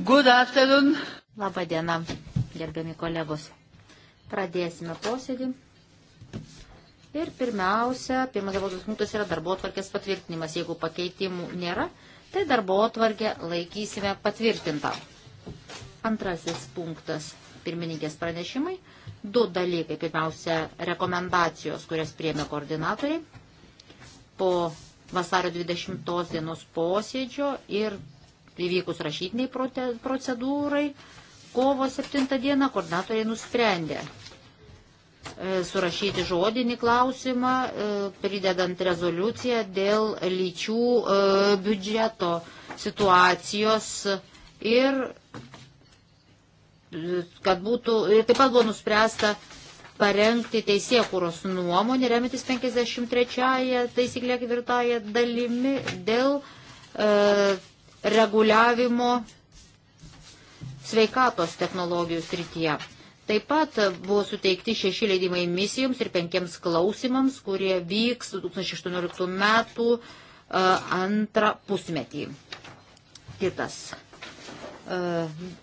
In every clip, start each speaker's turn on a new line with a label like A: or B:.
A: Good afternoon. Labą dieną, gerbiami kolegos. Pradėsime posėdį. Ir pirmiausia, pirmas darbotvarkės punktas yra darbotvarkės patvirtinimas. Jeigu pakeitimų nėra, tai darbotvarkę laikysime patvirtintą. Antrasis punktas - pirmininkės pranešimai. Du dalykai. Pirmiausia, rekomendacijos, kurias priemė koordinatoriai po vasario 20 dienos posėdžio ir Įvykus rašytiniai procedūrai, kovo 7 dieną koordinatoriai nusprendė e, surašyti žodinį klausimą, e, pridedant rezoliuciją dėl lyčių e, biudžeto situacijos ir kad būtų, ir taip pat buvo nuspręsta parengti teisėkūros nuomonį, remiantis 53 taisyklė ketvirtąją dalimi dėl e, reguliavimo sveikatos technologijų srityje. Taip pat buvo suteikti šeši leidimai misijoms ir penkiems klausimams, kurie vyks 2018 metų e, antrą pusmetį. Kitas e,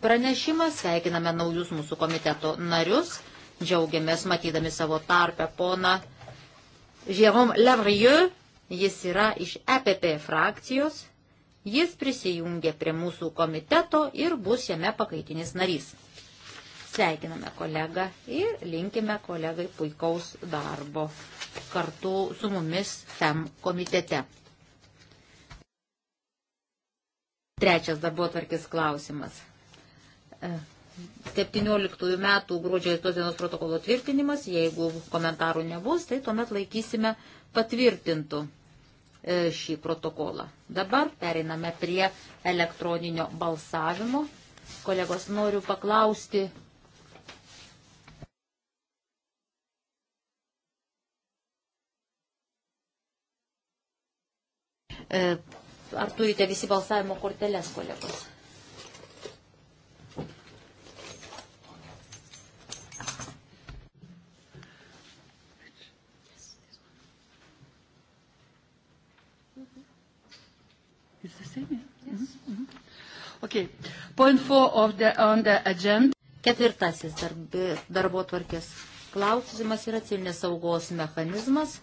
A: pranešimas. Sveikiname naujus mūsų komiteto narius. Džiaugiamės matydami savo tarpę poną Jérôme Lavrieux. Jis yra iš EPP frakcijos. Jis prisijungė prie mūsų komiteto ir bus jame pakaitinis narys. Sveikiname kolegą ir linkime kolegai puikaus darbo kartu su mumis FEM komitete. Trečias darbo tvarkis klausimas. 17 e, metų gruodžio 8 dienos protokolo tvirtinimas, jeigu komentarų nebus, tai tuomet laikysime patvirtintų. E, šį protokolą. Dabar pereiname prie elektroninio balsavimo. Kolegos, noriu paklausti. E, ar turite visi balsavimo korteles, kolegos? Okay. Point four of the, on the agenda. Ketvirtasis darbi, darbo tvarkės klausimas yra civilinės saugos mechanizmas.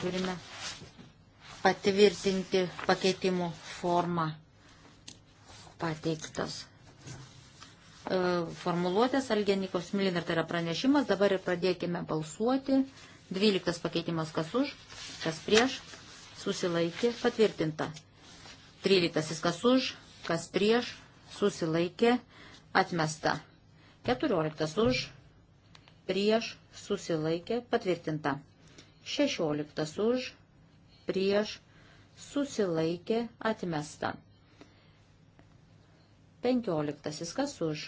A: Turime patvirtinti pakeitimų formą pateiktas. E, formuluotės Algenikos Miliner tai yra pranešimas, dabar ir pradėkime balsuoti. 12 pakeitimas kas už, kas prieš, susilaikė, patvirtinta. 13 kas už, kas prieš, susilaikė, atmesta. 14 už, prieš, susilaikė, patvirtinta. 16 už, prieš, susilaikė, atmesta. 15 kas už,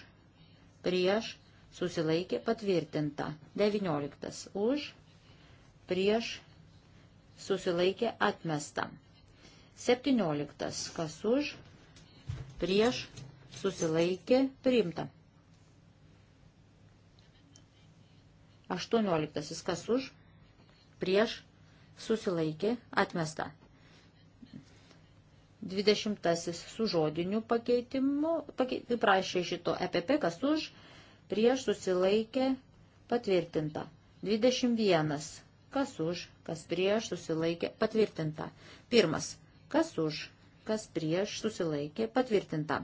A: prieš, susilaikė, patvirtinta. 19 už, prieš, susilaikė, atmesta. 17 kas už, prieš, susilaikė, priimta. 18. Kas už, prieš, susilaikė, atmesta. 20. Su žodiniu pakeitimu, pakeit, prašė šito EPP, kas už, prieš, susilaikė, patvirtinta. 21. Kas už, kas prieš, susilaikė, patvirtinta. 1. Kas už, kas prieš susilaikė patvirtinta.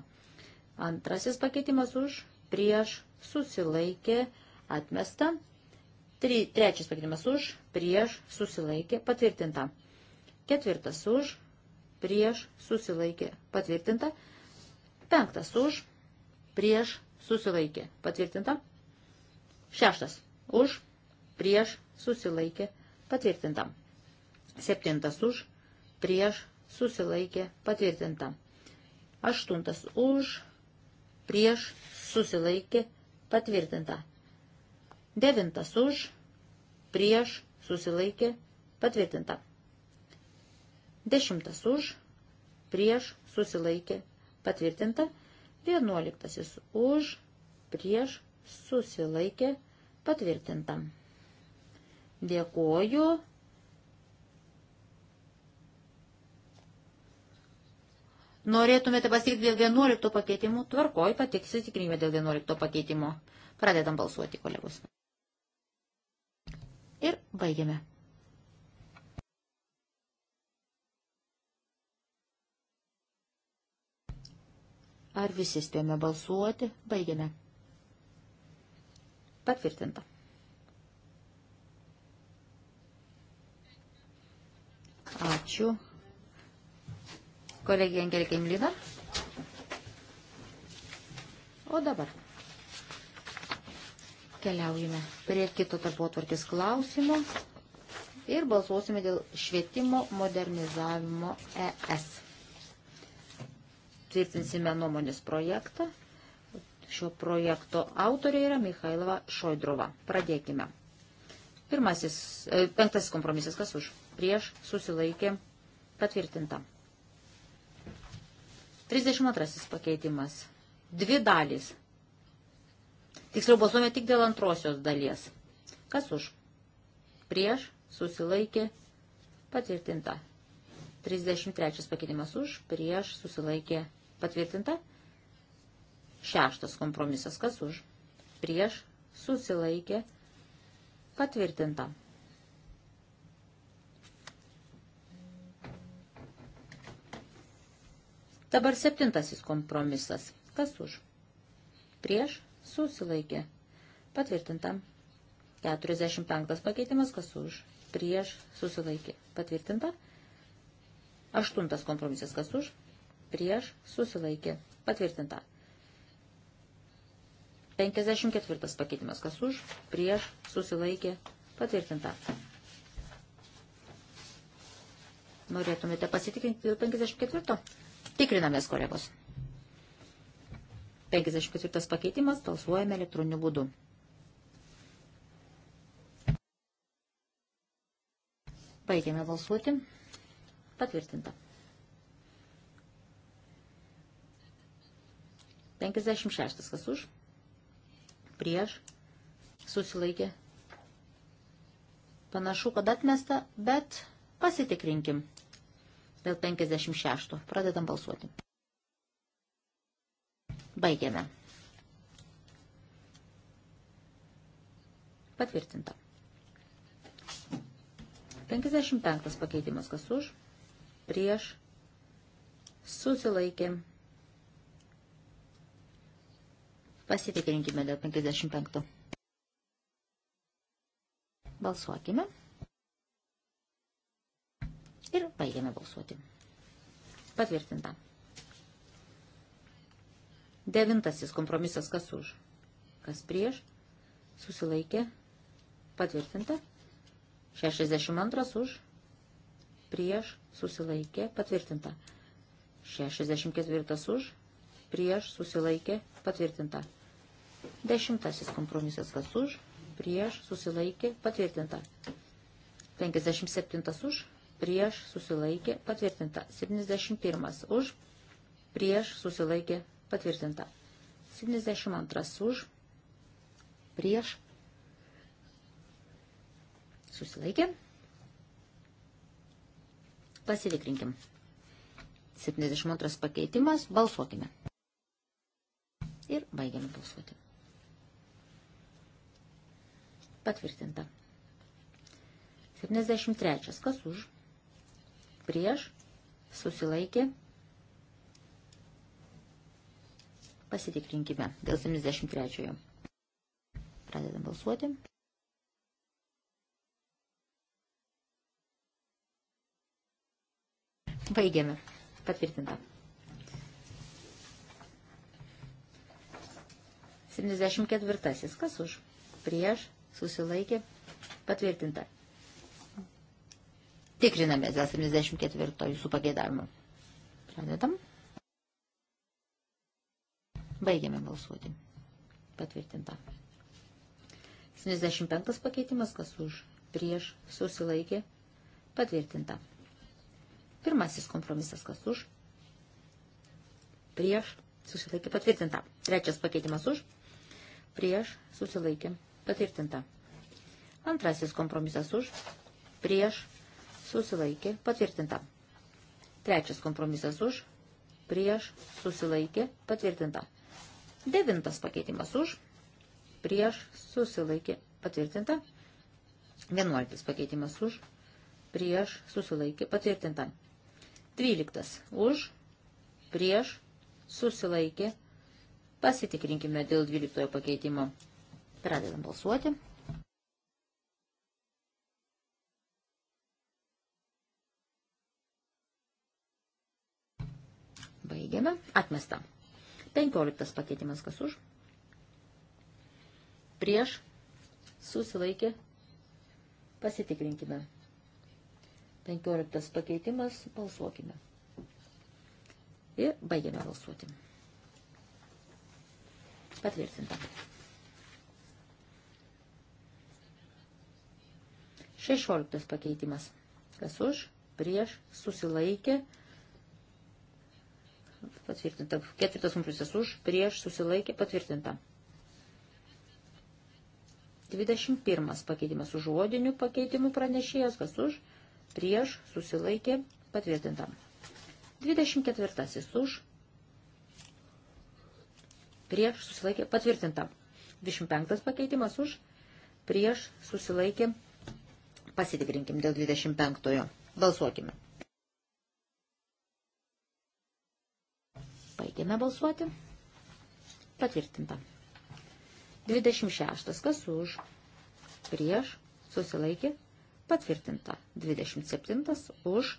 A: Antrasis pakeitimas už prieš susilaikė atmesta. Tri, trečias pakeitimas už prieš susilaikė patvirtinta. Ketvirtas už prieš susilaikė patvirtinta. Penktas už prieš susilaikė patvirtinta. Šeštas už prieš susilaikė patvirtinta. Septintas už prieš susilaikė patvirtinta. Aštuntas už, prieš, susilaikė patvirtinta. Devintas už, prieš, susilaikė patvirtinta. Dešimtas už, prieš, susilaikė patvirtinta. Vienuoliktasis už, prieš, susilaikė patvirtinta. Dėkuoju. Norėtumėte pasitikti dėl 11 pakeitimų? Tvarkoj, patiksitikrime dėl 11 pakeitimo. Pradedam balsuoti, kolegos. Ir baigiame. Ar visi spėjome balsuoti? Baigiame. Patvirtinta. Ačiū kolegė Angelikė Imlina. O dabar keliaujame prie kito darbotvarkės klausimo ir balsuosime dėl švietimo modernizavimo ES. Tvirtinsime nuomonės projektą. Šio projekto autorė yra Mikhailova Šoidrova. Pradėkime. Pirmasis, e, penktasis kompromisas, kas už, prieš, susilaikė, patvirtinta. 32 pakeitimas. Dvi dalys. Tiksliau balsuojame tik dėl antrosios dalies. Kas už? Prieš susilaikė patvirtinta. 33 pakeitimas už, prieš susilaikė patvirtinta. Šeštas kompromisas kas už, prieš susilaikė patvirtinta. Dabar septintasis kompromisas. Kas už? Prieš susilaikė. Patvirtinta. 45 pakeitimas. Kas už? Prieš susilaikė. Patvirtinta. Aštuntas kompromisas. Kas už? Prieš susilaikė. Patvirtinta. 54 pakeitimas. Kas už? Prieš susilaikė. Patvirtinta. Norėtumėte pasitikinti dėl 54? Tikrinamės, kolegos. 54 pakeitimas, balsuojame elektroniniu būdu. Baigiame balsuoti. Patvirtinta. 56 kas už. Prieš. Susilaikė. Panašu, kad atmesta, bet pasitikrinkim dėl 56. Pradedam balsuoti. Baigiame. Patvirtinta. 55 pakeitimas kas už, prieš, susilaikė. Pasitikrinkime dėl 55. Balsuokime. Ir baigiame balsuoti. Patvirtinta. Devintasis kompromisas kas už, kas prieš, susilaikė, patvirtinta. 62 už, prieš, susilaikė, patvirtinta. 64 už, prieš, susilaikė, patvirtinta. Dešimtasis kompromisas kas už, prieš, susilaikė, patvirtinta. 57 už, prieš susilaikė patvirtinta. 71 už, prieš susilaikė patvirtinta. 72 už, prieš susilaikė. Pasitikrinkim. 72 pakeitimas, balsuokime. Ir baigiame balsuoti. Patvirtinta. 73. Kas už? prieš, susilaikė. Pasitikrinkime dėl 73. Pradedam balsuoti. Baigiame. Patvirtinta. 74. Kas už? Prieš, susilaikė, patvirtinta. Tikriname 74 jūsų pagėdavimą. Pradedam. Baigiame balsuoti. Patvirtinta. 75 pakeitimas, kas už, prieš, susilaikė, patvirtinta. Pirmasis kompromisas, kas už, prieš, susilaikė, patvirtinta. Trečias pakeitimas už, prieš, susilaikė, patvirtinta. Antrasis kompromisas už, prieš, susilaikė, patvirtinta. Trečias kompromisas už, prieš, susilaikė, patvirtinta. Devintas pakeitimas už, prieš, susilaikė, patvirtinta. Vienuoliktas pakeitimas už, prieš, susilaikė, patvirtinta. Dvyliktas už, prieš, susilaikė, pasitikrinkime dėl dvyliktojo pakeitimo. Pradedam balsuoti. Baigiame. Atmesta. 15 pakeitimas kas už. Prieš susilaikė. Pasitikrinkime. 15 pakeitimas. Balsuokime. Ir baigiame balsuoti. Patvirtinta. 16 pakeitimas. Kas už, prieš, susilaikė, patvirtinta. Ketvirtas kompromisas už, prieš, susilaikė, patvirtinta. 21 pakeitimas už žodinių pakeitimų pranešėjas, kas už, prieš, susilaikė, patvirtinta. 24 už, prieš, susilaikė, patvirtinta. 25 pakeitimas už, prieš, susilaikė, pasitikrinkim dėl 25-ojo. Balsuokime. Baigėme balsuoti. Patvirtinta. 26. Kas už? Prieš. Susilaikė. Patvirtinta. 27. Už.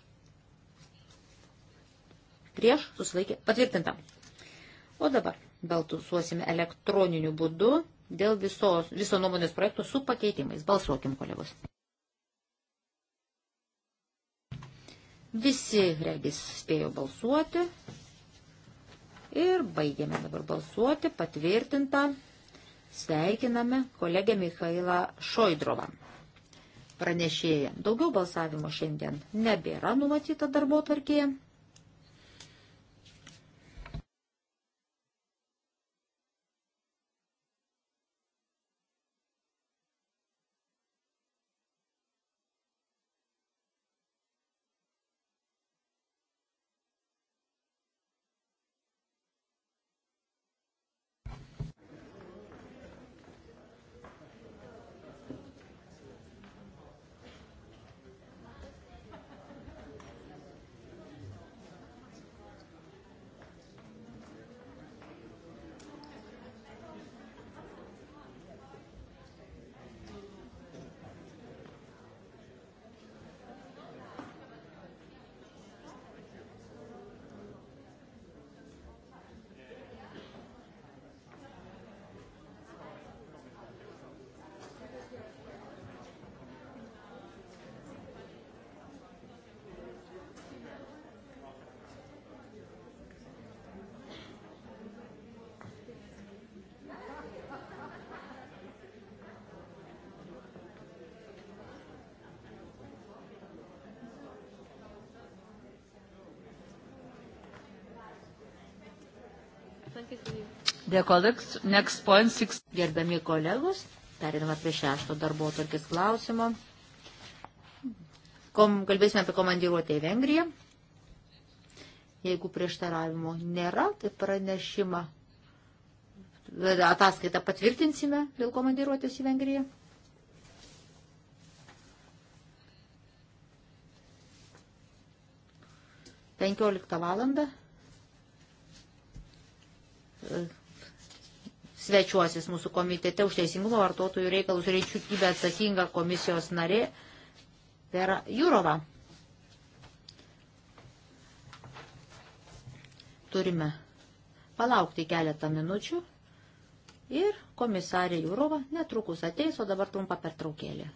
A: Prieš. Susilaikė. Patvirtinta. O dabar balsuosime elektroniniu būdu dėl visos, viso nuomonės projekto su pakeitimais. Balsuokim, kolegos. Visi regis spėjo balsuoti. Ir baigiame dabar balsuoti, patvirtinta. Sveikiname kolegę Mikhailą Šoidrovą. Pranešėja. Daugiau balsavimo šiandien nebėra numatyta darbo tarkėje. Next point six. Gerbiami kolegos, periname prie šešto darbo tvarkės klausimo. Kom, kalbėsime apie komandiruotę į Vengriją. Jeigu prieštaravimo nėra, tai pranešimą ataskaitą patvirtinsime dėl komandiruotės į Vengriją. Penkioliktą valandą. svečiuosis mūsų komitete už teisingumo vartotojų reikalus reičiutybę atsakinga komisijos narė Vera Jurova. Turime palaukti keletą minučių ir komisarė Jurova netrukus ateis, o dabar trumpa pertraukėlė.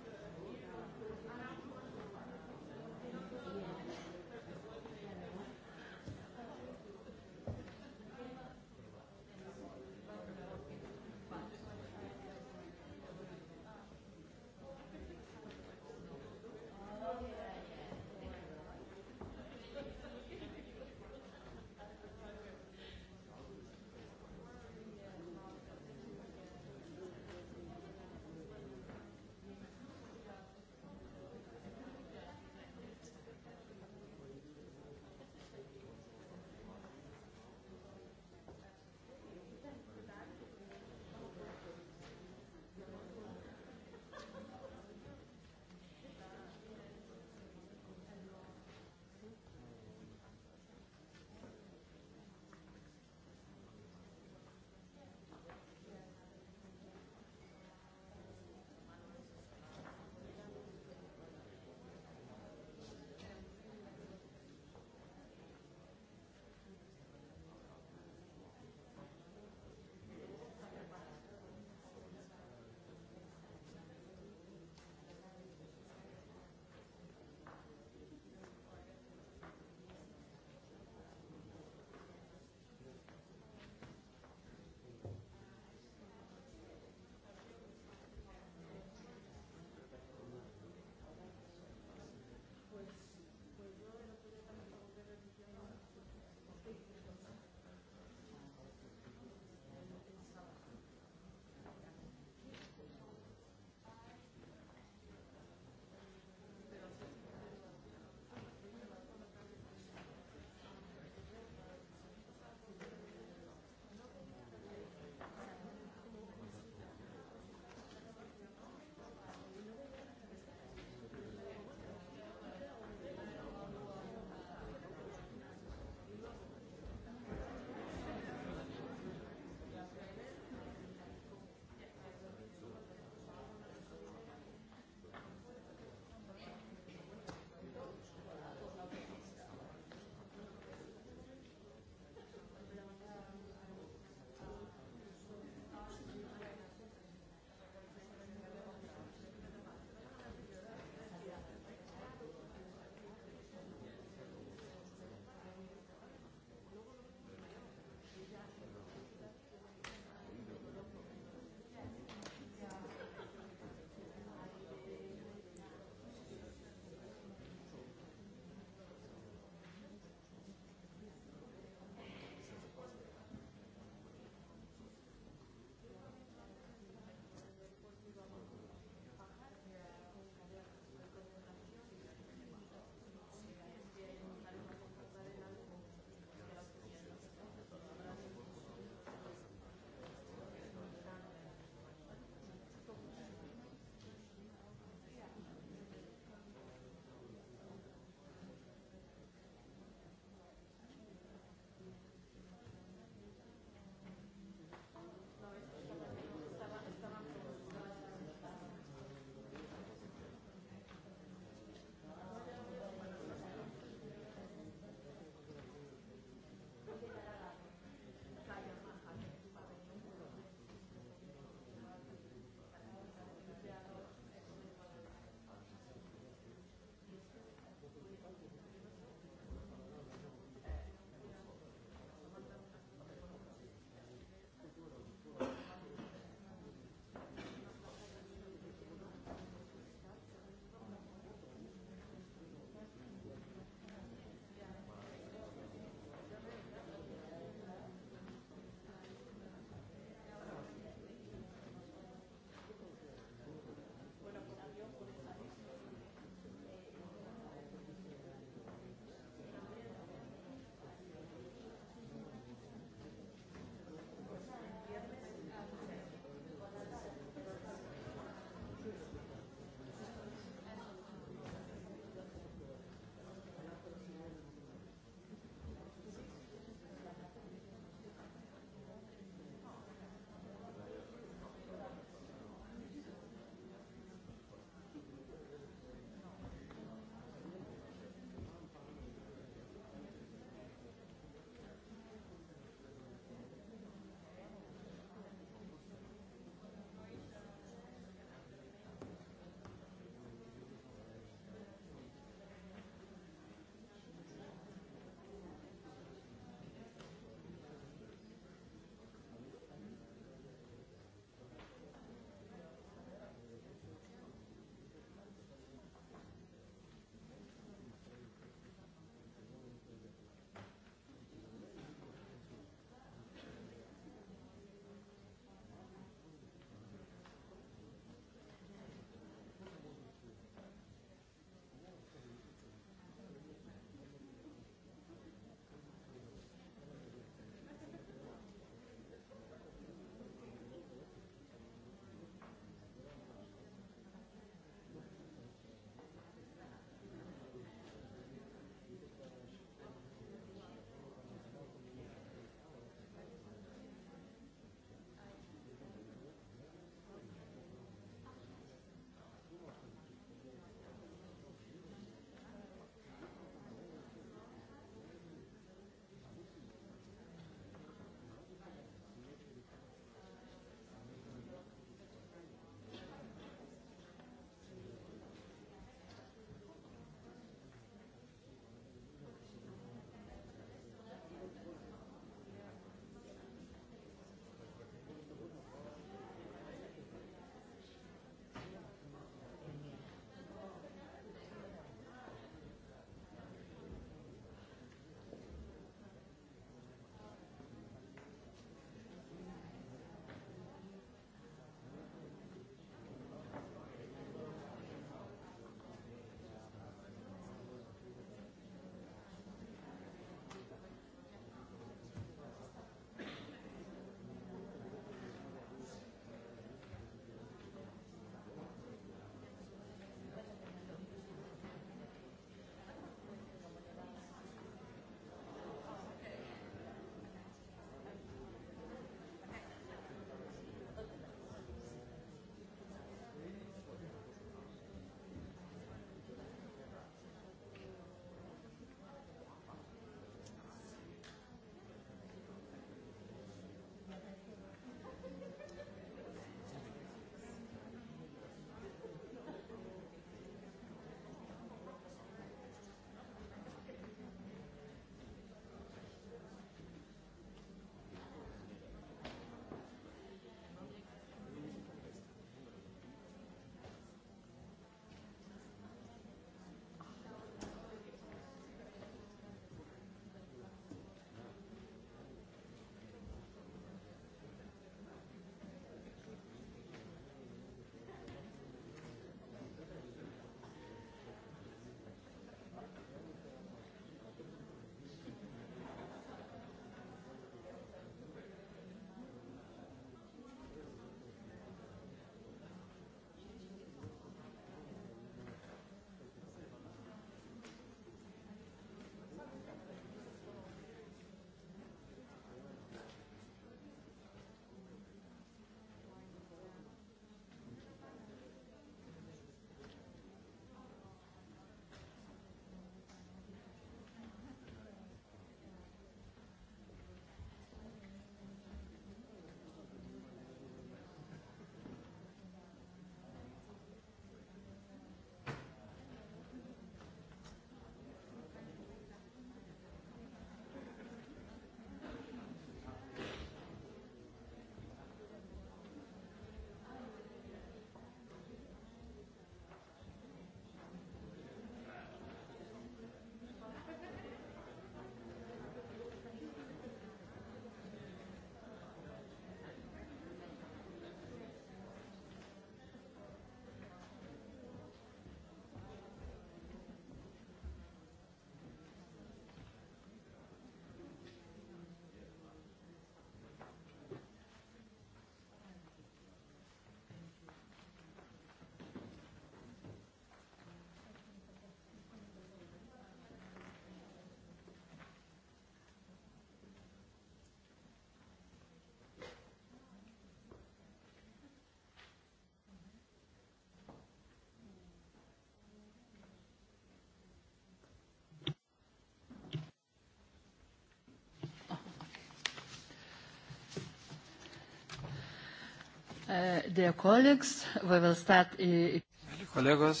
B: Uh, dear colleagues, we will start. Mėly
C: uh, kolegos,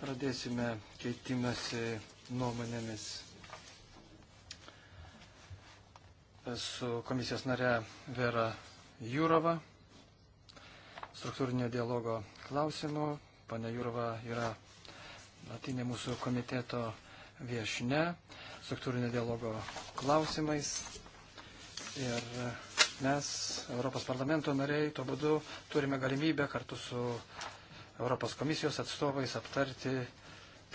C: pradėsime keitimąsi nuomonėmis su komisijos nare Vera Jūrova. Struktūrinio dialogo klausimų. Pane Jūrova yra latinė mūsų komiteto viešne struktūrinio dialogo klausimais. Ir Mes, Europos parlamento nariai, tuo būdu turime galimybę kartu su Europos komisijos atstovais aptarti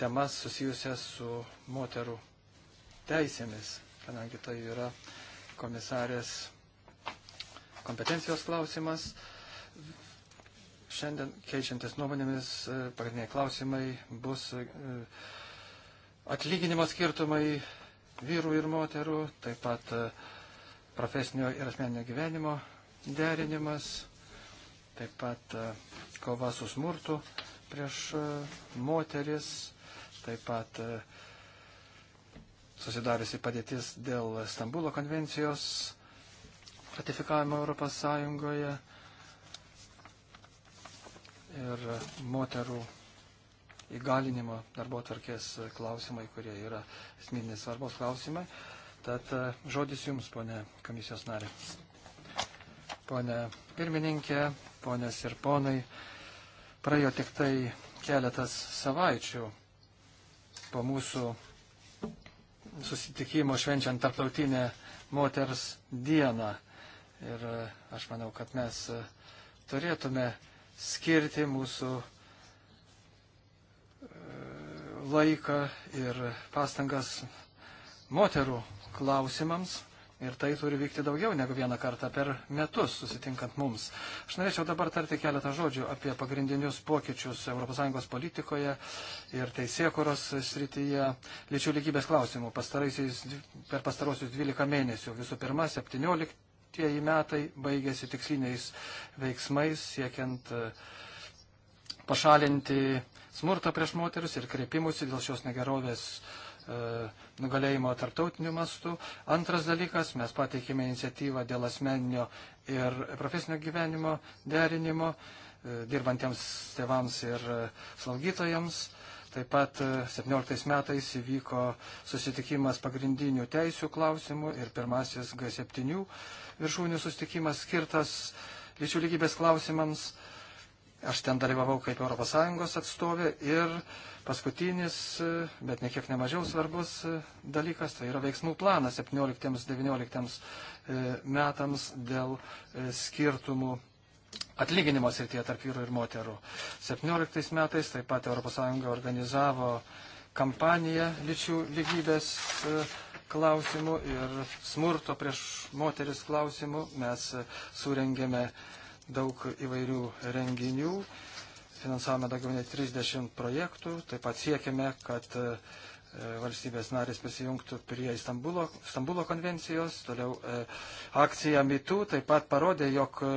C: temas susijusias su moterų teisėmis, kadangi tai yra komisarės kompetencijos klausimas. Šiandien keičiantis nuomonėmis e, pagrindiniai klausimai bus e, atlyginimo skirtumai vyrų ir moterų, taip pat e, profesinio ir asmeninio gyvenimo derinimas, taip pat e, kova su smurtu prieš e, moteris, taip pat e, susidariusi padėtis dėl Stambulo konvencijos ratifikavimo Europos Sąjungoje ir moterų įgalinimo darbo tvarkės klausimai, kurie yra esminės svarbos klausimai. Tad e, žodis Jums, ponė komisijos narė. Pone pirmininkė, ponės ir ponai, praėjo tik tai keletas savaičių po mūsų susitikimo švenčiant tarptautinę moters dieną. Ir e, aš manau, kad mes e, turėtume skirti mūsų laiką ir pastangas moterų klausimams. Ir tai turi vykti daugiau negu vieną kartą per metus susitinkant mums. Aš norėčiau dabar tarti keletą žodžių apie pagrindinius pokyčius ES politikoje ir teisėkuros srityje lyčių lygybės klausimų per pastarosius 12 mėnesių. Visų pirma, 17 metai baigėsi tiksliniais veiksmais siekiant e, pašalinti smurtą prieš moteris ir kreipimusi dėl šios negerovės E, nugalėjimo tarptautiniu mastu. Antras dalykas, mes pateikėme iniciatyvą dėl asmeninio ir profesinio gyvenimo derinimo e, dirbantiems tėvams ir e, slaugytojams. Taip pat 17 metais įvyko susitikimas pagrindinių teisių klausimų ir pirmasis G7 viršūnių susitikimas skirtas lyčių lygybės klausimams. Aš ten dalyvavau kaip ES atstovė ir paskutinis, e, bet nekiek nemažiau svarbus e, dalykas, tai yra veiksmų planas 17-19 e, metams dėl skirtumų atlyginimo srityje tarp vyrų ir moterų. 17 metais taip pat ES organizavo kampaniją lyčių lygybės klausimų ir smurto prieš moteris klausimų. Mes surengėme uh, daug įvairių renginių, finansavome daugiau nei 30 projektų, taip pat siekime, kad e, valstybės narės prisijungtų prie Istanbulo, Istanbulo konvencijos, toliau e, akcija MITU taip pat parodė, jog e,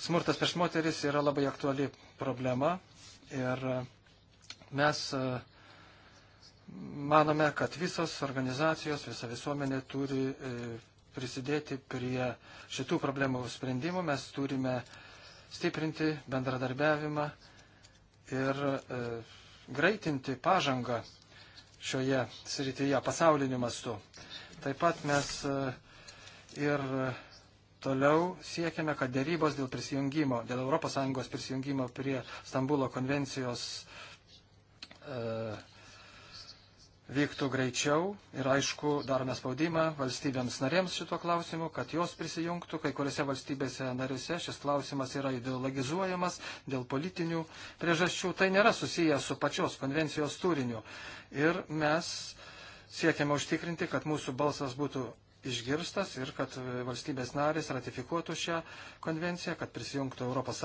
C: smurtas prieš moteris yra labai aktuali problema ir mes manome, kad visos organizacijos, visa visuomenė turi prisidėti prie šitų problemų sprendimų, mes turime stiprinti bendradarbiavimą ir e, greitinti pažangą šioje srityje pasauliniu mastu. Taip pat mes e, ir toliau siekiame, kad dėrybos dėl prisijungimo, dėl ES prisijungimo prie Stambulo konvencijos e, vyktų greičiau ir aišku, darome spaudimą valstybėms narėms šito klausimu, kad jos prisijungtų. Kai kuriuose valstybėse narėse šis klausimas yra ideologizuojamas dėl politinių priežasčių. Tai nėra susijęs su pačios konvencijos turiniu. Ir mes siekiame užtikrinti, kad mūsų balsas būtų išgirstas ir kad valstybės narės ratifikuotų šią konvenciją, kad prisijungtų ES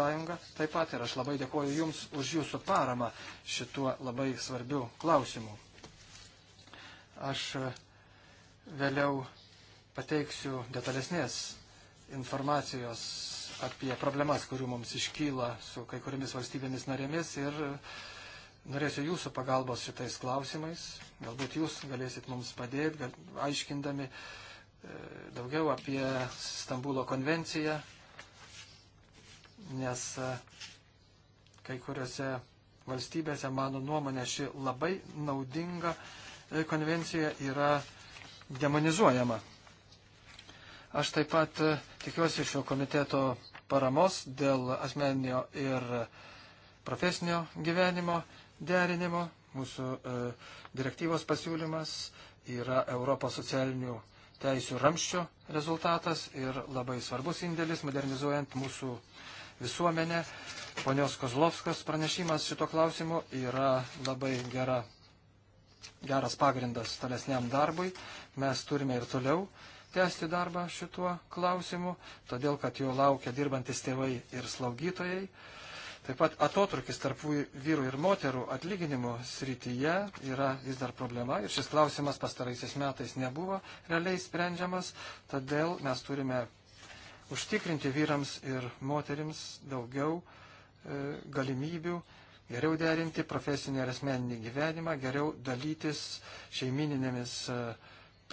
C: taip pat. Ir aš labai dėkoju Jums už Jūsų paramą šituo labai svarbiu klausimu. Aš e, vėliau pateiksiu detalesnės informacijos apie problemas, kurių mums iškyla su kai kuriamis valstybėmis narėmis ir e, norėsiu jūsų pagalbos šitais klausimais. Galbūt jūs galėsit mums padėti, gal, aiškindami e, daugiau apie Stambulo konvenciją, nes kai kuriuose valstybėse, mano nuomonė, ši labai naudinga E, konvencija yra demonizuojama. Aš taip pat e, tikiuosi šio komiteto paramos dėl asmeninio ir profesinio gyvenimo derinimo. Mūsų e, direktyvos pasiūlymas yra Europos socialinių teisių ramščio rezultatas ir labai svarbus indėlis modernizuojant mūsų visuomenę. Ponios Kozlovskos pranešimas šito klausimu yra labai gera geras pagrindas tolesniam darbui. Mes turime ir toliau tęsti darbą šituo klausimu, todėl kad jo laukia dirbantis tėvai ir slaugytojai. Taip pat atotrukis tarp vyrų ir moterų atlyginimo srityje yra vis dar problema ir šis klausimas pastaraisiais metais nebuvo realiai sprendžiamas, todėl mes turime užtikrinti vyrams ir moterims daugiau e, galimybių geriau derinti profesinį ir asmeninį gyvenimą, geriau dalytis šeimininėmis e,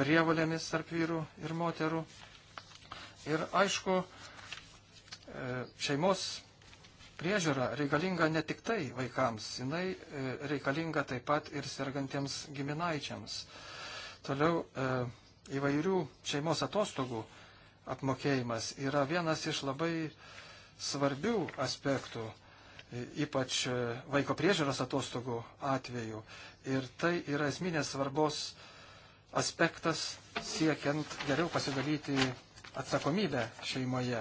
C: prievalėmis tarp vyrų ir moterų. Ir aišku, e, šeimos priežiūra reikalinga ne tik tai vaikams, jinai e, reikalinga taip pat ir sergantiems giminaičiams. Toliau įvairių šeimos atostogų apmokėjimas yra vienas iš labai svarbių aspektų ypač e, vaiko priežiūros atostogų atveju. Ir tai yra esminės svarbos aspektas siekiant geriau pasidalyti atsakomybę šeimoje.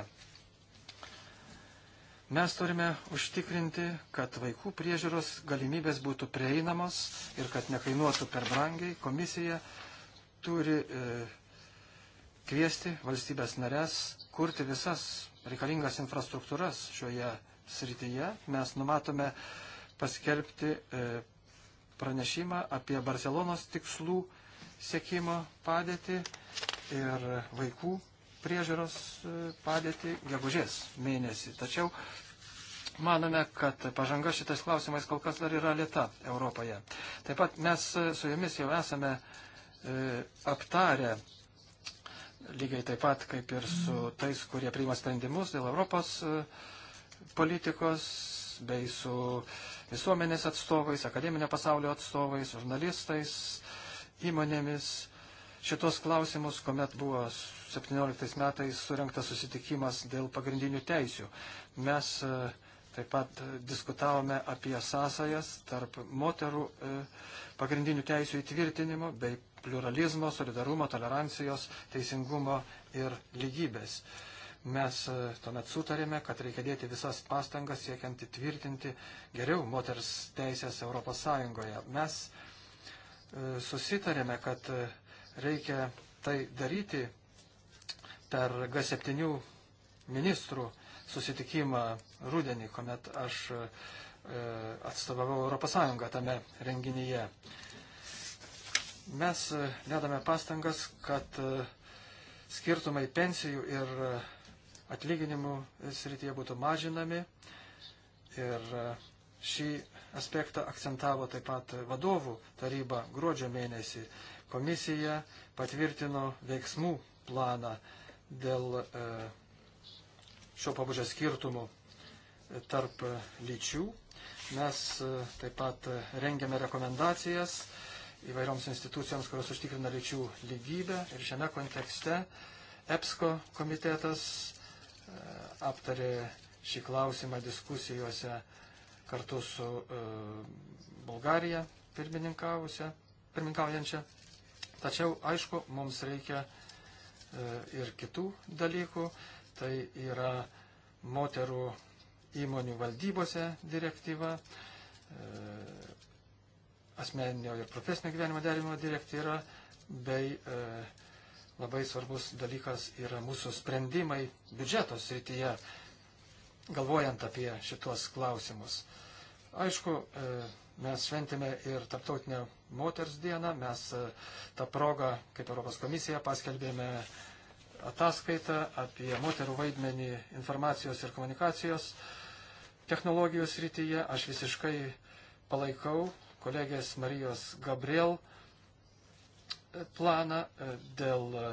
C: Mes turime užtikrinti, kad vaikų priežiūros galimybės būtų prieinamos ir kad nekainuotų per brangiai. Komisija turi e, kviesti valstybės narės kurti visas reikalingas infrastruktūras šioje srityje mes numatome paskelbti e, pranešimą apie Barcelonos tikslų sėkimo padėtį ir vaikų priežiūros e, padėtį gegužės mėnesį. Tačiau manome, kad pažanga šitais klausimais kol kas dar yra lėta Europoje. Taip pat mes e, su jumis jau esame e, aptarę, lygiai taip pat kaip ir su tais, kurie priima sprendimus dėl Europos e, politikos, bei su visuomenės atstovais, akademinio pasaulio atstovais, žurnalistais, įmonėmis. Šitos klausimus, kuomet buvo 17 metais surinktas susitikimas dėl pagrindinių teisių. Mes e, taip pat diskutavome apie sąsajas tarp moterų e, pagrindinių teisių įtvirtinimo bei pluralizmo, solidarumo, tolerancijos, teisingumo ir lygybės. Mes e, tuomet sutarėme, kad reikia dėti visas pastangas siekiant įtvirtinti geriau moters teisės Europos Sąjungoje. Mes e, susitarėme, kad e, reikia tai daryti per G7 ministrų susitikimą rudenį, kuomet aš atstovavau Europos Sąjungą tame renginyje. Mes dedame pastangas, kad skirtumai pensijų ir atlyginimų srityje būtų mažinami. Ir e, šį aspektą akcentavo taip pat vadovų taryba gruodžio mėnesį. Komisija patvirtino veiksmų planą dėl e, šio pabudžio skirtumų tarp lyčių. Mes e, taip pat rengiame rekomendacijas įvairioms institucijoms, kurios užtikrina lyčių lygybę. Ir šiame kontekste EPSCO komitetas E, aptarė šį klausimą diskusijose kartu su e, Bulgarija pirmininkaujančia. Tačiau, aišku, mums reikia e, ir kitų dalykų. Tai yra moterų įmonių valdybose direktyva, asmeninio ir profesinio gyvenimo derimo direktyva bei e, labai svarbus dalykas yra mūsų sprendimai biudžeto srityje, galvojant apie šitos klausimus. Aišku, e, mes šventėme ir Tartautinę moters dieną, mes e, tą progą, kaip Europos komisija, paskelbėme ataskaitą apie moterų vaidmenį informacijos ir komunikacijos technologijos rytyje. Aš visiškai palaikau kolegės Marijos Gabriel planą e, dėl e,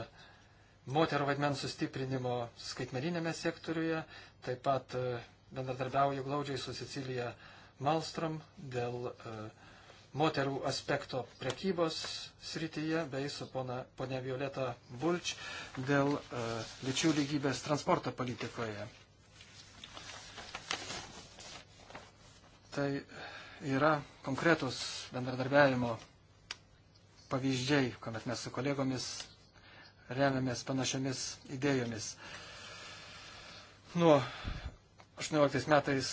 C: moterų vaidmens sustiprinimo skaitmeninėme sektoriuje, taip pat e, bendradarbiauju glaudžiai su Sicilija Malstrom dėl moterų aspekto prekybos srityje, bei su pona, ponia Violeta Bulč dėl lyčių lygybės transporto politikoje. Tai yra konkretus bendradarbiavimo pavyzdžiai, kuomet mes su kolegomis remiamės panašiomis idėjomis. Nuo 18 metais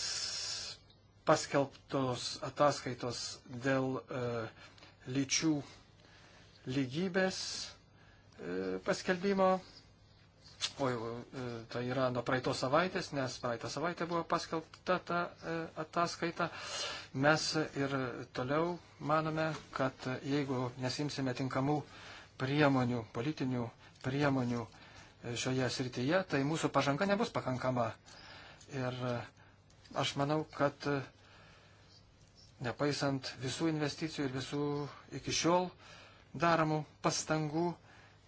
C: paskelbtos ataskaitos dėl e, lyčių lygybės e, paskelbimo o jau e, tai yra nuo praeitos savaitės, nes praeitą savaitę buvo paskelbta ta e, ataskaita, mes ir toliau manome, kad jeigu nesimsime tinkamų priemonių, politinių priemonių e, šioje srityje, tai mūsų pažanga nebus pakankama. Ir aš manau, kad nepaisant visų investicijų ir visų iki šiol daromų pastangų,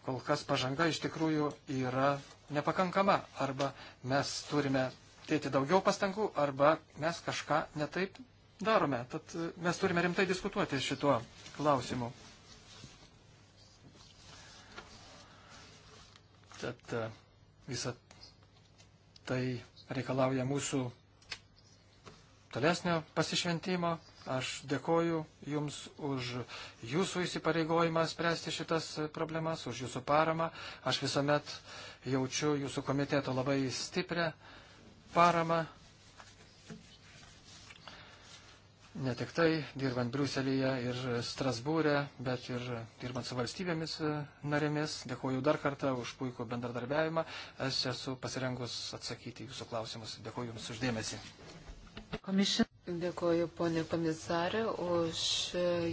C: kol kas pažanga iš tikrųjų yra nepakankama. Arba mes turime dėti daugiau pastangų, arba mes kažką netaip darome. Tad e, mes turime rimtai diskutuoti šituo klausimu. Tad e, visą tai reikalauja mūsų tolesnio pasišventimo Aš dėkoju Jums už Jūsų įsipareigojimą spręsti šitas problemas, už Jūsų paramą. Aš visuomet jaučiu Jūsų komiteto labai stiprią paramą. Ne tik tai dirbant Briuselėje ir Strasbūrė, bet ir dirbant su valstybėmis e, narėmis. Dėkuoju dar kartą už puikų bendradarbiavimą. Aš esu pasirengus atsakyti jūsų klausimus. Dėkuoju Jums uždėmesi.
B: Komisija. Dėkoju, ponė komisarė, už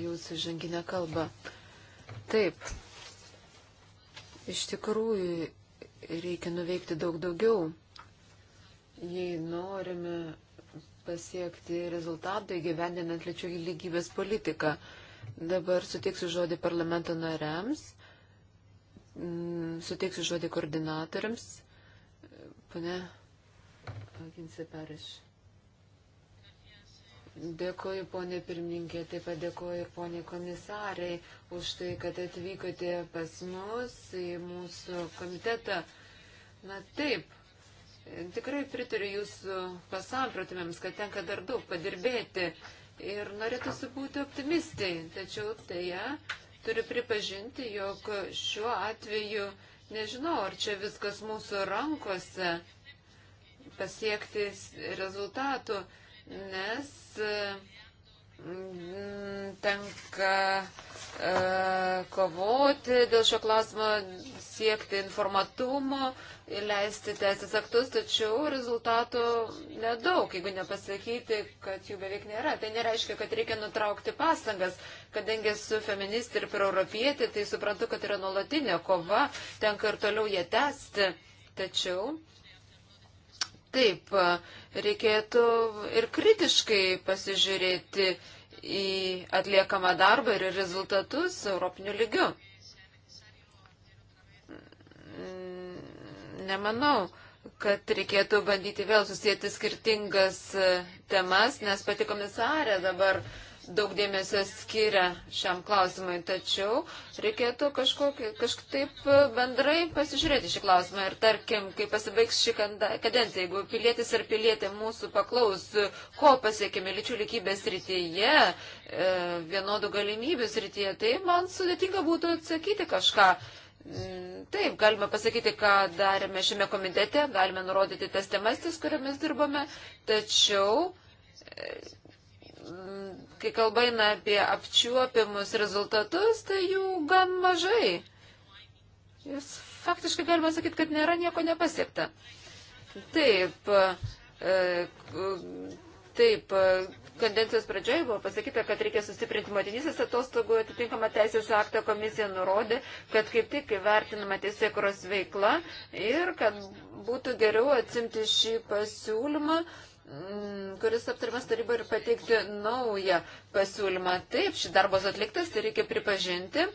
D: jūsų žanginę kalbą. Taip, iš tikrųjų reikia nuveikti daug daugiau, jei norime pasiekti rezultatą įgyvendinant lyčių lygybės politiką. Dabar suteiksiu žodį parlamento nariams, mm, suteiksiu žodį koordinatoriams. Pane Aginsi Periš. Dėkoju, ponė pirmininkė, taip pat dėkoju ir ponė komisarai už tai, kad atvykote pas mus į mūsų komitetą. Na taip, tikrai pritariu jūsų pasamprotimėms, kad tenka dar daug padirbėti ir norėtųsi būti optimistai, tačiau teja turiu pripažinti, jog šiuo atveju nežinau, ar čia viskas mūsų rankose pasiekti rezultatų nes mm, tenka e, kovoti dėl šio klausimo, siekti informatumo, leisti teisės aktus, tačiau rezultatų nedaug, jeigu nepasakyti, kad jų beveik nėra. Tai nereiškia, kad reikia nutraukti pastangas, kadangi esu feministė ir proeuropietė, tai suprantu, kad yra nuolatinė kova, tenka ir toliau ją tęsti. Tačiau Taip, reikėtų ir kritiškai pasižiūrėti į atliekamą darbą ir rezultatus Europinių lygių. Nemanau, kad reikėtų bandyti vėl susijęti skirtingas temas, nes pati komisarė dabar uh, daug dėmesio skiria šiam klausimui, tačiau reikėtų kažkokį, kažkaip e, bendrai pasižiūrėti šį klausimą ir tarkim, kai pasibaigs šį kadenciją, jeigu pilietis ar pilietė mūsų paklaus, e, ko pasiekime lyčių lygybės rytyje, e, vienodų galimybių rytyje, tai man sudėtinga būtų atsakyti kažką. Mm, taip, galime pasakyti, ką darėme šiame komitete, galime nurodyti tas temas, ties kuriamis dirbame, tačiau kai kalba eina apie apčiuopiamus rezultatus, tai jų gan mažai. Jūs faktiškai galima sakyti, kad nėra nieko nepasiekta. Taip, e, taip, Kondencijos pradžioje buvo pasakyta, kad reikia sustiprinti motinysės atostogų, atitinkama teisės aktą komisija nurodė, kad kaip tik vertinama teisėkuros veikla ir kad būtų geriau atsimti šį pasiūlymą Mm, kuris aptarimas taryba ir pateikti naują pasiūlymą. Taip, šį darbas atliktas, tai reikia pripažinti.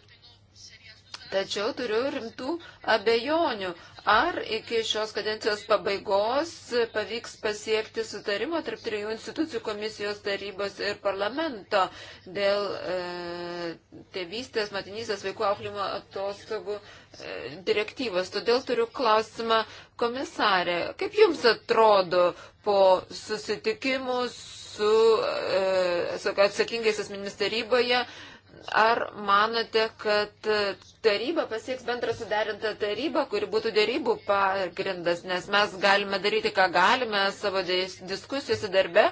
D: Tačiau turiu rimtų abejonių, ar iki šios kadencijos pabaigos pavyks pasiekti sutarimo tarp trijų institucijų komisijos tarybos ir parlamento dėl e, tėvystės, matinysės vaikų auklimo atostogų e, direktyvos. Todėl turiu klausimą komisarė. Kaip jums atrodo po susitikimus su, e, su atsakingais asmenimis taryboje? E, Ar manote, kad taryba pasieks bendrą suderintą tarybą, kuri būtų dėrybų pagrindas, nes mes galime daryti, ką galime savo diskusijose darbe,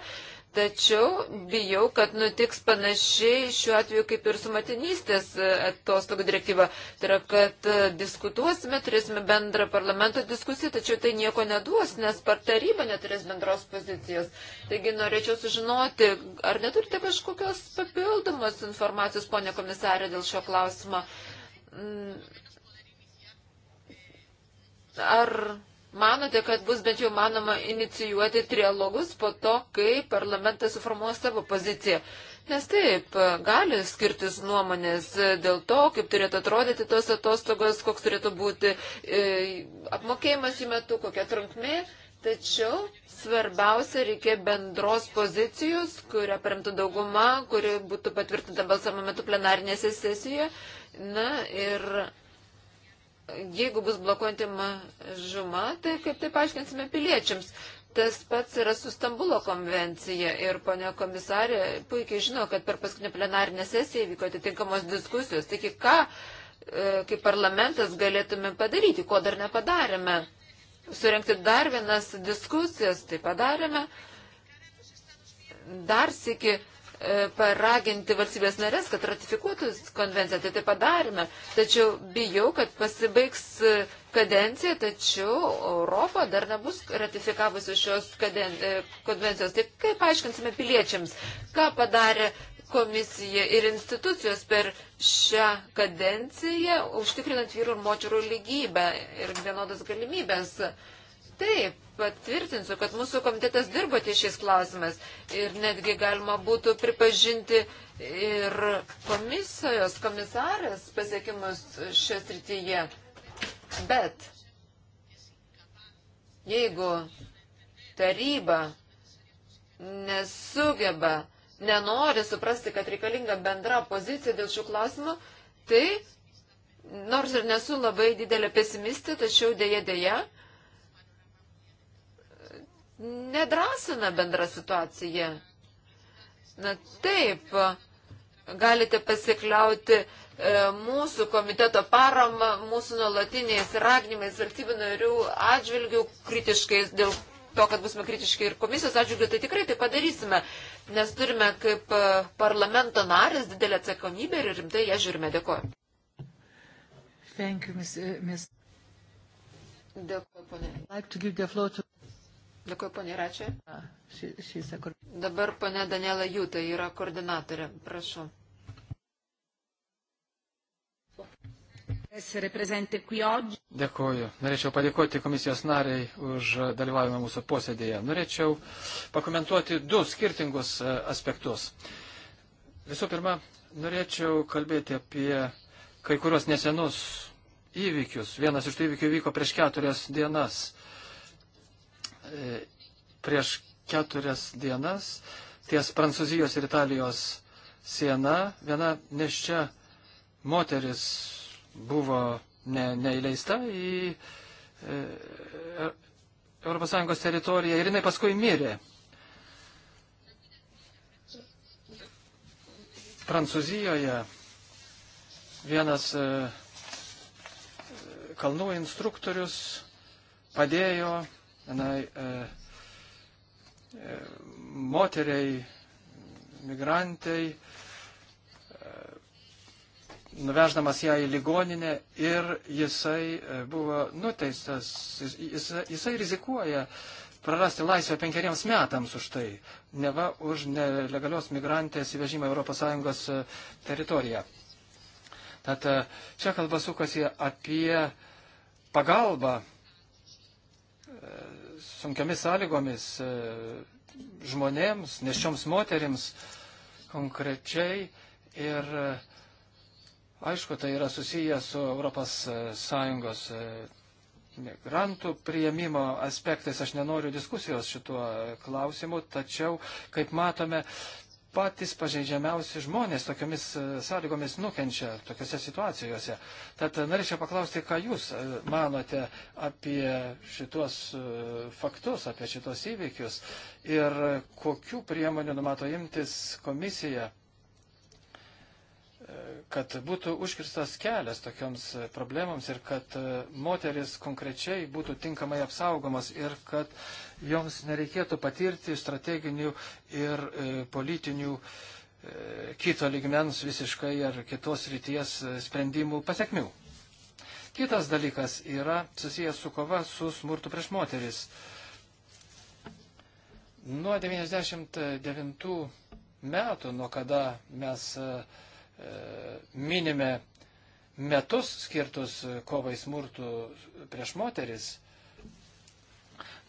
D: Tačiau bijau, kad nutiks panašiai šiuo atveju kaip ir su matinystės e, atostogų direktyva. Tai yra, kad e, diskutuosime, turėsime bendrą parlamento diskusiją, tačiau tai nieko neduos, nes par taryba neturės bendros pozicijos. Taigi norėčiau sužinoti, ar neturite kažkokios papildomos informacijos, ponė komisarė, dėl šio klausimo. Mm. Ar manote, kad bus bent jau manoma inicijuoti trialogus po to, kai parlamentas suformuos savo poziciją? Nes taip, gali skirtis nuomonės dėl to, kaip turėtų atrodyti tos atostogos, koks turėtų būti e, apmokėjimas jų metu, kokia trumpmė, tačiau svarbiausia reikia bendros pozicijos, kurią paremtų dauguma, kuri būtų patvirtinta balsamo metu plenarinėse sesijoje. Na ir jeigu bus blokuojanti mažuma, tai kaip tai paaiškinsime piliečiams. Tas pats yra su Stambulo konvencija ir ponia komisarė puikiai žino, kad per paskutinę plenarinę sesiją vyko atitinkamos diskusijos. Taigi ką, e, kaip parlamentas, galėtume padaryti, ko dar nepadarėme. Surenkti dar vienas diskusijas, tai padarėme. Dar sėki E, paraginti valstybės narės, kad ratifikuotų konvenciją, tai tai padarėme. Tačiau bijau, kad pasibaigs e, kadencija, tačiau Europa dar nebus ratifikavusi šios kaden... E, konvencijos. Tai kaip aiškinsime piliečiams, ką padarė komisija ir institucijos per šią kadenciją, užtikrinant vyrų ir moterų lygybę ir vienodas galimybės. Uh, Taip, patvirtinsiu, kad mūsų komitetas dirbo ties šiais klausimas ir netgi galima būtų pripažinti ir komisijos komisarės pasiekimus šios rytyje. Bet jeigu taryba nesugeba, nenori suprasti, kad reikalinga bendra pozicija dėl šių klausimų, tai nors ir nesu labai didelė pesimistė, tačiau dėja dėja nedrasina bendra situacija. Na taip, galite pasikliauti e, mūsų komiteto parama, mūsų nuolatiniais raginimais valstybių narių atžvilgių kritiškai dėl to, kad busime kritiški ir komisijos atžvilgių, tai tikrai tai padarysime, nes turime kaip e, parlamento narės didelę atsakomybę ir rimtai ją žiūrime. Dėkuoju.
B: Thank you, Ms. Ms. Dėkuoju, ponė. Like Dėkuoju, ponė Račia.
D: Dabar ponė Daniela Jūta yra koordinatorė. Prašau.
C: Dėkuoju. Norėčiau padėkoti komisijos nariai už dalyvavimą mūsų posėdėje. Norėčiau pakomentuoti du skirtingus e, aspektus. Visų pirma, norėčiau kalbėti apie kai kurios nesenus įvykius. Vienas iš tų įvykių vyko prieš keturias dienas prieš keturias dienas ties Prancūzijos ir Italijos siena viena neščia moteris buvo ne, neįleista į e, ES teritoriją ir jinai paskui mirė. Prancūzijoje vienas e, kalnų instruktorius padėjo tenai e, e, moteriai, migrantai, e, nuveždamas ją į ligoninę ir jisai e, buvo nuteistas, jisai, jisai rizikuoja prarasti laisvę penkeriems metams už tai, neva už nelegalios migrantės įvežimą ES e, teritoriją. Tad e, čia kalba sukasi apie pagalbą sunkiamis sąlygomis e, žmonėms, nešioms moterims konkrečiai. Ir e, aišku, tai yra susiję su ES e, migrantų prieimimo aspektais. Aš nenoriu diskusijos šituo klausimu, tačiau, kaip matome, patys pažeidžiamiausi žmonės tokiamis e, sąlygomis nukenčia tokiuose situacijose. Tad e, norėčiau paklausti, ką Jūs e, manote apie šitos faktus, apie šitos įvykius ir kokių priemonių numato imtis komisija kad būtų užkirstas kelias tokioms problemams ir kad e, moteris konkrečiai būtų tinkamai apsaugomas ir kad joms nereikėtų patirti strateginių ir e, politinių e, kito ligmens visiškai ar kitos ryties sprendimų pasiekmių. Kitas dalykas yra susijęs su kova su smurtu prieš moteris. Nuo 99 metų, nuo kada mes uh, minime metus skirtus kovai smurtų prieš moteris,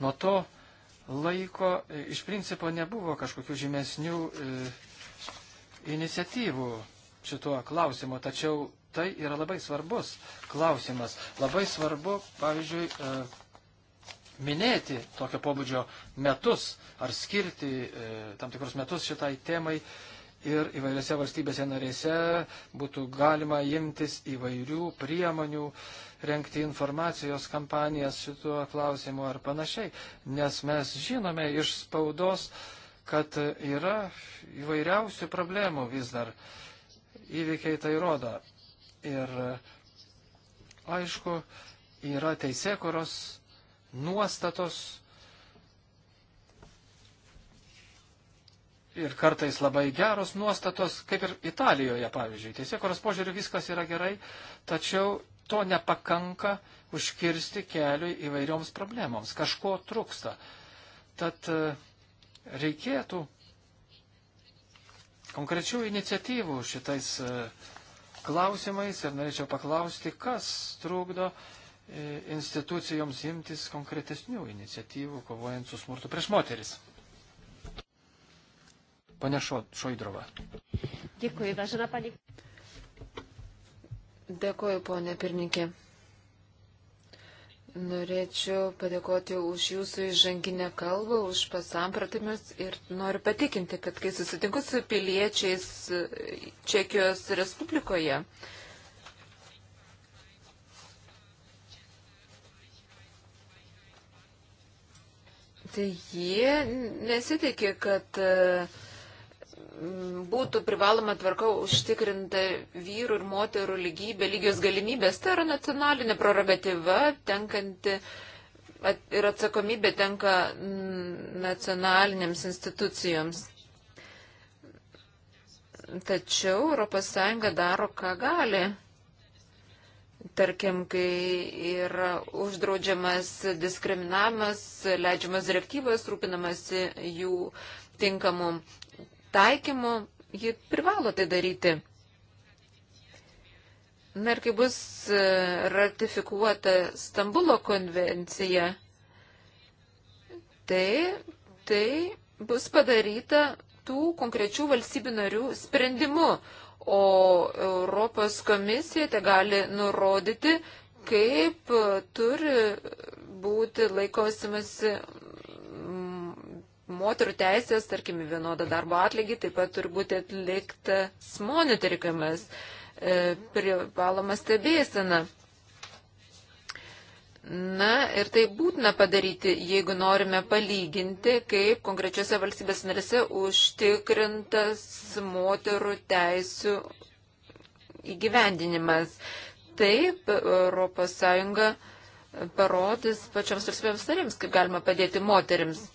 C: nuo to laiko e, iš principo nebuvo kažkokių žymesnių e, iniciatyvų šituo klausimu, tačiau tai yra labai svarbus klausimas. Labai svarbu, pavyzdžiui, e, minėti tokio pobūdžio metus ar skirti tam tikrus metus šitai temai ir įvairiose valstybėse narėse būtų galima imtis įvairių priemonių, renkti informacijos kampanijas šituo klausimu ar panašiai. Nes mes žinome iš spaudos, kad yra įvairiausių problemų vis dar. Įvykiai tai rodo. Ir aišku, yra teisėkuros nuostatos, ir kartais labai geros nuostatos, kaip ir Italijoje, pavyzdžiui. Teisėkuros požiūriu viskas yra gerai, tačiau to nepakanka užkirsti keliui įvairioms problemoms. Kažko trūksta. Tad e, reikėtų konkrečių iniciatyvų šitais e, klausimais ir norėčiau paklausti, kas trukdo e, institucijoms imtis konkretesnių iniciatyvų kovojant su smurtu prieš moteris. Pane Šo, Šoidrova.
B: Dėkui, važina pani.
D: Dėkuoju, ponė pirmininkė. Norėčiau padėkoti už jūsų įžanginę kalbą, už pasampratimus ir noriu patikinti, kad kai susitinku su piliečiais e, Čekijos Respublikoje, tai jie nesitikė, kad uh, būtų privaloma tvarka užtikrinta vyrų ir moterų lygybė, lygios galimybės, tai yra nacionalinė prerogatyva, tenkanti ir atsakomybė tenka nacionalinėms institucijoms. Tačiau ES daro, ką gali. Tarkim, kai yra uždraudžiamas diskriminavimas, leidžiamas direktyvas, rūpinamasi jų tinkamų taikymu, ji privalo tai daryti. Na ir kai bus e, ratifikuota Stambulo konvencija, tai, tai bus padaryta tų konkrečių valstybių narių sprendimu, o Europos komisija tai gali nurodyti, kaip turi būti laikosimasi moterų teisės, tarkim, vienodą darbo atlygį, taip pat turi būti atliktas monitorikimas, e, privaloma stebėsena. Na ir tai būtina padaryti, jeigu norime palyginti, kaip konkrečiose valstybės narėse užtikrintas moterų teisų įgyvendinimas. Taip, ES parodys pačioms valstybėms narėms, kaip galima padėti moterims.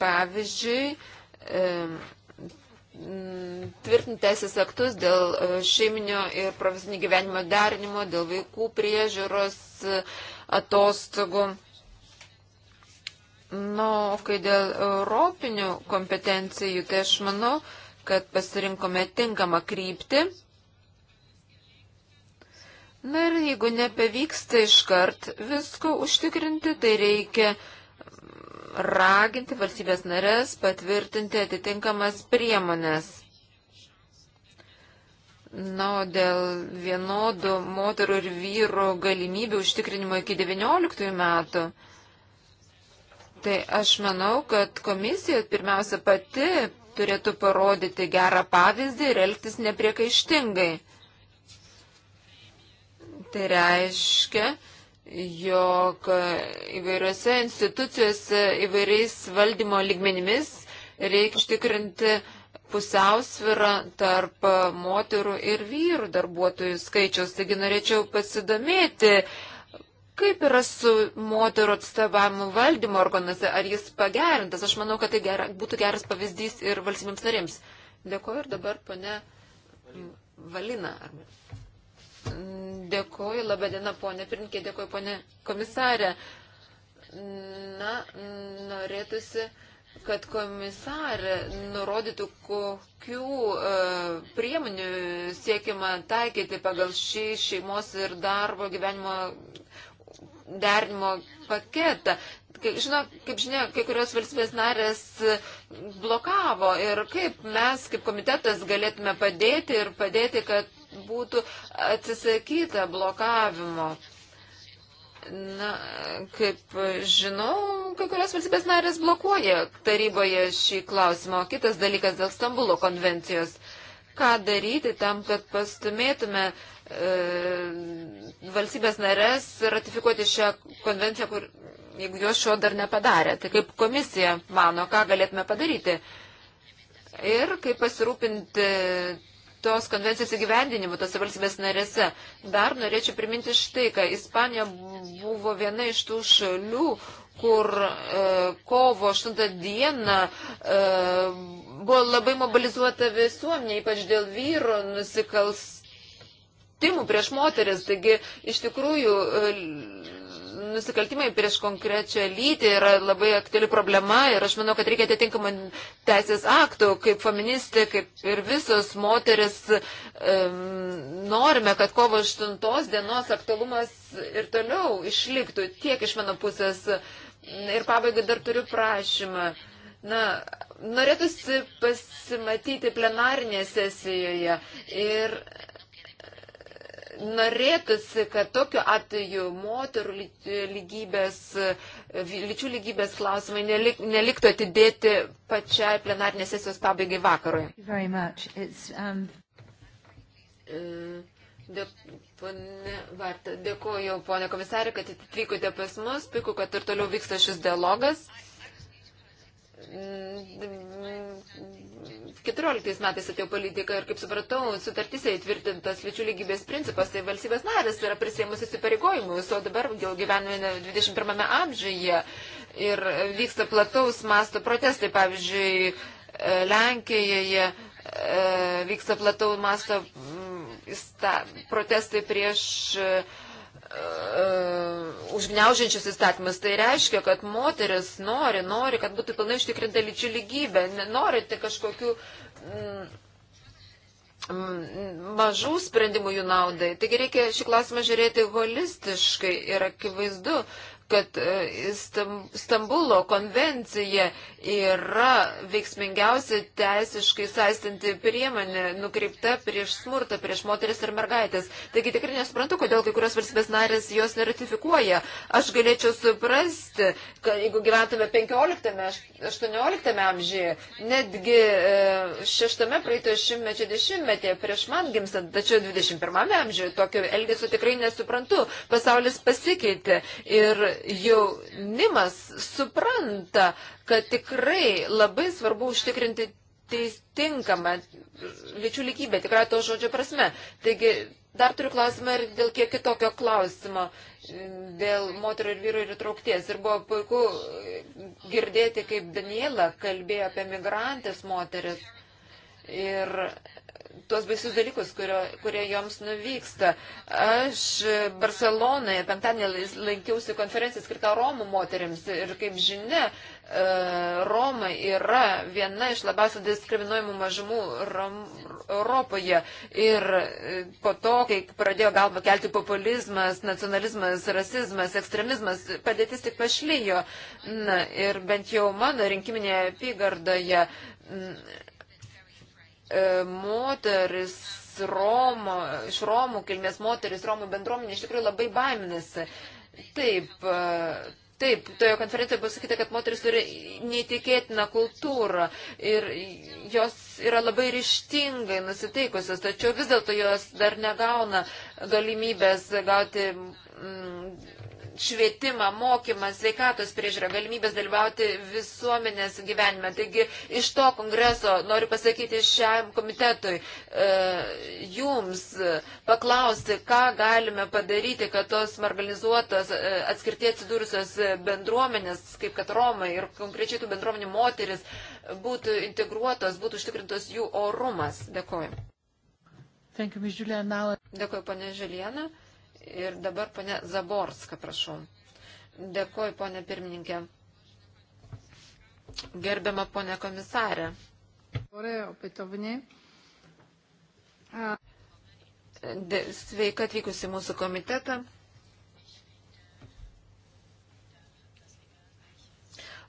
D: pavyzdžiui, e, tvirtinti teisės aktus dėl e, šeiminio ir profesinio gyvenimo derinimo, dėl vaikų priežiūros, e, atostogų. Na, nu, o kai dėl europinių kompetencijų, tai aš manau, kad pasirinkome tinkamą kryptį. Na ir jeigu nepavyksta iškart visko užtikrinti, tai reikia uh, raginti valstybės narės patvirtinti atitinkamas priemonės. Na, dėl vienodų moterų ir vyrų galimybių užtikrinimo iki 19 metų, tai aš manau, kad komisija pirmiausia pati turėtų parodyti gerą pavyzdį ir elgtis nepriekaištingai. Tai reiškia, jog įvairiose institucijose įvairiais valdymo lygmenimis reikia užtikrinti pusiausvirą tarp moterų ir vyrų darbuotojų skaičiaus. Taigi norėčiau pasidomėti, kaip yra su moterų atstovavimu valdymo organuose, ar jis pagerintas. Aš manau, kad tai gera, būtų geras pavyzdys ir valstybėms narėms. Dėkuoju ir dabar pone Valina. Valina. Dėkuoju, laba diena, ponė Pirinkė, dėkuoju, ponė komisarė. Na, norėtųsi, kad komisarė nurodytų, kokių e, priemonių siekiama taikyti pagal šį šeimos ir darbo gyvenimo derinimo paketą kaip, žino, kaip žinia, kai kurios valstybės narės blokavo ir kaip mes, kaip komitetas, galėtume padėti ir padėti, kad būtų atsisakyta blokavimo. Na, kaip žinau, kai kurios valstybės narės blokuoja taryboje šį klausimą. Kitas dalykas dėl Stambulo konvencijos. Ką daryti tam, kad pastumėtume e, valstybės narės ratifikuoti šią konvenciją, kur, jeigu jos šio dar nepadarė. Tai kaip komisija mano, ką galėtume padaryti. Ir kaip pasirūpinti tos konvencijos įgyvendinimu tose valstybės narėse. Dar norėčiau priminti štai, kad Ispanija buvo viena iš tų šalių, kur e, kovo 8 dieną e, buvo labai mobilizuota visuomenė, ypač dėl vyro nusikals. Timų prieš moteris, taigi iš tikrųjų e, nusikaltimai prieš konkrečią lytį yra labai aktuali problema ir aš manau, kad reikia atitinkamų teisės aktų, kaip feministė, kaip ir visos moteris um, norime, kad kovo 8 dienos aktualumas ir toliau išliktų tiek iš mano pusės. Ir pabaigai dar turiu prašymą. Na, norėtųsi pasimatyti plenarinėje sesijoje ir norėtųsi, kad tokiu atveju moterų lygybės, lyčių lygybės klausimai nelik, neliktų atidėti pačiai plenarnės sesijos pabaigai vakarui.
A: Um... E,
D: Dėkuoju, ponė komisarė, kad atvykote pas mus. Piku, kad ir toliau vyksta šis dialogas. Mm, 2014 metais atėjo politika ir, kaip supratau, sutartys įtvirtintas lyčių lygybės principas, tai valstybės narės yra prisėmusi įsipareigojimus, o dabar jau gyvename 21 amžiuje ir vyksta plataus masto protestai, pavyzdžiui, e, Lenkijoje e, vyksta plataus masto protestai prieš e, E, užgneužiančius įstatymus. Tai reiškia, kad moteris nori, nori, kad būtų pilnai užtikrinta lyčių lygybė, nori tai kažkokių m, mm, mm, mažų sprendimų jų naudai. Taigi reikia šį klausimą žiūrėti holistiškai ir akivaizdu, kad e, Stambulo konvencija yra veiksmingiausia teisiškai saistanti priemonė nukreipta prieš smurtą, prieš moteris ir mergaitės. Taigi tikrai nesuprantu, kodėl kai kurios valstybės narės jos neratifikuoja. Aš galėčiau suprasti, kad jeigu gyventume 15-18 amžiuje, netgi 6-ame e, praeitojo šimtmečio dešimtmetyje prieš man gimstant, tačiau 21-ame amžiuje tokio elgesio tikrai nesuprantu. Pasaulis pasikeitė. Ir jaunimas supranta, kad tikrai labai svarbu užtikrinti tinkamą lyčių lygybę, tikrai to žodžio prasme. Taigi, dar turiu klausimą ir dėl kiek kitokio klausimo, dėl moterų ir vyrų ir įtraukties. Ir buvo puiku girdėti, kaip Daniela kalbėjo apie migrantės moteris. Ir tuos baisius dalykus, kurio, kurie joms nuvyksta. Aš Barcelonoje penktadienį lankiausi konferenciją skirtą Romų moteriams ir kaip žinia, e, Roma yra viena iš labiausiai diskriminuojamų mažumų Rom, Europoje. Ir e, po to, kai pradėjo galvą kelti populizmas, nacionalizmas, rasizmas, ekstremizmas, padėtis tik pašlyjo. Na, ir bent jau mano rinkiminėje apygardoje. M, E, moteris Romo, iš Romų kilmės moteris, Romų bendruomenė iš tikrųjų labai baiminasi. Taip, e, Taip, toje konferencijoje buvo sakyta, kad moteris turi neįtikėtiną kultūrą ir jos yra labai ryštingai nusiteikusios, tačiau vis dėlto jos dar negauna galimybės gauti mm, švietimą, mokymą, sveikatos priežiūrą, galimybės dalyvauti visuomenės gyvenime. Taigi iš to kongreso noriu pasakyti šiam komitetui, e, jums paklausti, ką galime padaryti, kad tos marginalizuotos e, atskirtie atsidūrusios bendruomenės, kaip kad Romai ir konkrečiai tų bendruomenių moteris, būtų integruotos, būtų užtikrintos jų orumas. Dėkuoju.
B: Dėkuoju,
D: ponė Žiliena. Ir dabar ponė Zaborska, prašau. Dėkuoju, ponė pirmininkė. Gerbiama ponė komisarė. Sveika atvykusi mūsų komitetą.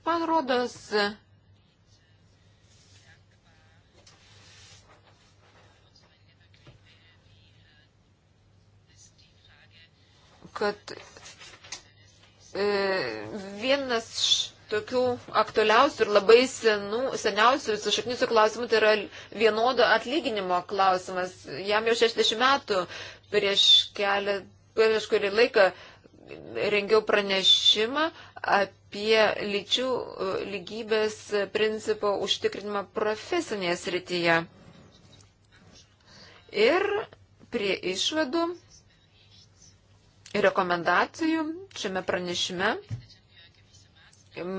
D: Man rodos, kad e, vienas iš tokių aktualiausių ir labai senų, seniausių sušaknysių klausimų tai yra vienodo atlyginimo klausimas. Jam jau 60 metų prieš, kelią, prieš kurį laiką rengiau pranešimą apie lyčių e, lygybės principo užtikrinimą profesinėje srityje. Ir prie išvadų rekomendacijų šiame pranešime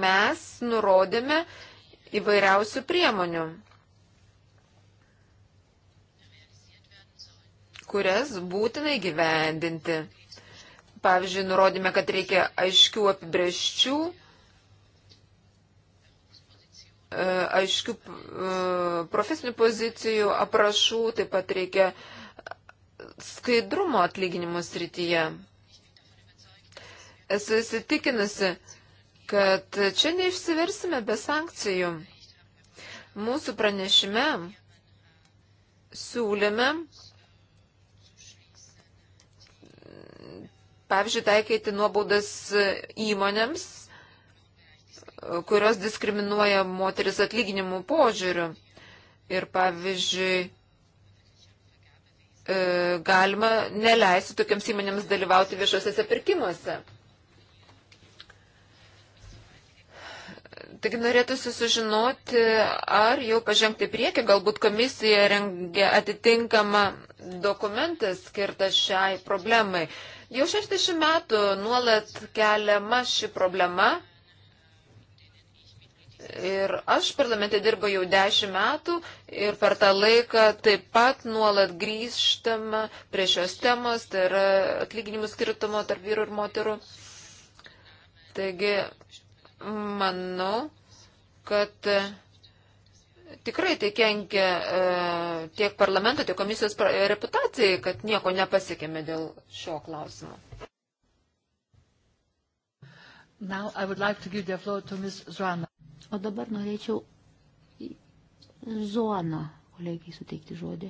D: mes nurodėme įvairiausių priemonių, kurias būtinai gyvendinti. Pavyzdžiui, nurodėme, kad reikia aiškių apibrėžčių, e, aiškių e, profesinių pozicijų, aprašų, taip pat reikia skaidrumo atlyginimo srityje. Esu įsitikinusi, kad čia neišsiversime be sankcijų. Mūsų pranešime siūlėme, pavyzdžiui, taikyti nuobaudas įmonėms, kurios diskriminuoja moteris atlyginimų požiūrių. Ir pavyzdžiui, e, galima neleisti tokiams įmonėms dalyvauti viešuosiuose pirkimuose. Taigi norėtųsi sužinoti, ar jau pažengti priekį, galbūt komisija rengia atitinkamą dokumentą skirtą šiai problemai. Jau 60 metų nuolat keliama ši problema. Ir aš parlamente dirbu jau 10 metų ir per tą laiką taip pat nuolat grįžtama prie šios temos, tai yra atlyginimų skirtumo tarp vyrų ir moterų. Taigi manau, kad e, tikrai tai kenkia e, tiek parlamento, tiek komisijos reputacijai, kad nieko nepasiekėme dėl šio klausimo.
B: Like
A: o dabar norėčiau Zoana kolegijai suteikti žodį.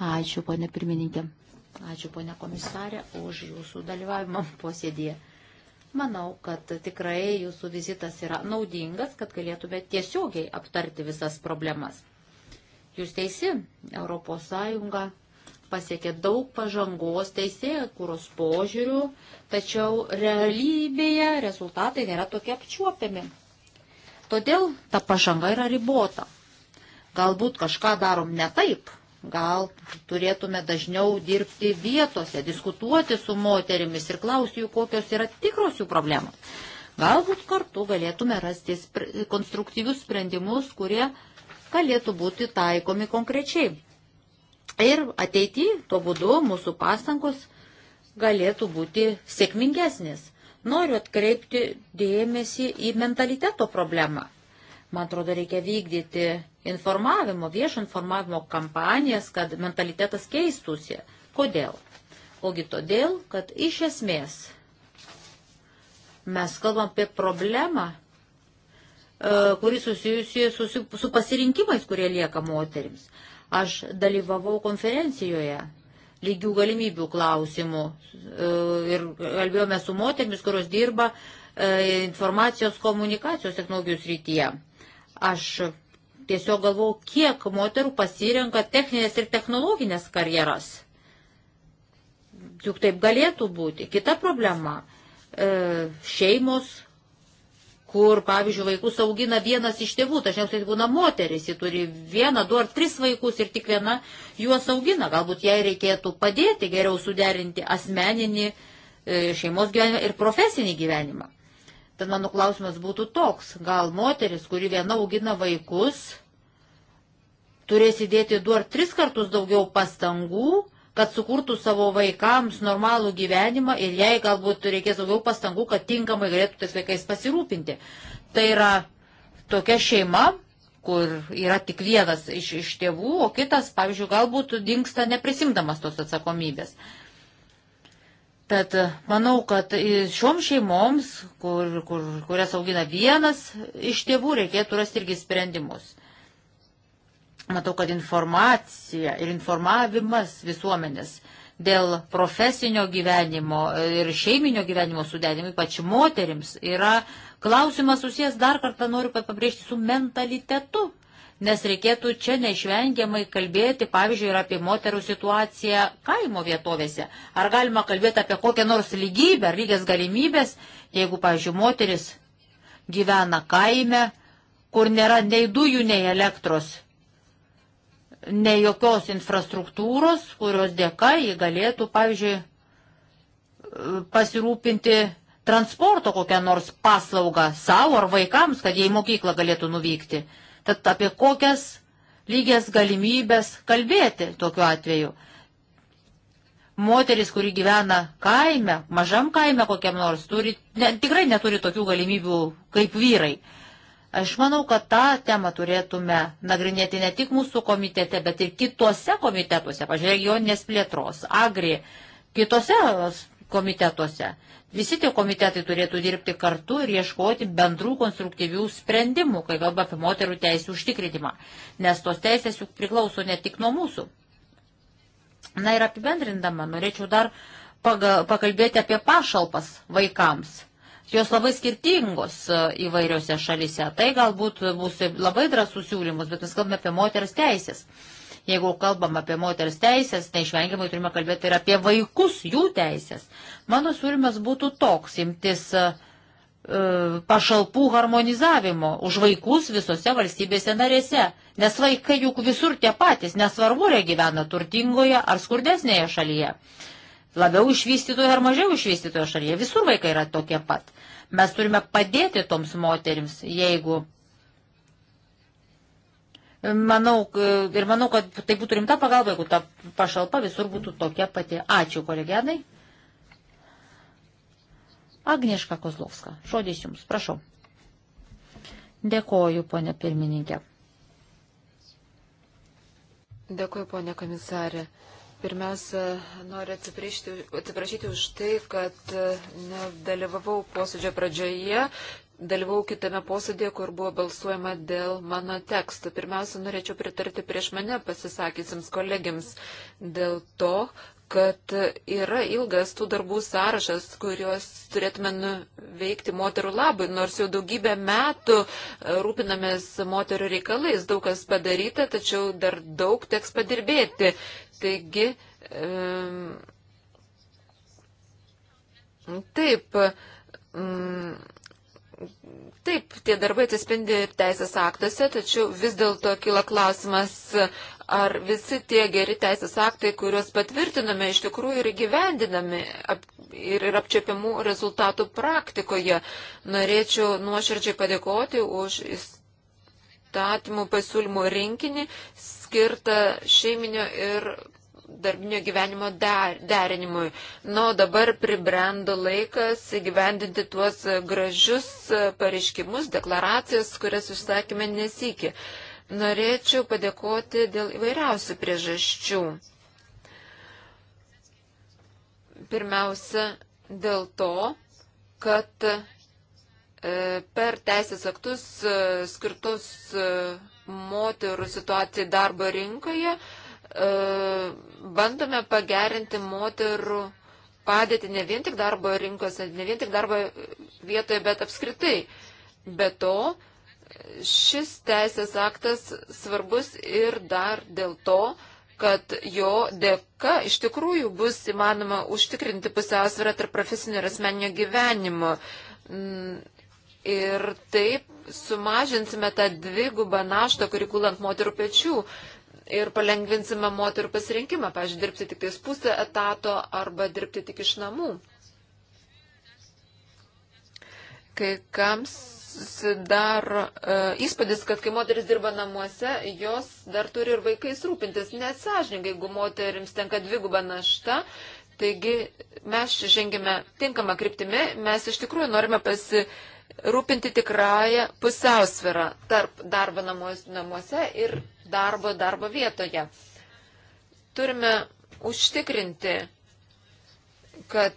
A: Ačiū, ponė pirmininkė. Ačiū, ponė komisarė, už jūsų dalyvavimą posėdėje. Manau, kad tikrai jūsų vizitas yra naudingas, kad galėtume tiesiogiai aptarti visas problemas. Jūs teisi, ES pasiekė daug pažangos teisėje, kuros požiūrių, tačiau realybėje rezultatai nėra tokie apčiuopiami. Todėl ta pažanga yra ribota. Galbūt kažką darom ne taip, Gal turėtume dažniau dirbti vietose, diskutuoti su moterimis ir klausti jų, kokios yra tikros jų problemos. Galbūt kartu galėtume rasti spri konstruktyvius sprendimus, kurie galėtų būti taikomi konkrečiai. Ir ateityje tuo būdu mūsų pastangos galėtų būti sėkmingesnės. Noriu atkreipti dėmesį į mentaliteto problemą. Man atrodo, reikia vykdyti informavimo, viešo informavimo kampanijas, kad mentalitetas keistųsi. Kodėl? Ogi todėl, kad iš esmės mes kalbam apie problemą, e, kuri susijusi su, su, su pasirinkimais, kurie lieka moterims. Aš dalyvavau konferencijoje lygių galimybių klausimų e, ir kalbėjome su moterimis, kurios dirba e, informacijos komunikacijos technologijų srityje. Aš tiesiog galvau, kiek moterų pasirenka techninės ir technologinės karjeras. Juk taip galėtų būti. Kita problema e, - šeimos, kur, pavyzdžiui, vaikus augina vienas iš tėvų, dažniausiai tai būna moteris, ji turi vieną, du ar tris vaikus ir tik viena juos augina. Galbūt jai reikėtų padėti geriau suderinti asmeninį e, šeimos gyvenimą ir profesinį gyvenimą. Tad mano klausimas būtų toks, gal moteris, kuri viena augina vaikus, turės įdėti du ar tris kartus daugiau pastangų, kad sukurtų savo vaikams normalų gyvenimą ir jai galbūt reikės daugiau pastangų, kad tinkamai galėtų tais vaikais pasirūpinti. Tai yra tokia šeima, kur yra tik vienas iš, iš tėvų, o kitas, pavyzdžiui, galbūt dinksta neprisimdamas tos atsakomybės. Uh, Tad e, manau, kad šioms šeimoms, kur, kur, kurias augina vienas iš tėvų, reikėtų rasti irgi sprendimus. Matau, kad informacija ir informavimas visuomenės dėl profesinio gyvenimo ir šeiminio gyvenimo sudėdimo, ypač moterims, yra klausimas susijęs dar kartą noriu pabrėžti su mentalitetu nes reikėtų čia neišvengiamai kalbėti, pavyzdžiui, ir apie moterų situaciją kaimo vietovėse. Ar galima kalbėti apie kokią nors lygybę ar lygias galimybės, jeigu, pavyzdžiui, moteris gyvena kaime, kur nėra nei dujų, nei elektros, nei jokios infrastruktūros, kurios dėka jį galėtų, pavyzdžiui, pasirūpinti transporto kokią nors paslaugą savo ar vaikams, kad jie į mokyklą galėtų nuvykti. Tad apie kokias lygias galimybės kalbėti tokiu atveju. Moteris, kuri gyvena kaime, mažam kaime kokiam nors, turi, ne, tikrai neturi tokių galimybių kaip vyrai. Aš manau, kad tą temą turėtume nagrinėti ne tik mūsų komitete, bet ir kitose komitetuose, pažiūrėjau, regioninės plėtros, agri, kitose komitetuose. Visi tie komitetai turėtų dirbti kartu ir ieškoti bendrų konstruktyvių sprendimų, kai kalba apie moterų teisų užtikrinimą, nes tos teisės juk priklauso ne tik nuo mūsų. Na ir apibendrindama, norėčiau dar pakalbėti apie pašalpas vaikams. Jos labai skirtingos e, įvairiose šalise. Tai galbūt bus labai drąsų siūlymus, bet mes kalbame apie moters teisės. Uh, Jeigu kalbam apie moters teisės, neišvengiamai tai turime kalbėti ir apie vaikus, jų teisės. Mano siūlymas būtų toks, imtis e, pašalpų harmonizavimo už vaikus visose valstybėse narėse. Nes vaikai juk visur tie patys, nesvarbu, ar jie gyvena turtingoje ar skurdesnėje šalyje. Labiau išvystytoje ar mažiau išvystytoje šalyje. Visur vaikai yra tokie pat. Mes turime padėti toms moterims, jeigu Manau, e, ir manau, kad tai būtų rimta pagalba, jeigu ta pašalpa visur būtų tokia pati. Ačiū, kolegenai. Agnieška Kozlovska, žodis jums, prašau. Dėkoju, ponė pirmininkė.
D: Dėkoju, ponė komisarė. Pirmiausia, noriu atsiprašyti už tai, kad e, dalyvavau posėdžio pradžioje, dalyvau kitame posėdėje, kur buvo balsuojama dėl mano tekstų. Pirmiausia, norėčiau pritarti prieš mane pasisakysiams kolegiams dėl to, kad yra ilgas tų darbų sąrašas, kuriuos turėtume nuveikti moterų labai, nors jau daugybę metų e, rūpinamės moterų reikalais, daug kas padaryta, tačiau dar daug teks padirbėti. Taigi, um, taip, um, Taip, tie darbai atsispindi ir teisės aktuose, tačiau vis dėlto kyla klausimas, ar visi tie geri teisės aktai, kuriuos patvirtiname, iš tikrųjų yra gyvendinami ir yra apčiopiamų rezultatų praktikoje. Norėčiau nuoširdžiai padėkoti už įstatymų pasiūlymų rinkinį skirtą šeiminio ir darbinio gyvenimo der, derinimui. Na, o dabar pribrendo laikas įgyvendinti tuos gražius pareiškimus, deklaracijas, kurias išsakėme nesikį. Norėčiau padėkoti dėl įvairiausių priežasčių. Pirmiausia, dėl to, kad e, per teisės aktus e, skirtus e, moterų situacijai darbo rinkoje E, bandome pagerinti moterų padėti ne vien tik darbo rinkose, ne vien tik darbo vietoje, bet apskritai. Be to, šis teisės aktas svarbus ir dar dėl to, kad jo dėka iš tikrųjų bus įmanoma užtikrinti pusiausvyrą tarp profesinio ir asmeninio gyvenimo. Mm, ir taip sumažinsime tą dvigubą naštą, kuri kulant moterų pečių ir palengvinsime moterų pasirinkimą, pavyzdžiui, dirbti tik tais pusę etato arba dirbti tik iš namų. Kai kams dar e, įspūdis, kad kai moteris dirba namuose, jos dar turi ir vaikais rūpintis. Nesažininkai, jeigu moterims tenka dviguba našta, Taigi mes žengime tinkamą kryptimį, mes iš tikrųjų norime pasirūpinti tikrąją pusiausvirą tarp darbo namuose ir darbo darbo vietoje. Turime užtikrinti, kad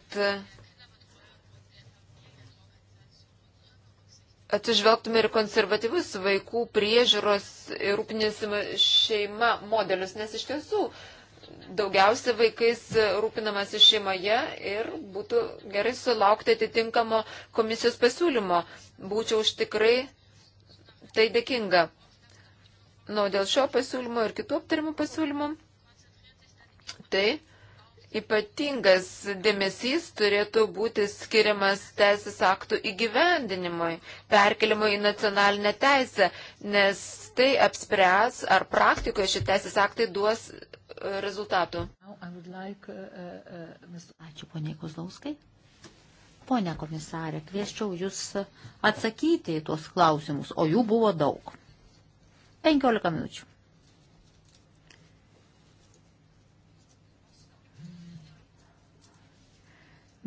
D: atsižvelgtume ir konservatyvus vaikų priežiūros ir rūpinėsime šeima modelius, nes iš tiesų daugiausia vaikais rūpinamasi šeimoje ir būtų gerai sulaukti atitinkamo komisijos pasiūlymo. Būčiau už tikrai tai dėkinga nu, dėl šio pasiūlymo ir kitų aptarimų pasiūlymų, tai ypatingas dėmesys turėtų būti skiriamas teisės aktų įgyvendinimui, perkelimui į nacionalinę teisę, nes tai apspręs, ar praktikoje šie teisės aktai duos e, rezultatų.
B: Like, uh, uh, uh
A: Ačiū, ponia Kozlauskai. Pone komisarė, kvieščiau Jūs atsakyti į tuos klausimus, o jų buvo daug. 15 minučių.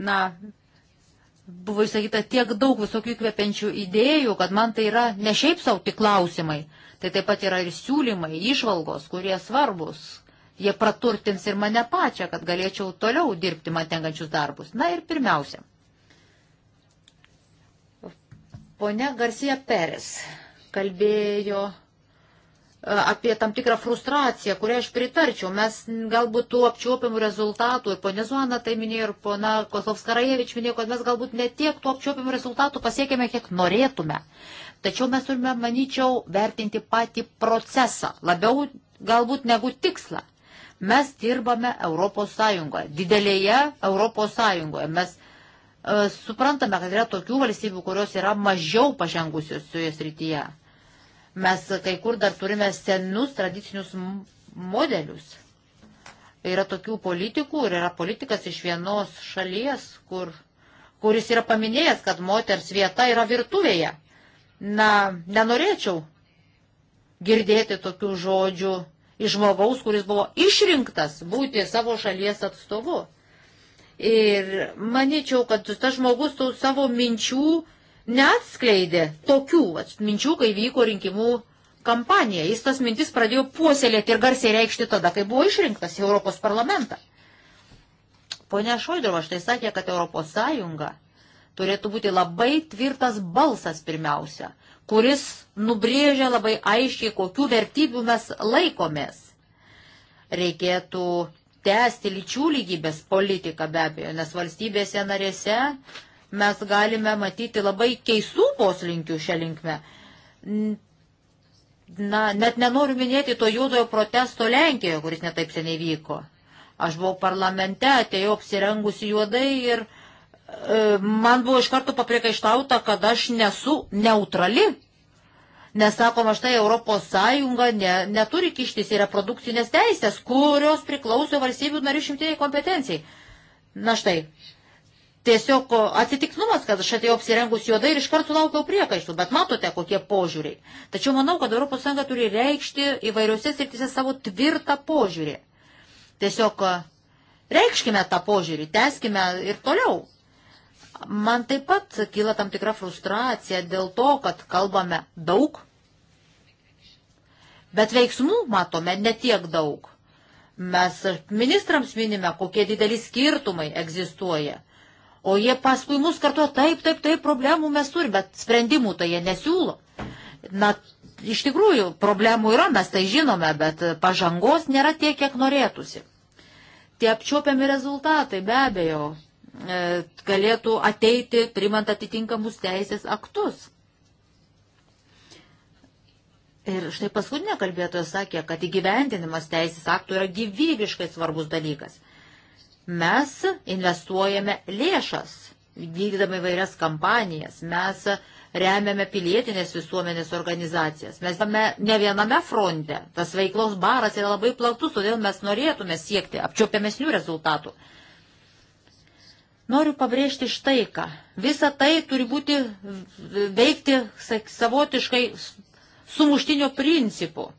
A: Na, buvo išsakyta tiek daug visokių kvepiančių idėjų, kad man tai yra ne šiaip savo tik klausimai, tai taip pat yra ir siūlymai, išvalgos, kurie svarbus. Jie praturtins ir mane pačią, kad galėčiau toliau dirbti man tenkančius darbus. Na ir pirmiausia. Pone Garcia Peres kalbėjo apie tam tikrą frustraciją, kurią aš pritarčiau. Mes galbūt tų apčiuopiamų rezultatų, ir ponė Zuana tai minėjo, ir pona Kozlovskarajevič minėjo, kad mes galbūt netiek tų apčiuopiamų rezultatų pasiekėme, kiek norėtume. Tačiau mes turime, manyčiau, vertinti patį procesą, labiau galbūt negu tikslą. Mes dirbame Europos Sąjungoje, didelėje Europos Sąjungoje. Mes uh, suprantame, kad yra tokių valstybių, kurios yra mažiau pažengusios šioje srityje. Uh, Mes kai kur dar turime senus tradicinius modelius. Yra tokių politikų ir yra politikas iš vienos šalies, kur, kuris yra paminėjęs, kad moters vieta yra virtuvėje. Na, nenorėčiau girdėti tokių žodžių iš žmogaus, kuris buvo išrinktas būti savo šalies atstovu. Ir manyčiau, kad tas žmogus tų savo minčių neatskleidė tokių vat, minčių, kai vyko rinkimų kampanija. Jis tas mintis pradėjo puoselėti ir garsiai reikšti tada, kai buvo išrinktas į Europos parlamentą. Pone Šoidrova štai sakė, kad Europos Sąjunga turėtų būti labai tvirtas balsas pirmiausia, kuris nubrėžia labai aiškiai, kokių vertybių mes laikomės. Reikėtų tęsti lyčių lygybės politiką be abejo, nes valstybėse narėse mes galime matyti labai keistų poslinkių šią linkmę. Na, net nenoriu minėti to juodojo protesto Lenkijoje, kuris netaip seniai vyko. Aš buvau parlamente, atėjau apsirengusi juodai ir e, man buvo iš karto papriekaištauta, kad aš nesu neutrali. Nes sakoma, štai Europos Sąjunga ne, neturi kištis į reprodukcinės teisės, kurios priklauso valstybių narių šimtiniai kompetencijai. Na štai, tiesiog atsitiktinumas, kad aš atėjau apsirengus juodai ir iš karto laukiau priekaištų, bet matote, kokie požiūriai. Tačiau manau, kad ES turi reikšti įvairiuose srityse savo tvirtą požiūrį. Tiesiog e, reikškime tą požiūrį, teskime ir toliau. Man taip pat kyla tam tikra frustracija dėl to, kad kalbame daug, bet veiksmų matome netiek daug. Mes ministrams minime, kokie dideli skirtumai egzistuoja O jie paskui mus kartuoja, taip, taip, taip, problemų mes turime, bet sprendimų tai jie nesiūlo. Na, iš tikrųjų, problemų yra, mes tai žinome, bet pažangos nėra tiek, kiek norėtųsi. Tie apčiopiami rezultatai be abejo e, galėtų ateiti, primant atitinkamus teisės aktus. Ir štai paskutinė kalbėtoja sakė, kad įgyvendinimas teisės aktų yra gyvybiškai svarbus dalykas. Mes investuojame lėšas, vykdami vairias kampanijas, mes remiame pilietinės visuomenės organizacijas. Mes esame ne viename fronte, tas veiklos baras yra labai platus, todėl mes norėtume siekti apčiopiamesnių rezultatų. Noriu pabrėžti štai ką. Visa tai turi būti veikti savotiškai sumuštinio principu.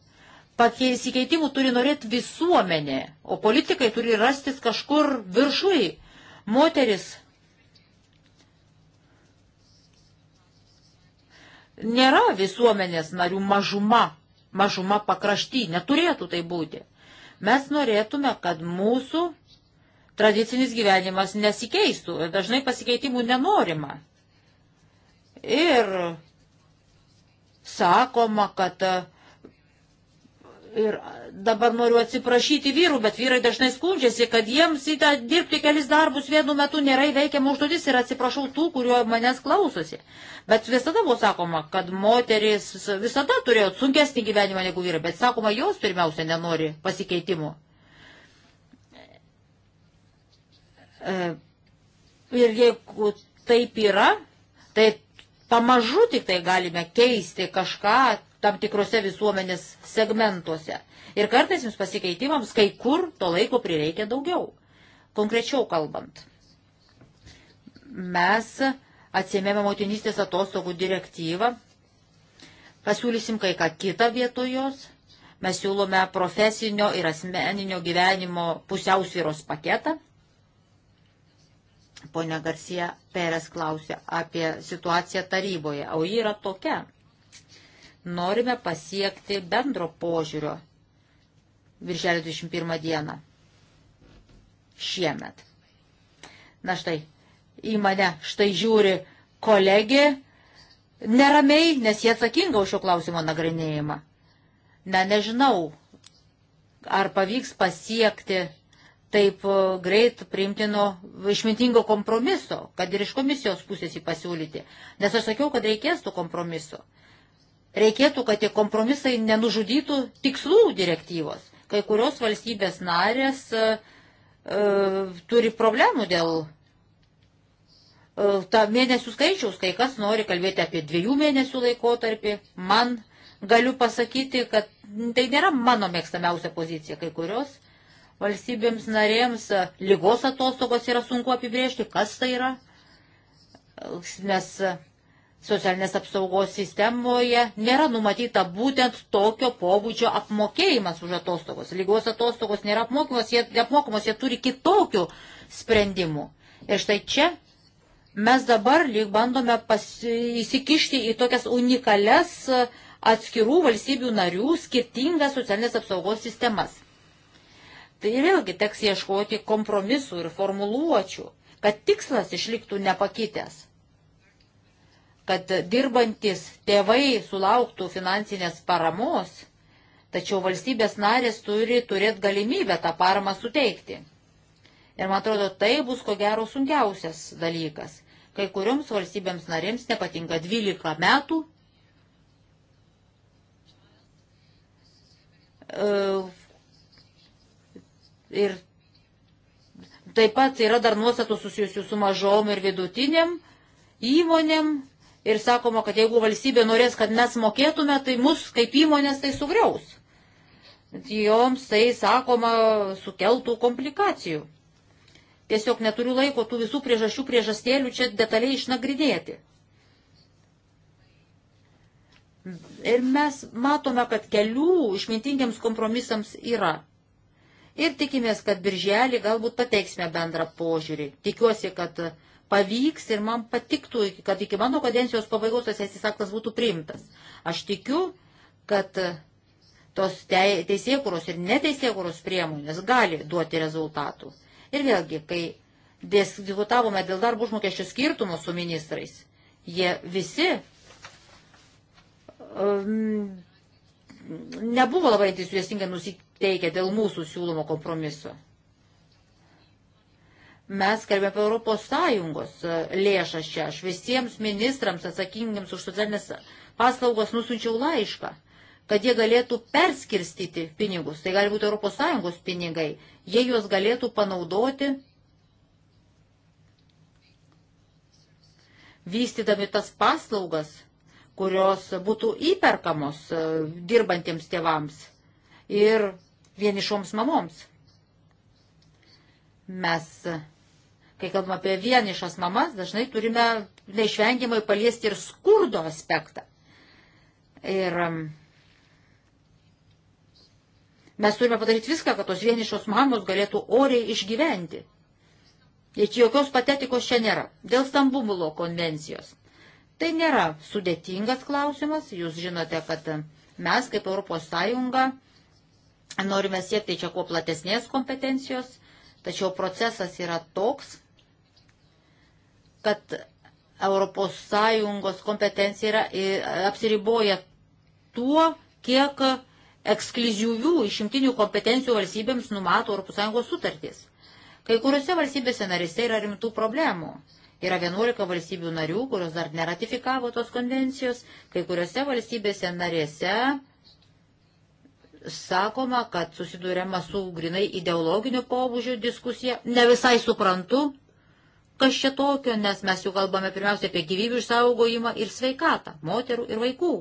A: Pakeisikeitimų turi norėti visuomenė, o politikai turi rastis kažkur viršui. Moteris nėra visuomenės narių mažuma, mažuma pakrašty, neturėtų tai būti. Mes norėtume, kad mūsų tradicinis gyvenimas nesikeistų, dažnai pasikeitimų nenorima. Ir sakoma, kad Ir dabar noriu atsiprašyti vyrų, bet vyrai dažnai skundžiasi, kad jiems į tą dirbti kelis darbus vienu metu nėra įveikiama užduotis ir atsiprašau tų, kurio manęs klausosi. Bet visada buvo sakoma, kad moteris visada turėjo sunkesnį gyvenimą negu vyrai, bet sakoma, jos pirmiausia nenori pasikeitimų. E, ir jeigu taip yra, tai pamažu tik tai galime keisti kažką tam tikrose visuomenės segmentuose. Ir kartais jums pasikeitimams kai kur to laiko prireikia daugiau. Konkrečiau kalbant, mes atsėmėme motinystės atostogų direktyvą, pasiūlysim kai ką kitą vietoj jos, mes siūlome profesinio ir asmeninio gyvenimo pusiausvyros paketą. Pone Garcia Peres klausė apie situaciją taryboje, o ji yra tokia norime pasiekti bendro požiūrio virželio 21 dieną šiemet. Na štai, į mane štai žiūri kolegė neramiai, nes jie atsakinga už šio klausimo nagrinėjimą. Na nežinau, ar pavyks pasiekti taip greit priimtino išmintingo kompromiso, kad ir iš komisijos pusės jį pasiūlyti. Nes aš sakiau, kad reikės tų kompromiso. Reikėtų, kad tie kompromisai nenužudytų tikslų direktyvos. Kai kurios valstybės narės e, e turi problemų dėl e, tą mėnesių skaičiaus, kai kas nori kalbėti apie dviejų mėnesių laikotarpį. Man galiu pasakyti, kad tai nėra mano mėgstamiausia pozicija. Kai kurios valstybėms narėms lygos atostogos yra sunku apibrėžti, kas tai yra. Nes socialinės apsaugos sistemoje nėra numatyta būtent tokio pobūdžio apmokėjimas už atostogos. Lygos atostogos nėra apmokamos, jie, apmokamos, jie turi kitokių sprendimų. Ir štai čia mes dabar lyg bandome pas, įsikišti į tokias unikales atskirų valstybių narių skirtingas socialinės apsaugos sistemas. Tai vėlgi teks ieškoti kompromisų ir formuluočių, kad tikslas išliktų nepakitęs kad dirbantis tėvai sulauktų finansinės paramos, tačiau valstybės narės turi turėti galimybę tą paramą suteikti. Ir man atrodo, tai bus ko gero sunkiausias dalykas. Kai kurioms valstybėms narėms nepatinka 12 metų, e, ir taip pat yra dar nuostatų susijusių su mažom ir vidutiniam įmonėm, ir sakoma, kad jeigu valstybė norės, kad mes mokėtume, tai mus kaip įmonės tai sugriaus. Joms tai, sakoma, sukeltų komplikacijų. Tiesiog neturiu laiko tų visų priežasčių priežastėlių čia detaliai išnagrinėti. Ir mes matome, kad kelių išmintingiams kompromisams yra. Ir tikimės, kad birželį galbūt pateiksime bendrą požiūrį. Tikiuosi, kad uh, pavyks ir man patiktų, kad iki mano kadencijos pabaigos tas teisės aktas būtų priimtas. Aš tikiu, kad tos teisėkuros ir neteisėkuros priemonės gali duoti rezultatų. Ir vėlgi, kai diskutavome dėl darbų užmokesčių skirtumo su ministrais, jie visi um, nebuvo labai entuziastingai nusiteikę dėl mūsų siūlomo kompromiso mes kalbėjome apie Europos Sąjungos e, lėšas čia. Aš visiems ministrams atsakingiams už socialinės paslaugas nusinčiau laišką, kad jie galėtų perskirstyti pinigus. Tai gali būti Europos Sąjungos pinigai. Jie juos galėtų panaudoti vystydami tas paslaugas, kurios būtų įperkamos e, dirbantiems tėvams ir vienišoms mamoms. Mes Kai kalbame apie vienišas mamas, dažnai turime neišvengiamai paliesti ir skurdo aspektą. Ir um, mes turime padaryti viską, kad tos vienišos mamos galėtų oriai išgyventi. Ir jokios patetikos čia nėra. Dėl Stambulo konvencijos. Tai nėra sudėtingas klausimas. Jūs žinote, kad mes kaip Europos Sąjunga norime siekti čia kuo platesnės kompetencijos, tačiau procesas yra toks, kad ES kompetencija yra, apsiriboja tuo, kiek ekskluzivių išimtinių kompetencijų valstybėms numato ES sutartys. Kai kuriuose valstybėse narise yra rimtų problemų. Yra 11 valstybių narių, kurios dar neratifikavo tos konvencijos. Kai kuriuose valstybėse narėse sakoma, kad susidūrėma su grinai ideologinio pobūdžio diskusija. Ne visai suprantu, kas čia tokio, nes mes jau kalbame pirmiausia apie gyvybių išsaugojimą ir sveikatą moterų ir vaikų.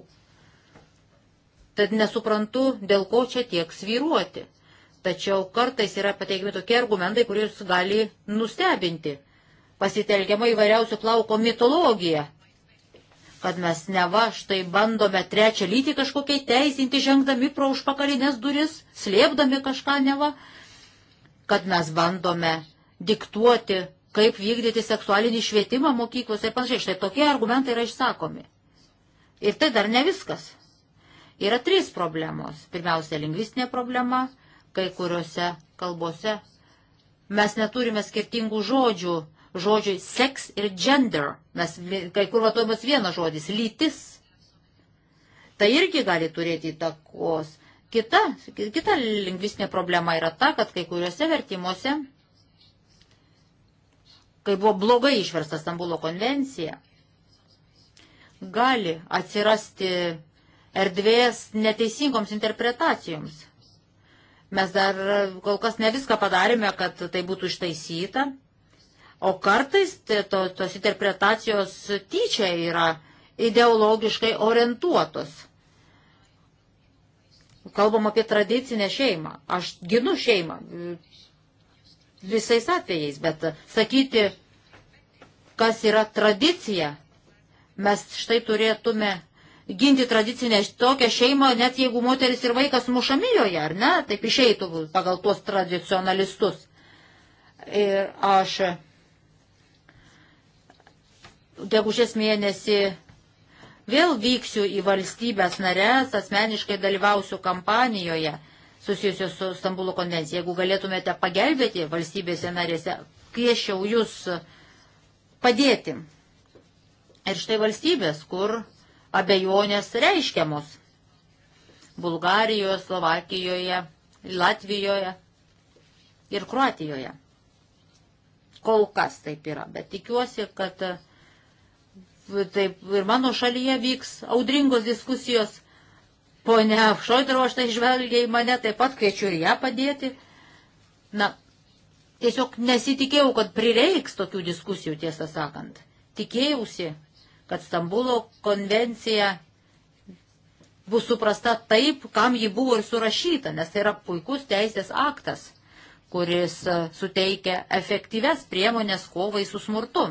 A: Tad nesuprantu, dėl ko čia tiek sviruoti. Tačiau kartais yra pateikimi tokie argumentai, kuriuos gali nustebinti. Pasitelkiama įvairiausių plauko mitologija, kad mes neva štai bandome trečią lytį kažkokiai teisinti, žengdami pro užpakalinės duris, slėpdami kažką neva, kad mes bandome diktuoti kaip vykdyti seksualinį švietimą mokyklos ir panašiai. Štai tokie argumentai yra išsakomi. Ir tai dar ne viskas. Yra trys problemos. Pirmiausia, lingvistinė problema, kai kuriuose kalbose mes neturime skirtingų žodžių. Žodžiai seks ir gender. Mes kai kur vartojamas vienas žodis - lytis. Tai irgi gali turėti įtakos. Kita, kita lingvistinė problema yra ta, kad kai kuriuose vertimuose kai buvo blogai išversta Stambulo konvencija, gali atsirasti erdvės neteisingoms interpretacijoms. Mes dar kol kas ne viską padarėme, kad tai būtų ištaisyta, o kartais to, tos interpretacijos tyčia yra ideologiškai orientuotos. Kalbam apie tradicinę šeimą. Aš ginu šeimą, visais atvejais, bet sakyti, kas yra tradicija, mes štai turėtume ginti tradicinę tokią šeimą, net jeigu moteris ir vaikas mušami joje, ar ne, taip išeitų pagal tuos tradicionalistus. Ir aš gegužės mėnesį vėl vyksiu į valstybės narės, asmeniškai dalyvausiu kampanijoje susijusios su Stambulo konvencija. Jeigu galėtumėte pagelbėti valstybėse narėse, kviešiau jūs padėti. Ir štai valstybės, kur abejonės reiškiamos. Bulgarijoje, Slovakijoje, Latvijoje ir Kroatijoje. Kol kas taip yra, bet tikiuosi, kad taip ir mano šalyje vyks audringos diskusijos Pone Šoidro, aš tai žvelgia į mane, taip pat kviečiu ir ją padėti. Na, tiesiog nesitikėjau, kad prireiks tokių diskusijų, tiesą sakant. Tikėjausi, kad Stambulo konvencija bus suprasta taip, kam ji buvo ir surašyta, nes tai yra puikus teisės aktas, kuris e, suteikia efektyves priemonės kovai su smurtu.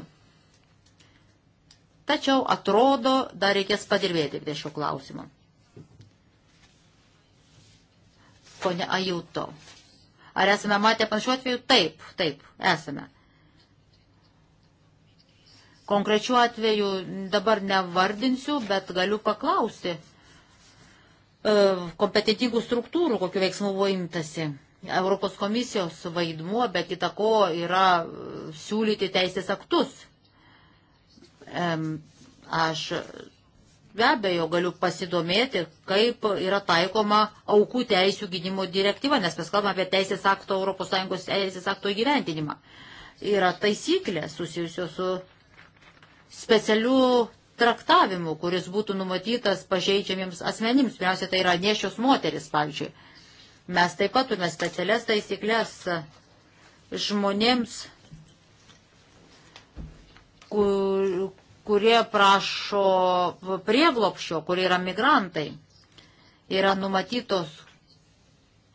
A: Tačiau atrodo, dar reikės padirbėti prie šio klausimo. ponė Ajuto. Ar esame matę panašių atvejų? Taip, taip, esame. Konkrečių atvejų dabar nevardinsiu, bet galiu paklausti e, kompetitingų struktūrų, kokiu veiksmu buvo imtasi. Europos komisijos vaidmuo, be kita ko, yra siūlyti teisės aktus. E, aš Be abejo, galiu pasidomėti, kaip yra taikoma aukų teisų gynimo direktyva, nes mes kalbame apie teisės akto, ES teisės akto įgyventinimą. Yra taisyklė susijusios su specialiu traktavimu, kuris būtų numatytas pažeidžiamiems asmenims. Pirmiausia, tai yra nešios moteris, pavyzdžiui. Mes taip pat turime specialias taisyklės žmonėms, kur, kurie prašo prieglopščio, kurie yra migrantai. Yra numatytos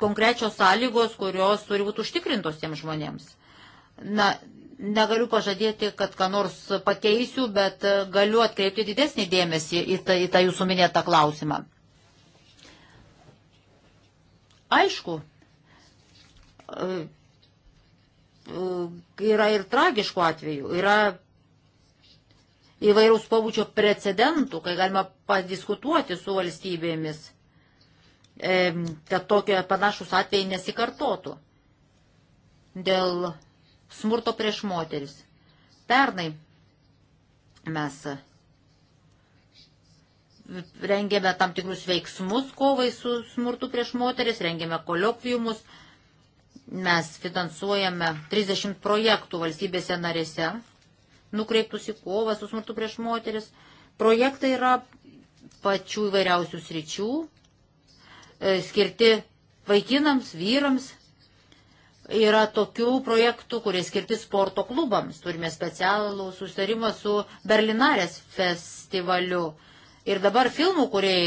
A: konkrečios sąlygos, kurios turi būti užtikrintos tiems žmonėms. Na, negaliu pažadėti, kad ką nors pakeisiu, bet galiu atkreipti didesnį dėmesį į tą, į tą jūsų minėtą klausimą. Aišku, e, e, yra ir tragiškų atvejų, yra įvairaus pobūdžio precedentų, kai galima padiskutuoti su valstybėmis, e, kad tokie panašus atvejai nesikartotų dėl smurto prieš moteris. Pernai mes rengėme tam tikrus veiksmus kovai su smurtu prieš moteris, rengėme kolokviumus, mes finansuojame 30 projektų valstybėse narėse nukreiptus į kovą su smurtu prieš moteris. Projektai yra pačių įvairiausių sričių, e, skirti vaikinams, vyrams. Yra tokių projektų, kurie skirti sporto klubams. Turime specialų susitarimą su Berlinarės festivaliu. Ir dabar filmų, kurie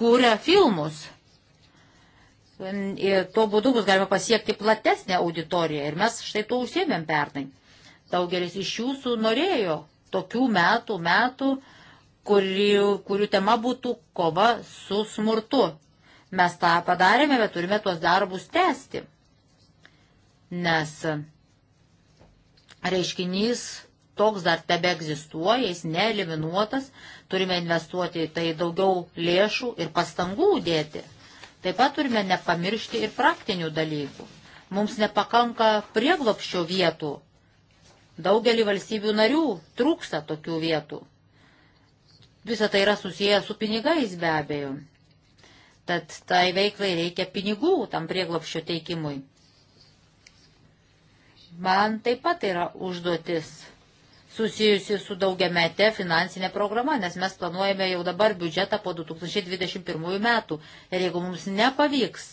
A: kūrė filmus. Ir tuo būdu bus galima pasiekti platesnę auditoriją. Ir mes štai tuo užsiemėm pernai. Daugelis iš jūsų norėjo tokių metų, metų, kurių, kurių tema būtų kova su smurtu. Mes tą padarėme, bet turime tuos darbus tęsti. Nes reiškinys toks dar tebe egzistuoja, jis neeliminuotas, turime investuoti į tai daugiau lėšų ir pastangų dėti. Taip pat turime nepamiršti ir praktinių dalykų. Mums nepakanka prieglopščio vietų Daugelį valstybių narių trūksta tokių vietų. Visa tai yra susiję su pinigais be abejo. Tad tai veiklai reikia pinigų tam prieglopščio teikimui. Man taip pat yra užduotis susijusi su daugiamete finansinė programa, nes mes planuojame jau dabar biudžetą po 2021 metų. Ir jeigu mums nepavyks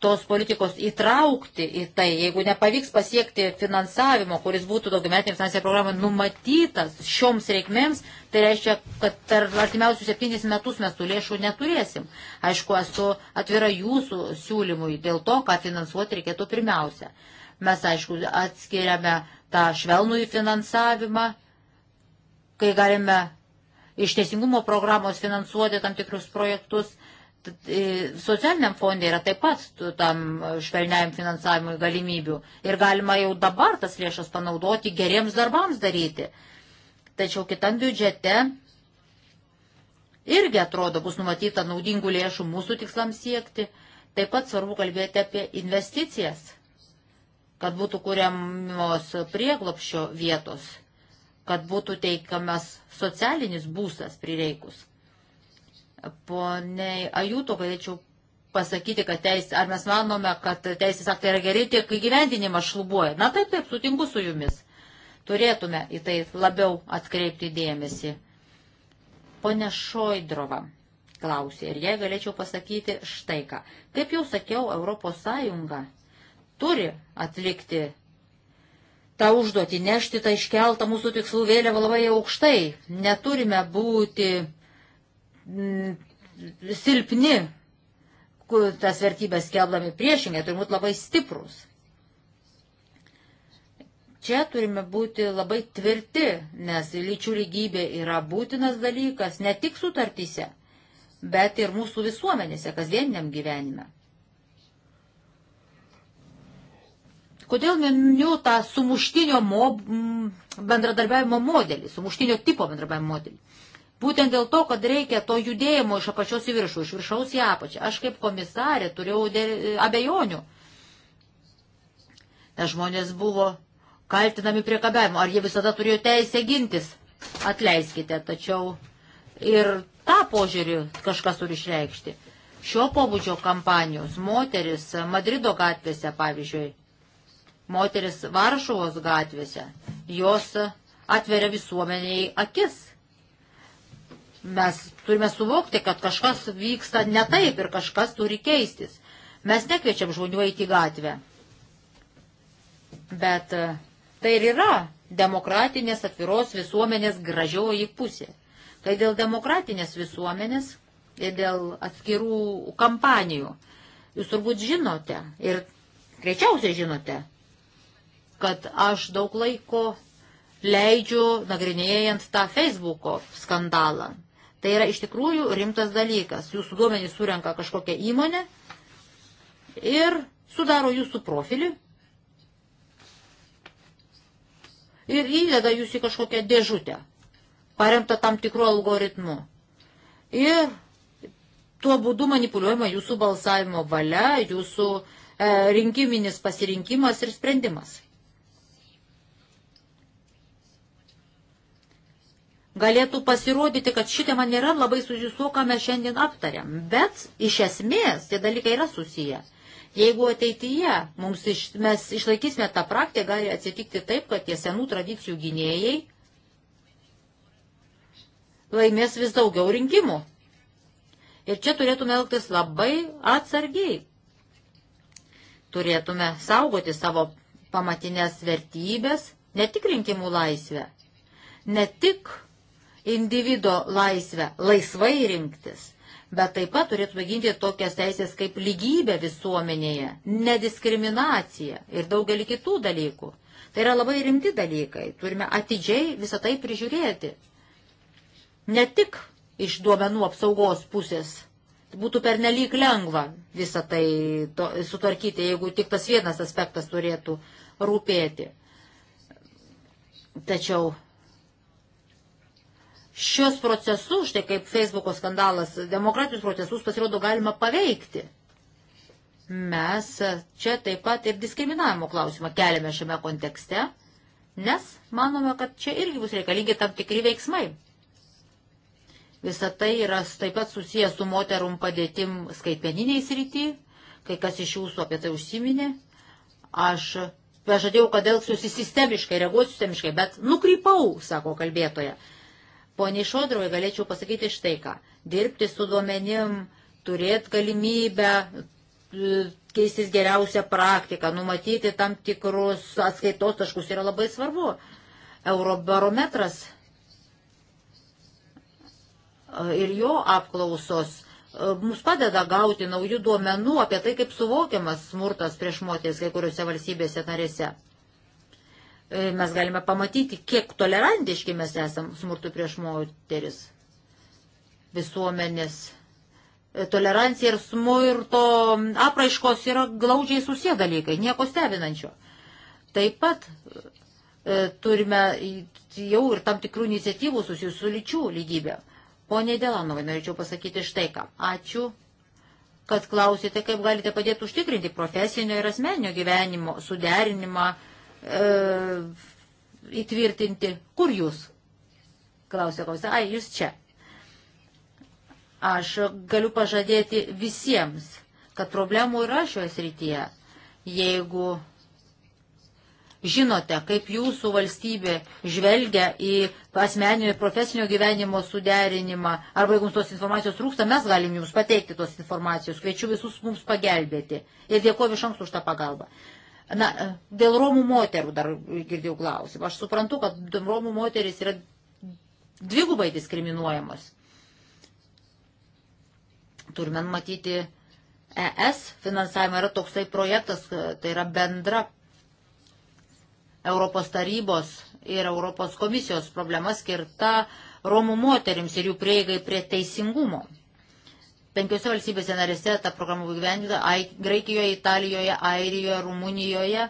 A: tos politikos įtraukti į tai, jeigu nepavyks pasiekti finansavimo, kuris būtų daugiametinė finansinė programa numatytas šioms reikmėms, tai reiškia, kad per artimiausius septynis metus mes tų lėšų neturėsim. Aišku, esu atvira jūsų siūlymui dėl to, ką finansuoti reikėtų pirmiausia. Mes, aišku, atskiriame tą švelnųjį finansavimą, kai galime iš teisingumo programos finansuoti tam tikrus projektus E, socialiniam fondė yra taip pat tam švelniajam finansavimui galimybių ir galima jau dabar tas lėšas panaudoti geriems darbams daryti. Tačiau kitam biudžete irgi atrodo bus numatyta naudingų lėšų mūsų tikslams siekti. Taip pat svarbu kalbėti apie investicijas, kad būtų kuriamos prieglopščio vietos, kad būtų teikamas socialinis būsas prireikus. Poniai Ajuto galėčiau pasakyti, kad teis, ar mes manome, kad teisės aktai yra geri, tiek įgyvendinimas šlubuoja. Na taip, taip, sutinku su jumis. Turėtume į tai labiau atkreipti dėmesį. Pone Šoidrova klausė ir jai galėčiau pasakyti štai ką. Kaip jau sakiau, ES turi atlikti tą užduotį, nešti tą iškeltą mūsų tikslų vėliavą labai aukštai. Neturime būti Mm, silpni, kur tas vertybės keldami priešingai, turi būti labai stiprus. Čia turime būti labai tvirti, nes lyčių lygybė yra būtinas dalykas ne tik sutartyse, bet ir mūsų visuomenėse, kasdieniniam gyvenime. Kodėl miniu tą sumuštinio mo, bendradarbiavimo modelį, sumuštinio tipo bendradarbiavimo modelį? Būtent dėl to, kad reikia to judėjimo iš apačios į viršų, iš viršaus į apačią. Aš kaip komisarė turėjau abejonių. Nes žmonės buvo kaltinami priekabiavimu. Ar jie visada turėjo teisę gintis? Atleiskite, tačiau ir tą požiūrį kažkas turi išreikšti. Šio pobūdžio kampanijos moteris Madrido gatvėse, pavyzdžiui, moteris Varšuvos gatvėse, jos atveria visuomeniai akis Mes turime suvokti, kad kažkas vyksta ne taip ir kažkas turi keistis. Mes nekviečiam žmonių eiti į gatvę. Bet e, tai ir yra demokratinės atviros visuomenės gražioji pusė. Tai dėl demokratinės visuomenės ir dėl atskirų kampanijų. Jūs turbūt žinote ir greičiausiai žinote, kad aš daug laiko leidžiu nagrinėjant tą Facebook'o skandalą. Tai yra iš tikrųjų rimtas dalykas. Jūsų duomenys surenka kažkokią įmonę ir sudaro jūsų profilį ir įdeda jūs į kažkokią dėžutę, paremtą tam tikru algoritmu. Ir tuo būdu manipuliuojama jūsų balsavimo valia, jūsų e, rinkiminis pasirinkimas ir sprendimas. galėtų pasirodyti, kad šitą man nėra labai susijusu, ką mes šiandien aptariam. Bet iš esmės tie dalykai yra susiję. Jeigu ateityje mums iš, mes išlaikysime tą praktiką, gali atsitikti taip, kad tie senų tradicijų gynėjai laimės vis daugiau rinkimų. Ir čia turėtume elgtis labai atsargiai. Turėtume saugoti savo pamatinės vertybės, ne tik rinkimų laisvę, ne tik individo laisvę laisvai rinktis, bet taip pat turėtume ginti tokias teisės kaip lygybė visuomenėje, nediskriminacija ir daugelį kitų dalykų. Tai yra labai rimti dalykai, turime atidžiai visą tai prižiūrėti. Ne tik iš duomenų apsaugos pusės būtų pernelyg lengva visą tai to, sutvarkyti, jeigu tik tas vienas aspektas turėtų rūpėti. Tačiau šios procesus, štai kaip Facebook'o skandalas, demokratijos procesus pasirodo galima paveikti. Mes čia taip pat ir diskriminavimo klausimą keliame šiame kontekste, nes manome, kad čia irgi bus reikalingi tam tikri veiksmai. Visa tai yra taip pat susijęs su moterum padėtim skaitmeniniai srity, kai kas iš jūsų apie tai užsiminė. Aš pažadėjau, kad elgsiuosi sistemiškai, reaguosiu sistemiškai, bet nukrypau, sako kalbėtoja. Pone Šodrovai, galėčiau pasakyti štai ką. Dirbti su duomenim, turėti galimybę e, keistis geriausią praktiką, numatyti tam tikrus atskaitos taškus yra labai svarbu. Eurobarometras e, ir jo apklausos e, mums padeda gauti naujų duomenų apie tai, kaip suvokiamas smurtas prieš moteris kai kuriuose valstybėse narėse. E, mes galime pamatyti, kiek tolerantiški mes esam smurtų prieš moteris visuomenės. E, tolerancija ir smurto apraiškos yra glaudžiai susiję dalykai, nieko stebinančio. Taip pat e, turime jau ir tam tikrų iniciatyvų susijusių su lyčių lygybė. Pone Delanovai, norėčiau pasakyti štai ką. Ačiū, kad klausėte, kaip galite padėti užtikrinti profesinio ir asmeninio gyvenimo suderinimą e, įtvirtinti. Kur jūs? Klausė klausė. Ai, jūs čia. Aš galiu pažadėti visiems, kad problemų yra šioje srityje. Jeigu žinote, kaip jūsų valstybė žvelgia į asmeninio ir profesinio gyvenimo suderinimą, arba jeigu jums tos informacijos trūksta, mes galim jums pateikti tos informacijos. Kviečiu visus mums pagelbėti. Ir dėkuoju iš anksto už tą pagalbą. Na, e, dėl Romų moterų dar girdėjau klausimą. Aš suprantu, kad Romų moteris yra dvigubai diskriminuojamos. Turime matyti ES finansavimą yra toksai projektas, e, tai yra bendra Europos tarybos ir Europos komisijos problema skirta Romų moterims ir jų prieigai prie teisingumo. Penkiose valstybėse narėse ta programa buvo gyvendinta - Graikijoje, Italijoje, Airijoje, Rumunijoje.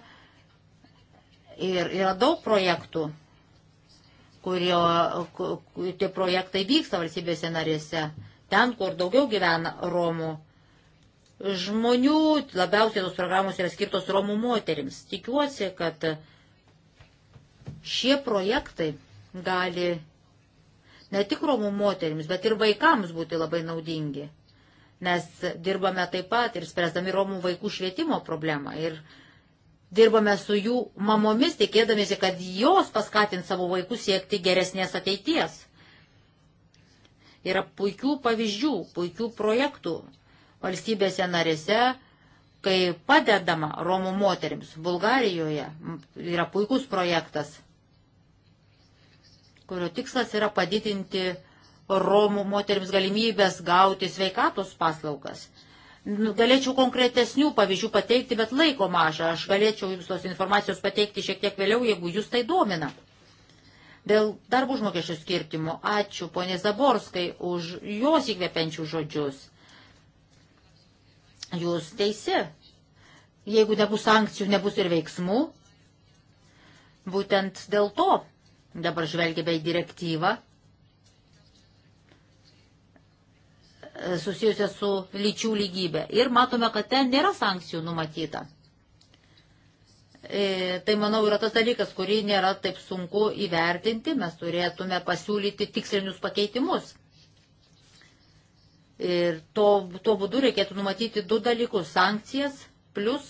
A: Ir yra daug projektų, kurio tie projektai vyksta valstybėse narėse. Ten, kur daugiau gyvena Romų žmonių, labiausiai tos programos yra skirtos Romų moterims. Tikiuosi, kad šie projektai gali ne tik Romų moterims, bet ir vaikams būti labai naudingi. Nes dirbame taip pat ir spręsdami Romų vaikų švietimo problemą. Ir dirbame su jų mamomis, tikėdamėsi, kad jos paskatins savo vaikus siekti geresnės ateities. Yra puikių pavyzdžių, puikių projektų valstybėse narėse, kai padedama Romų moterims. Bulgarijoje yra puikus projektas, kurio tikslas yra padidinti Romų moteriams galimybės gauti sveikatos paslaugas. Nu, galėčiau konkretesnių pavyzdžių pateikti, bet laiko maža. Aš galėčiau jums tos informacijos pateikti šiek tiek vėliau, jeigu jūs tai domina. Dėl darbų užmokesčių skirtimo ačiū ponė Zaborskai už jos įkvepiančių žodžius. Jūs teisi. Jeigu nebus sankcijų, nebus ir veiksmų. Būtent dėl to dabar žvelgime į direktyvą susijusią su lyčių lygybė. Ir matome, kad ten nėra sankcijų numatyta. E, tai, manau, yra tas dalykas, kurį nėra taip sunku įvertinti. Mes turėtume pasiūlyti tikslinius pakeitimus. Ir to, to būdu reikėtų numatyti du dalykus - sankcijas plus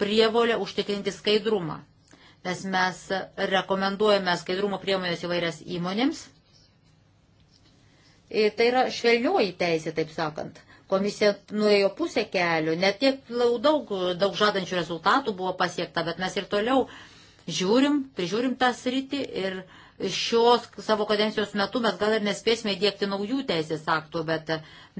A: prievolę užtikrinti skaidrumą. Nes mes rekomenduojame skaidrumo priemonės įvairias įmonėms E, tai yra švelnioji teisė, taip sakant. Komisija nuėjo pusę kelių, net tiek daug, daug žadančių rezultatų buvo pasiekta, bet mes ir toliau žiūrim, prižiūrim tą sritį ir šios savo kadencijos metu mes gal ir nespėsime įdėkti naujų teisės aktų, bet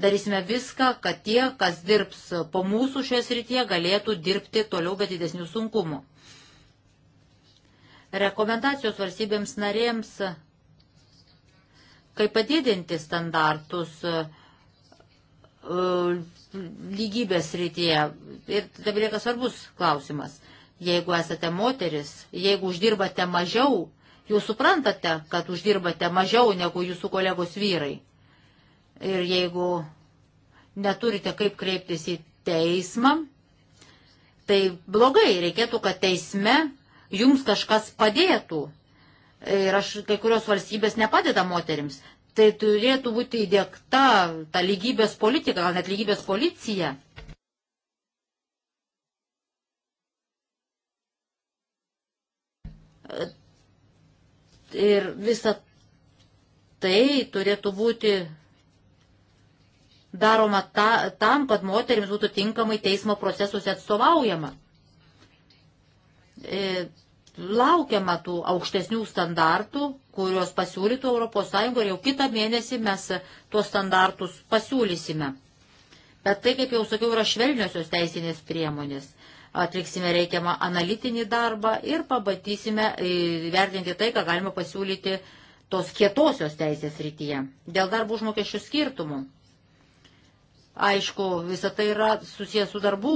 A: darysime viską, kad tie, kas dirbs po mūsų šioje srityje, galėtų dirbti toliau be didesnių sunkumų. Rekomendacijos valstybėms narėms kaip padidinti standartus e, lygybės rytyje. Ir dabar lieka svarbus klausimas. Jeigu esate moteris, jeigu uždirbate mažiau, jūs suprantate, kad uždirbate mažiau negu jūsų kolegos vyrai. Ir jeigu neturite kaip kreiptis į teismą, tai blogai reikėtų, kad teisme jums kažkas padėtų ir aš kai kurios valstybės nepadeda moterims. Tai turėtų būti įdėkta ta lygybės politika, gal net lygybės policija. Ir visa tai turėtų būti daroma ta, tam, kad moterims būtų tinkamai teismo procesuose atstovaujama. E, laukiama tų aukštesnių standartų, kurios pasiūlytų ES ir jau kitą mėnesį mes tuos standartus pasiūlysime. Bet tai, kaip jau sakiau, yra švelniosios teisinės priemonės. Atliksime reikiamą analitinį darbą ir pabatysime e, vertinti tai, ką galima pasiūlyti tos kietosios teisės rytyje. Dėl darbo užmokesčių skirtumų. Aišku, visa tai yra susijęs su darbų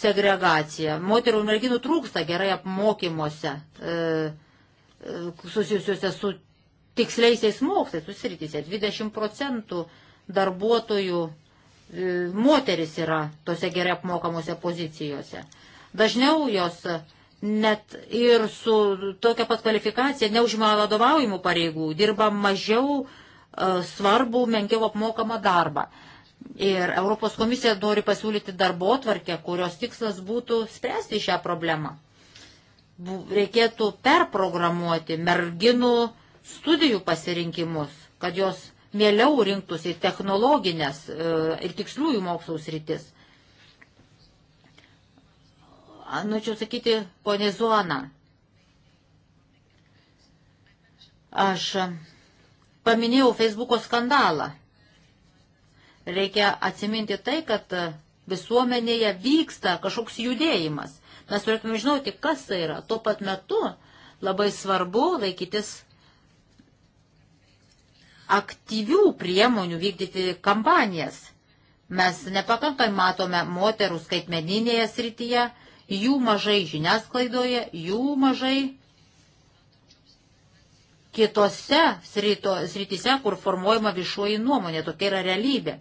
A: segregacija. Moterų ir merginų trūksta gerai apmokymuose, e, e susijusiuose su tiksliaisiais mokslais, susirityse. 20 procentų darbuotojų e, moteris yra tose gerai apmokamuose pozicijose. Dažniau jos net ir su tokia pat kvalifikacija neužima vadovaujimų pareigų, dirba mažiau e, svarbų, menkiau apmokamą darbą. E, Ir Europos komisija nori pasiūlyti darbo tvarkę, kurios tikslas būtų spręsti šią problemą. Reikėtų perprogramuoti merginų studijų pasirinkimus, kad jos mieliau rinktųsi technologinės e, ir tiksliųjų mokslų sritis. Norėčiau sakyti, ponė Zuana, aš paminėjau Facebooko skandalą Reikia atsiminti tai, kad visuomenėje vyksta kažkoks judėjimas. Mes turėtume žinoti, kas tai yra. Tuo pat metu labai svarbu laikytis aktyvių priemonių vykdyti kampanijas. Mes nepakankai matome moterų skaitmeninėje srityje, jų mažai žiniasklaidoje, jų mažai kitose srityse, kur formuojama viešoji nuomonė, tokia yra realybė.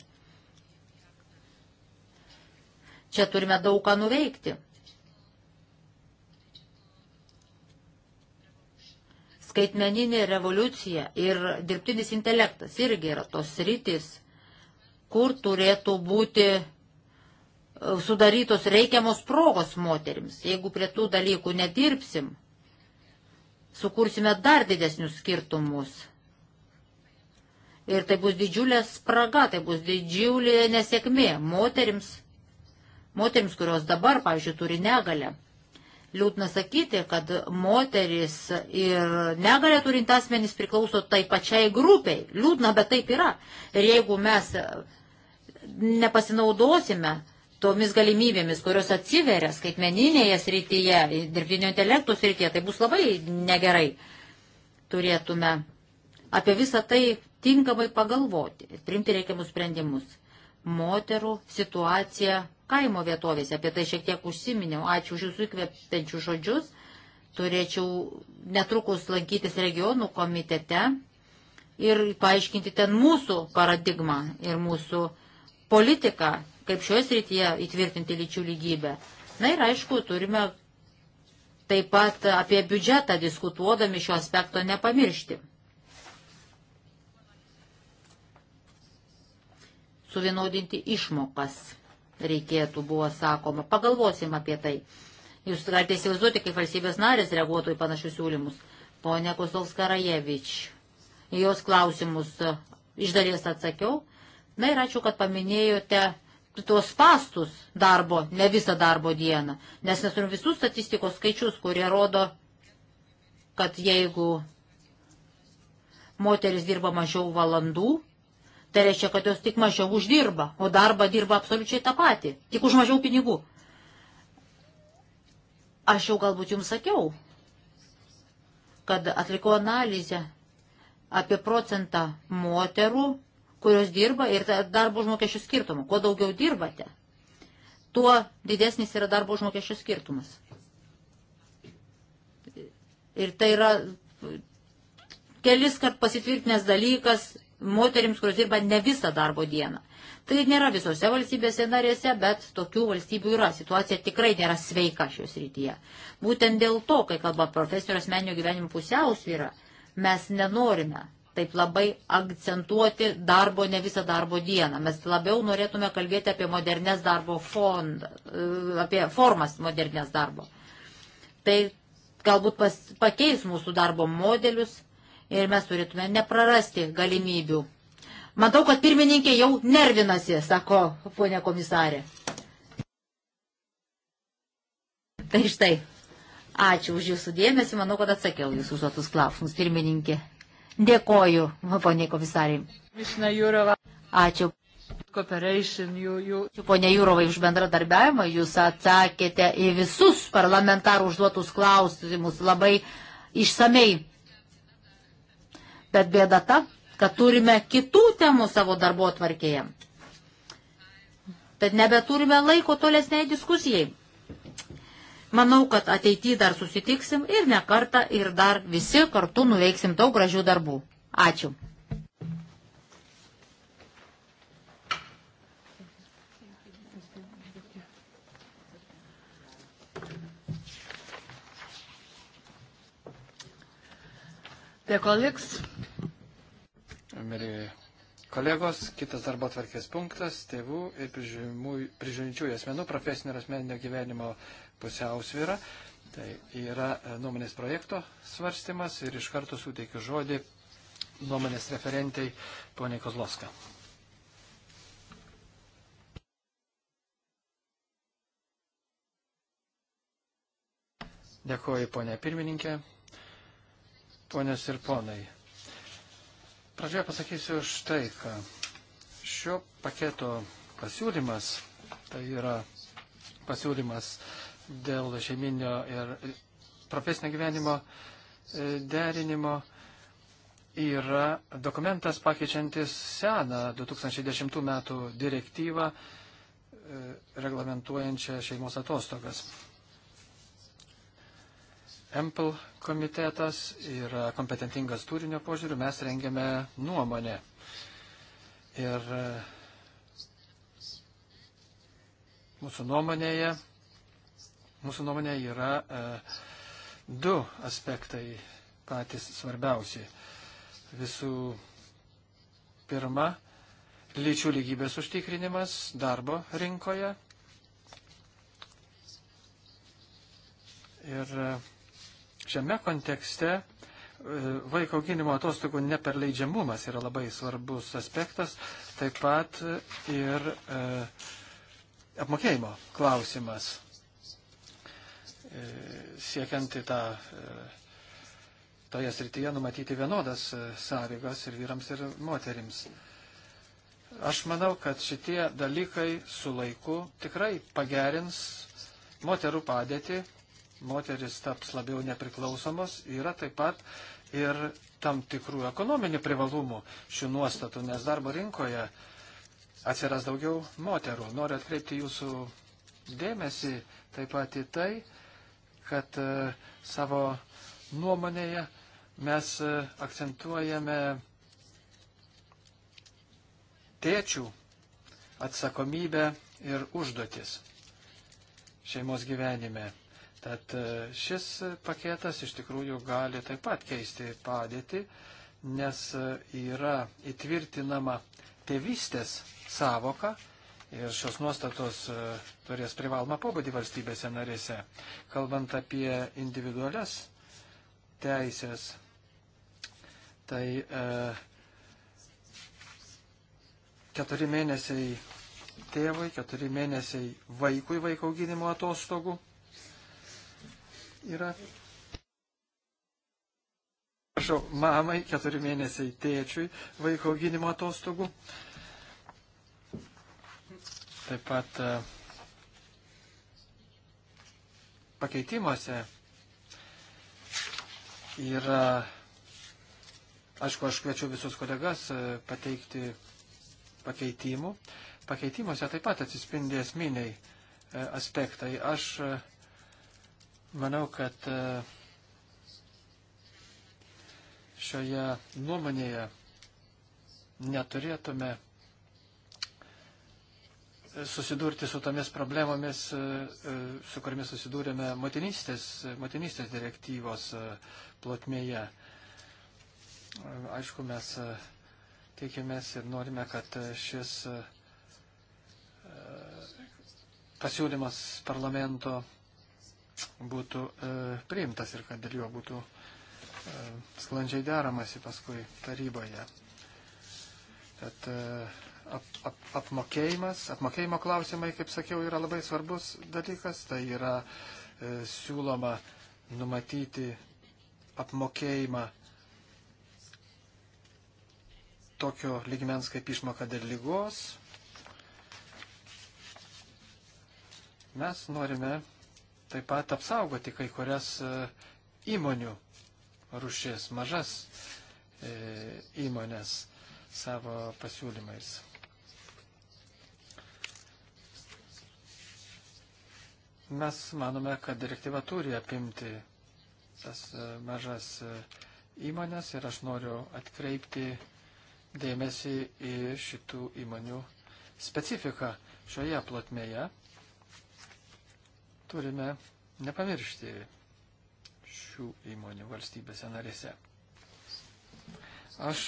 A: Čia turime daug ką nuveikti. Skaitmeninė revoliucija ir dirbtinis intelektas irgi yra tos rytis, kur turėtų būti e, sudarytos reikiamos progos moterims. Jeigu prie tų dalykų nedirbsim, sukursime dar didesnius skirtumus. Ir tai bus didžiulė spraga, tai bus didžiulė nesėkmė moterims moteriams, kurios dabar, pavyzdžiui, turi negalę. Liūdna sakyti, kad moteris ir negalė turint asmenys priklauso tai pačiai grupiai. Liūdna, bet taip yra. Ir jeigu mes nepasinaudosime tomis galimybėmis, kurios atsiveria skaitmeninėje srityje, dirbtinio intelektų srityje, tai bus labai negerai. Turėtume apie visą tai tinkamai pagalvoti, priimti reikiamus sprendimus. Moterų situacija kaimo vietovėse. Apie tai šiek tiek užsiminiau. Ačiū už jūsų įkvepiančius žodžius. Turėčiau netrukus lankytis regionų komitete ir paaiškinti ten mūsų paradigmą ir mūsų politiką, kaip šioje srityje įtvirtinti lyčių lygybę. Na ir aišku, turime taip pat apie biudžetą diskutuodami šio aspekto nepamiršti. Suvienodinti išmokas reikėtų, buvo sakoma. Pagalvosim apie tai. Jūs galite įsivaizduoti, kaip valstybės narės reaguotų į panašius siūlymus. Pone Kosovs Karajevič, jos klausimus e, iš dalies atsakiau. Na ir ačiū, kad paminėjote tuos pastus darbo, ne visą darbo dieną, nes mes turim visus statistikos skaičius, kurie rodo, kad jeigu moteris dirba mažiau valandų, Tai reiškia, kad jos tik mažiau uždirba, o darbą dirba absoliučiai tą patį, tik už mažiau pinigų. Aš jau galbūt jums sakiau, kad atliko analizę apie procentą moterų, kurios dirba ir darbo užmokesčių skirtumų. Kuo daugiau dirbate, tuo didesnis yra darbo užmokesčių skirtumas. Ir tai yra kelis kart pasitvirtinęs dalykas moterims, kurios dirba ne visą darbo dieną. Tai nėra visose valstybėse narėse, bet tokių valstybių yra. Situacija tikrai nėra sveika šios rytyje. Būtent dėl to, kai kalba profesinio asmeninio gyvenimo pusiausvyrą, mes nenorime taip labai akcentuoti darbo ne visą darbo dieną. Mes labiau norėtume kalbėti apie modernės darbo fond, e, apie formas modernės darbo. Tai galbūt pas, pakeis mūsų darbo modelius, ir mes turėtume neprarasti galimybių. Matau, kad pirmininkė jau nervinasi, sako ponė komisarė. Tai štai. Ačiū už jūsų dėmesį, manau, kad atsakiau jūsų užduotus klausimus, pirmininkė. Dėkoju, ponė komisarė. Ačiū.
B: You, you... Pone Jūrovai, už
A: bendradarbiavimą jūs atsakėte į visus parlamentarų užduotus klausimus labai išsamei. Bet bėda ta, kad turime kitų temų savo darbo atvarkėje. Bet nebeturime laiko tolesniai diskusijai. Manau, kad ateityje dar susitiksim ir ne kartą, ir dar visi kartu nuveiksim daug gražių darbų. Ačiū.
B: Dear colleagues,
C: mėlyje kolegos. Kitas darbo tvarkės punktas - tėvų ir prižiūrinčiųjų asmenų profesinio ir asmeninio gyvenimo pusiausvyrą. Tai yra e, nuomonės projekto svarstymas ir iš karto suteikiu žodį nuomonės referentai poniai Kozlovska. Dėkuoju, ponė pirmininkė. Ponios ir ponai, Pradžioje pasakysiu štai, kad šio paketo pasiūlymas, tai yra pasiūlymas dėl šeiminio ir profesinio gyvenimo e, derinimo, yra dokumentas pakeičiantis seną 2010 metų direktyvą e, reglamentuojančią šeimos atostogas. EMPL komitetas yra kompetentingas turinio požiūrių, mes rengiame nuomonę. Ir e, mūsų nuomonėje, mūsų nuomonėje yra e, du aspektai patys svarbiausi. Visų pirma, lyčių lygybės užtikrinimas darbo rinkoje. Ir e, Šiame kontekste e, vaiko auginimo atostogų neperleidžiamumas yra labai svarbus aspektas, taip pat e, ir e, apmokėjimo klausimas. E, siekiant į tą, e, toje srityje numatyti vienodas e, sąlygas ir vyrams, ir moterims. Aš manau, kad šitie dalykai su laiku tikrai pagerins moterų padėtį moteris taps labiau nepriklausomos, yra taip pat ir tam tikrų ekonominių privalumų šių nuostatų, nes darbo rinkoje atsiras daugiau moterų. Noriu atkreipti jūsų dėmesį taip pat į tai, kad e, savo nuomonėje mes e, akcentuojame tėčių atsakomybę ir užduotis šeimos gyvenime. Tad e, šis paketas iš tikrųjų gali taip pat keisti padėtį, nes e, yra įtvirtinama tėvystės savoka ir šios nuostatos e, turės privalomą pobūdį valstybėse narėse. Kalbant apie individualias teisės, tai e, keturi mėnesiai tėvui, keturi mėnesiai vaikui vaiko gynimo atostogų yra. Prašau, mamai keturi mėnesiai tėčiui vaiko auginimo atostogų. Taip pat e, pakeitimuose yra, aišku, aš kviečiu visus kolegas e, pateikti pakeitimų. Pakeitimuose taip pat atsispindi esminiai e, aspektai. Aš Manau, kad e, šioje nuomonėje neturėtume susidurti su tomis problemomis, e, e, su kuriamis susidūrėme motinystės, motinystės direktyvos plotmėje. Aišku, mes tikimės ir norime, kad šis pasiūlymas parlamento būtų e, priimtas ir kad dėl jo būtų e, sklandžiai deramasi paskui taryboje. Tad e, ap, ap, apmokėjimas, apmokėjimo klausimai, kaip sakiau, yra labai svarbus dalykas. Tai yra e, siūloma numatyti apmokėjimą tokio ligmens kaip išmoka dėl lygos. Mes norime taip pat apsaugoti kai kurias e, įmonių rušis, mažas e, įmonės savo pasiūlymais. Mes manome, kad direktyva turi apimti tas e, mažas įmonės ir aš noriu atkreipti dėmesį į šitų įmonių specifiką šioje plotmėje turime nepamiršti šių įmonių valstybėse narėse. Aš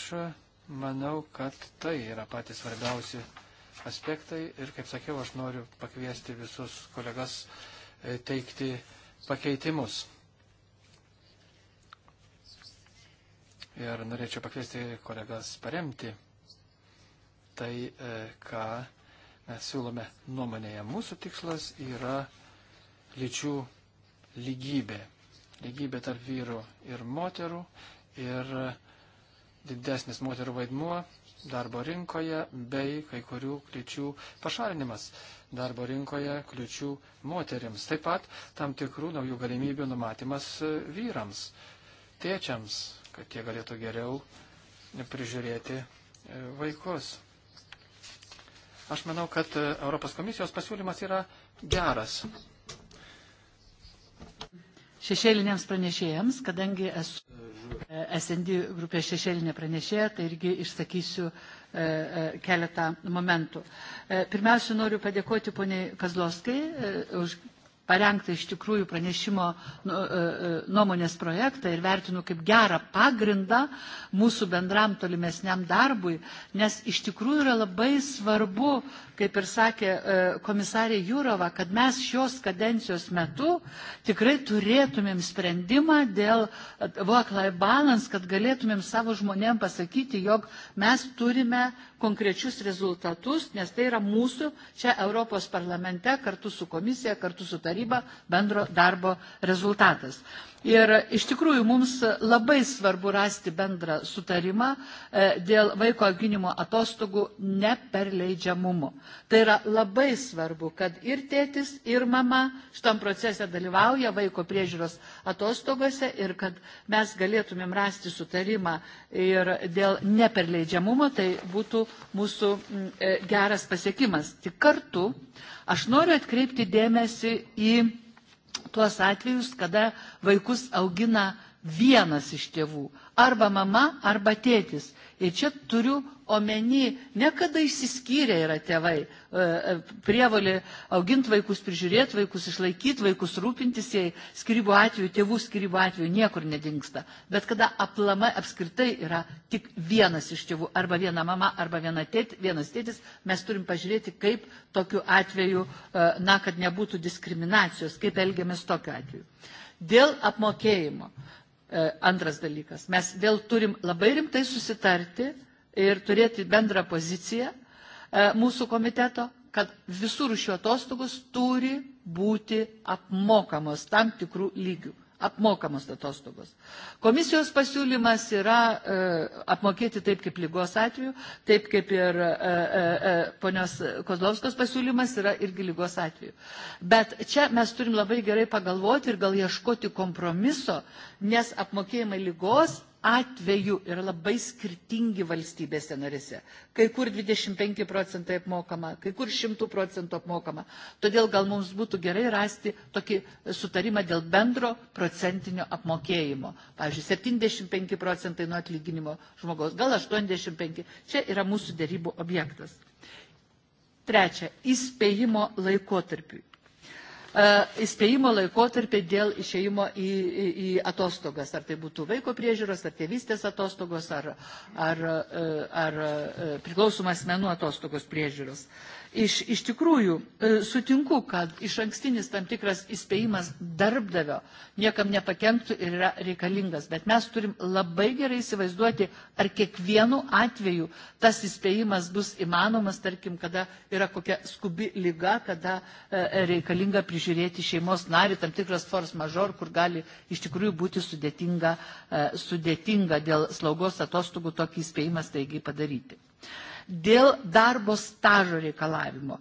C: manau, kad tai yra patys svarbiausi aspektai ir, kaip sakiau, aš noriu pakviesti visus kolegas e, teikti pakeitimus. Ir norėčiau pakviesti kolegas paremti tai, e, ką mes siūlome nuomonėje. Mūsų tikslas yra lyčių lygybė. Lygybė tarp vyrų ir moterų ir didesnis moterų vaidmuo darbo rinkoje bei kai kurių kliučių pašalinimas darbo rinkoje kliučių moteriams. Taip pat tam tikrų naujų galimybių numatymas vyrams, tėčiams, kad jie galėtų geriau prižiūrėti e, vaikus. Aš manau, kad e, Europos komisijos pasiūlymas yra geras
B: šešėliniams pranešėjams, kadangi esu e, SND grupės šešėlinė pranešėja, tai irgi išsakysiu e, e, keletą momentų. Pirmiausia, noriu padėkoti poniai Kazlovskai už parengtą iš tikrųjų pranešimo nu, e, e, nuomonės projektą ir vertinu kaip gerą pagrindą mūsų bendram tolimesniam darbui, nes iš tikrųjų yra labai svarbu, kaip ir sakė e, komisarė Jūrova, kad mes šios kadencijos metu tikrai turėtumėm sprendimą dėl work-life balance, kad galėtumėm savo žmonėm pasakyti, jog mes turime konkrečius rezultatus, nes tai yra mūsų čia Europos parlamente kartu su komisija, kartu su taryba taryba bendro darbo rezultatas. Ir iš tikrųjų mums labai svarbu rasti bendrą sutarimą e, dėl vaiko auginimo atostogų neperleidžiamumo. Tai yra labai svarbu, kad ir tėtis, ir mama šitam procese dalyvauja vaiko priežiūros atostogose ir kad mes galėtumėm rasti sutarimą ir dėl neperleidžiamumo, tai būtų mūsų e, geras pasiekimas. Tik kartu aš noriu atkreipti dėmesį į tuos atvejus, kada vaikus augina vienas iš tėvų. Arba mama, arba tėtis. Ir čia turiu omeny, ne kada išsiskyrę yra tėvai, e, e, prievalė auginti vaikus, prižiūrėti vaikus, išlaikyti vaikus, rūpintis jai, skirybų atveju, tėvų skirybų atveju niekur nedingsta. Bet kada aplamai apskritai yra tik vienas iš tėvų, arba viena mama, arba viena tėti, vienas tėtis, mes turim pažiūrėti, kaip tokiu atveju, e, na, kad nebūtų diskriminacijos, kaip elgiamės tokiu atveju. Dėl apmokėjimo. Antras dalykas. Mes vėl turim labai rimtai susitarti, ir turėti bendrą poziciją e, mūsų komiteto, kad visų rušių atostogos turi būti apmokamos tam tikrų lygių. Apmokamos atostogos. Komisijos pasiūlymas yra e, apmokėti taip kaip lygos atveju, taip kaip ir e, e, e ponios Kozlovskos pasiūlymas yra irgi lygos atveju. Bet čia mes turim labai gerai pagalvoti ir gal ieškoti kompromiso, nes apmokėjimai lygos atvejų yra labai skirtingi valstybėse narėse. Kai kur 25 procentai apmokama, kai kur 100 procentų apmokama. Todėl gal mums būtų gerai rasti tokį sutarimą dėl bendro procentinio apmokėjimo. Pavyzdžiui, 75 procentai nuo atlyginimo žmogaus, gal 85. Čia yra mūsų dėrybų objektas. Trečia, įspėjimo laikotarpiui. E, įspėjimo laikotarpį dėl išėjimo į, į, į atostogas. Ar tai būtų vaiko priežiūros, ar tėvystės atostogos, ar, ar, e, ar e, priklausomas menų atostogos priežiūros. Iš, iš tikrųjų, sutinku, kad iš ankstinis tam tikras įspėjimas darbdavio niekam nepakenktų ir yra reikalingas, bet mes turim labai gerai įsivaizduoti, ar kiekvienu atveju tas įspėjimas bus įmanomas, tarkim, kada yra kokia skubi lyga, kada reikalinga prižiūrėti prižiūrėti šeimos narį, tam tikras force major, kur gali iš tikrųjų būti sudėtinga, e, sudėtinga dėl slaugos atostogų tokį įspėjimą staigiai padaryti. Dėl darbo stažo reikalavimo.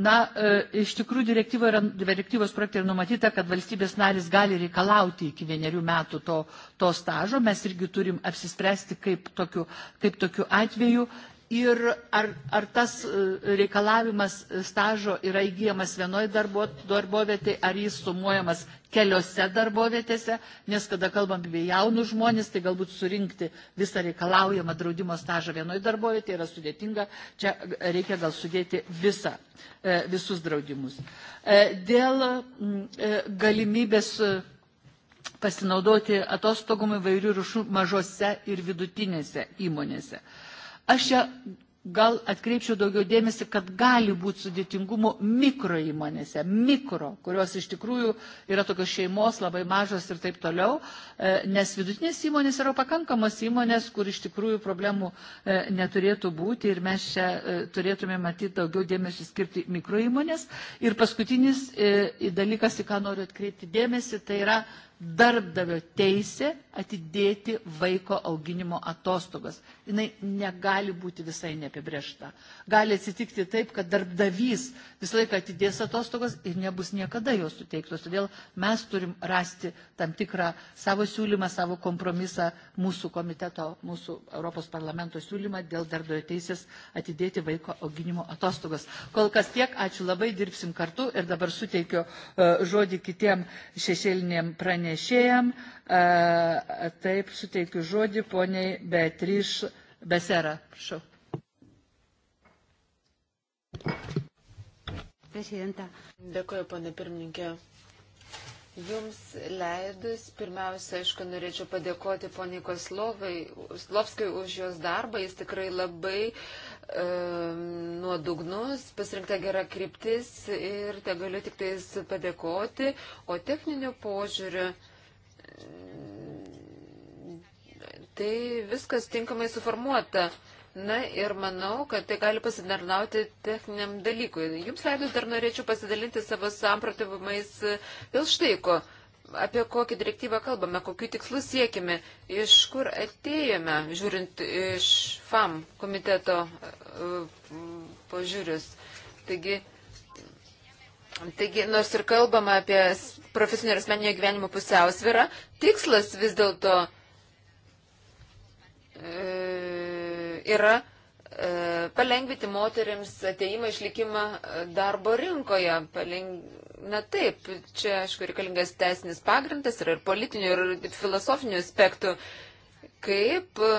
B: Na, e, iš tikrųjų direktyvo yra, direktyvos projekte yra numatyta, kad valstybės narys gali reikalauti iki vienerių metų to, to stažo. Mes irgi turim apsispręsti, kaip tokiu, kaip tokiu atveju Ir ar, ar tas e, reikalavimas stažo yra įgyjamas vienoje darbo, darbovietėje, ar jis sumuojamas keliose darbovietėse, nes kada kalbam apie jaunus žmonės, tai galbūt surinkti visą reikalaujamą draudimo stažą vienoje darbovietėje yra sudėtinga, čia reikia gal sudėti visą, e, visus draudimus. E, dėl galimybės pasinaudoti atostogom įvairių rušų mažose ir vidutinėse įmonėse. Aš čia gal atkreipčiau daugiau dėmesį, kad gali būti sudėtingumo mikro įmonėse, mikro, kurios iš tikrųjų yra tokios šeimos, labai mažos ir taip toliau, e, nes vidutinės įmonės yra pakankamos įmonės, kur iš tikrųjų problemų e, neturėtų būti ir mes čia e, turėtume matyti daugiau dėmesio skirti mikro įmonės. Ir paskutinis dalykas, į ką noriu atkreipti dėmesį, tai yra darbdavio teisė atidėti vaiko auginimo atostogas. Jis negali būti visai neapibriešta. Gali atsitikti taip, kad darbdavys visą laiką atidės atostogas ir nebus niekada jos suteiktos. Todėl mes turim rasti tam tikrą savo siūlymą, savo kompromisą mūsų komiteto, mūsų Europos parlamento siūlymą dėl darbdavio teisės atidėti vaiko auginimo atostogas. Kol kas tiek, ačiū labai, dirbsim kartu ir dabar suteikiu uh, žodį kitiem šešėlinėm pranešimam pranešėjam. E, taip suteikiu žodį poniai Beatriš Besera. Prašau.
A: Presidenta.
D: Dėkuoju, pane pirmininkė. Jums leidus, pirmiausia, aišku, norėčiau padėkoti poniai Koslovai, Slovskai už jos darbą. Jis tikrai labai uh, Ehm, nuodugnus, pasirinkta gera kryptis ir te galiu tik tais padėkoti, o techniniu požiūriu mm, tai viskas tinkamai suformuota. Na ir manau, kad tai gali pasidarnauti techniniam dalykui. Jums leidus dar norėčiau pasidalinti savo samprativimais e, dėl štai ko apie kokį direktyvą kalbame, kokiu tikslu siekime, iš kur atėjome, žiūrint iš FAM komiteto e, požiūrius. Taigi, Taigi, nors ir kalbama apie profesinio ir asmeninio gyvenimo pusiausvyrą, tikslas vis dėlto e, yra e, palengvinti moteriams ateimą išlikimą e, darbo rinkoje, paleng, Na taip, čia aišku reikalingas teisinis pagrindas yra ir politinių, ir filosofinių aspektų, kaip e,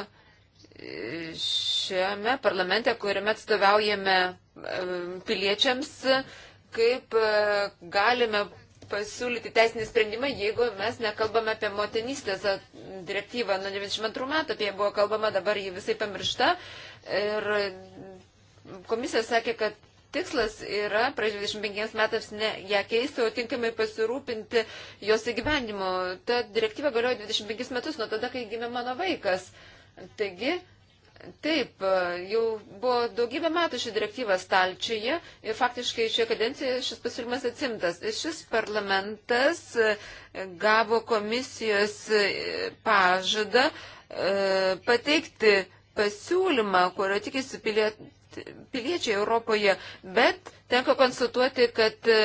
D: šiame parlamente, kuriame atstovaujame e, piliečiams, kaip e, galime pasiūlyti teisinį sprendimą, jeigu mes nekalbame apie motinystės direktyvą nuo 92 metų, apie ją buvo kalbama, dabar jį visai pamiršta. Ir komisija sakė, kad tikslas yra praeis 25 metams ne ją keisti, o tinkamai pasirūpinti jos įgyvendimu. Ta direktyva galioja 25 metus nuo tada, kai gimė mano vaikas. Taigi, Taip, jau buvo daugybę metų ši direktyva stalčiuje ir faktiškai šioje kadencijoje šis pasiūlymas atsimtas. Šis parlamentas e, gavo komisijos e, pažadą e, pateikti pasiūlymą, kurio tikisi piliečiai Europoje, bet tenka konstatuoti, kad e,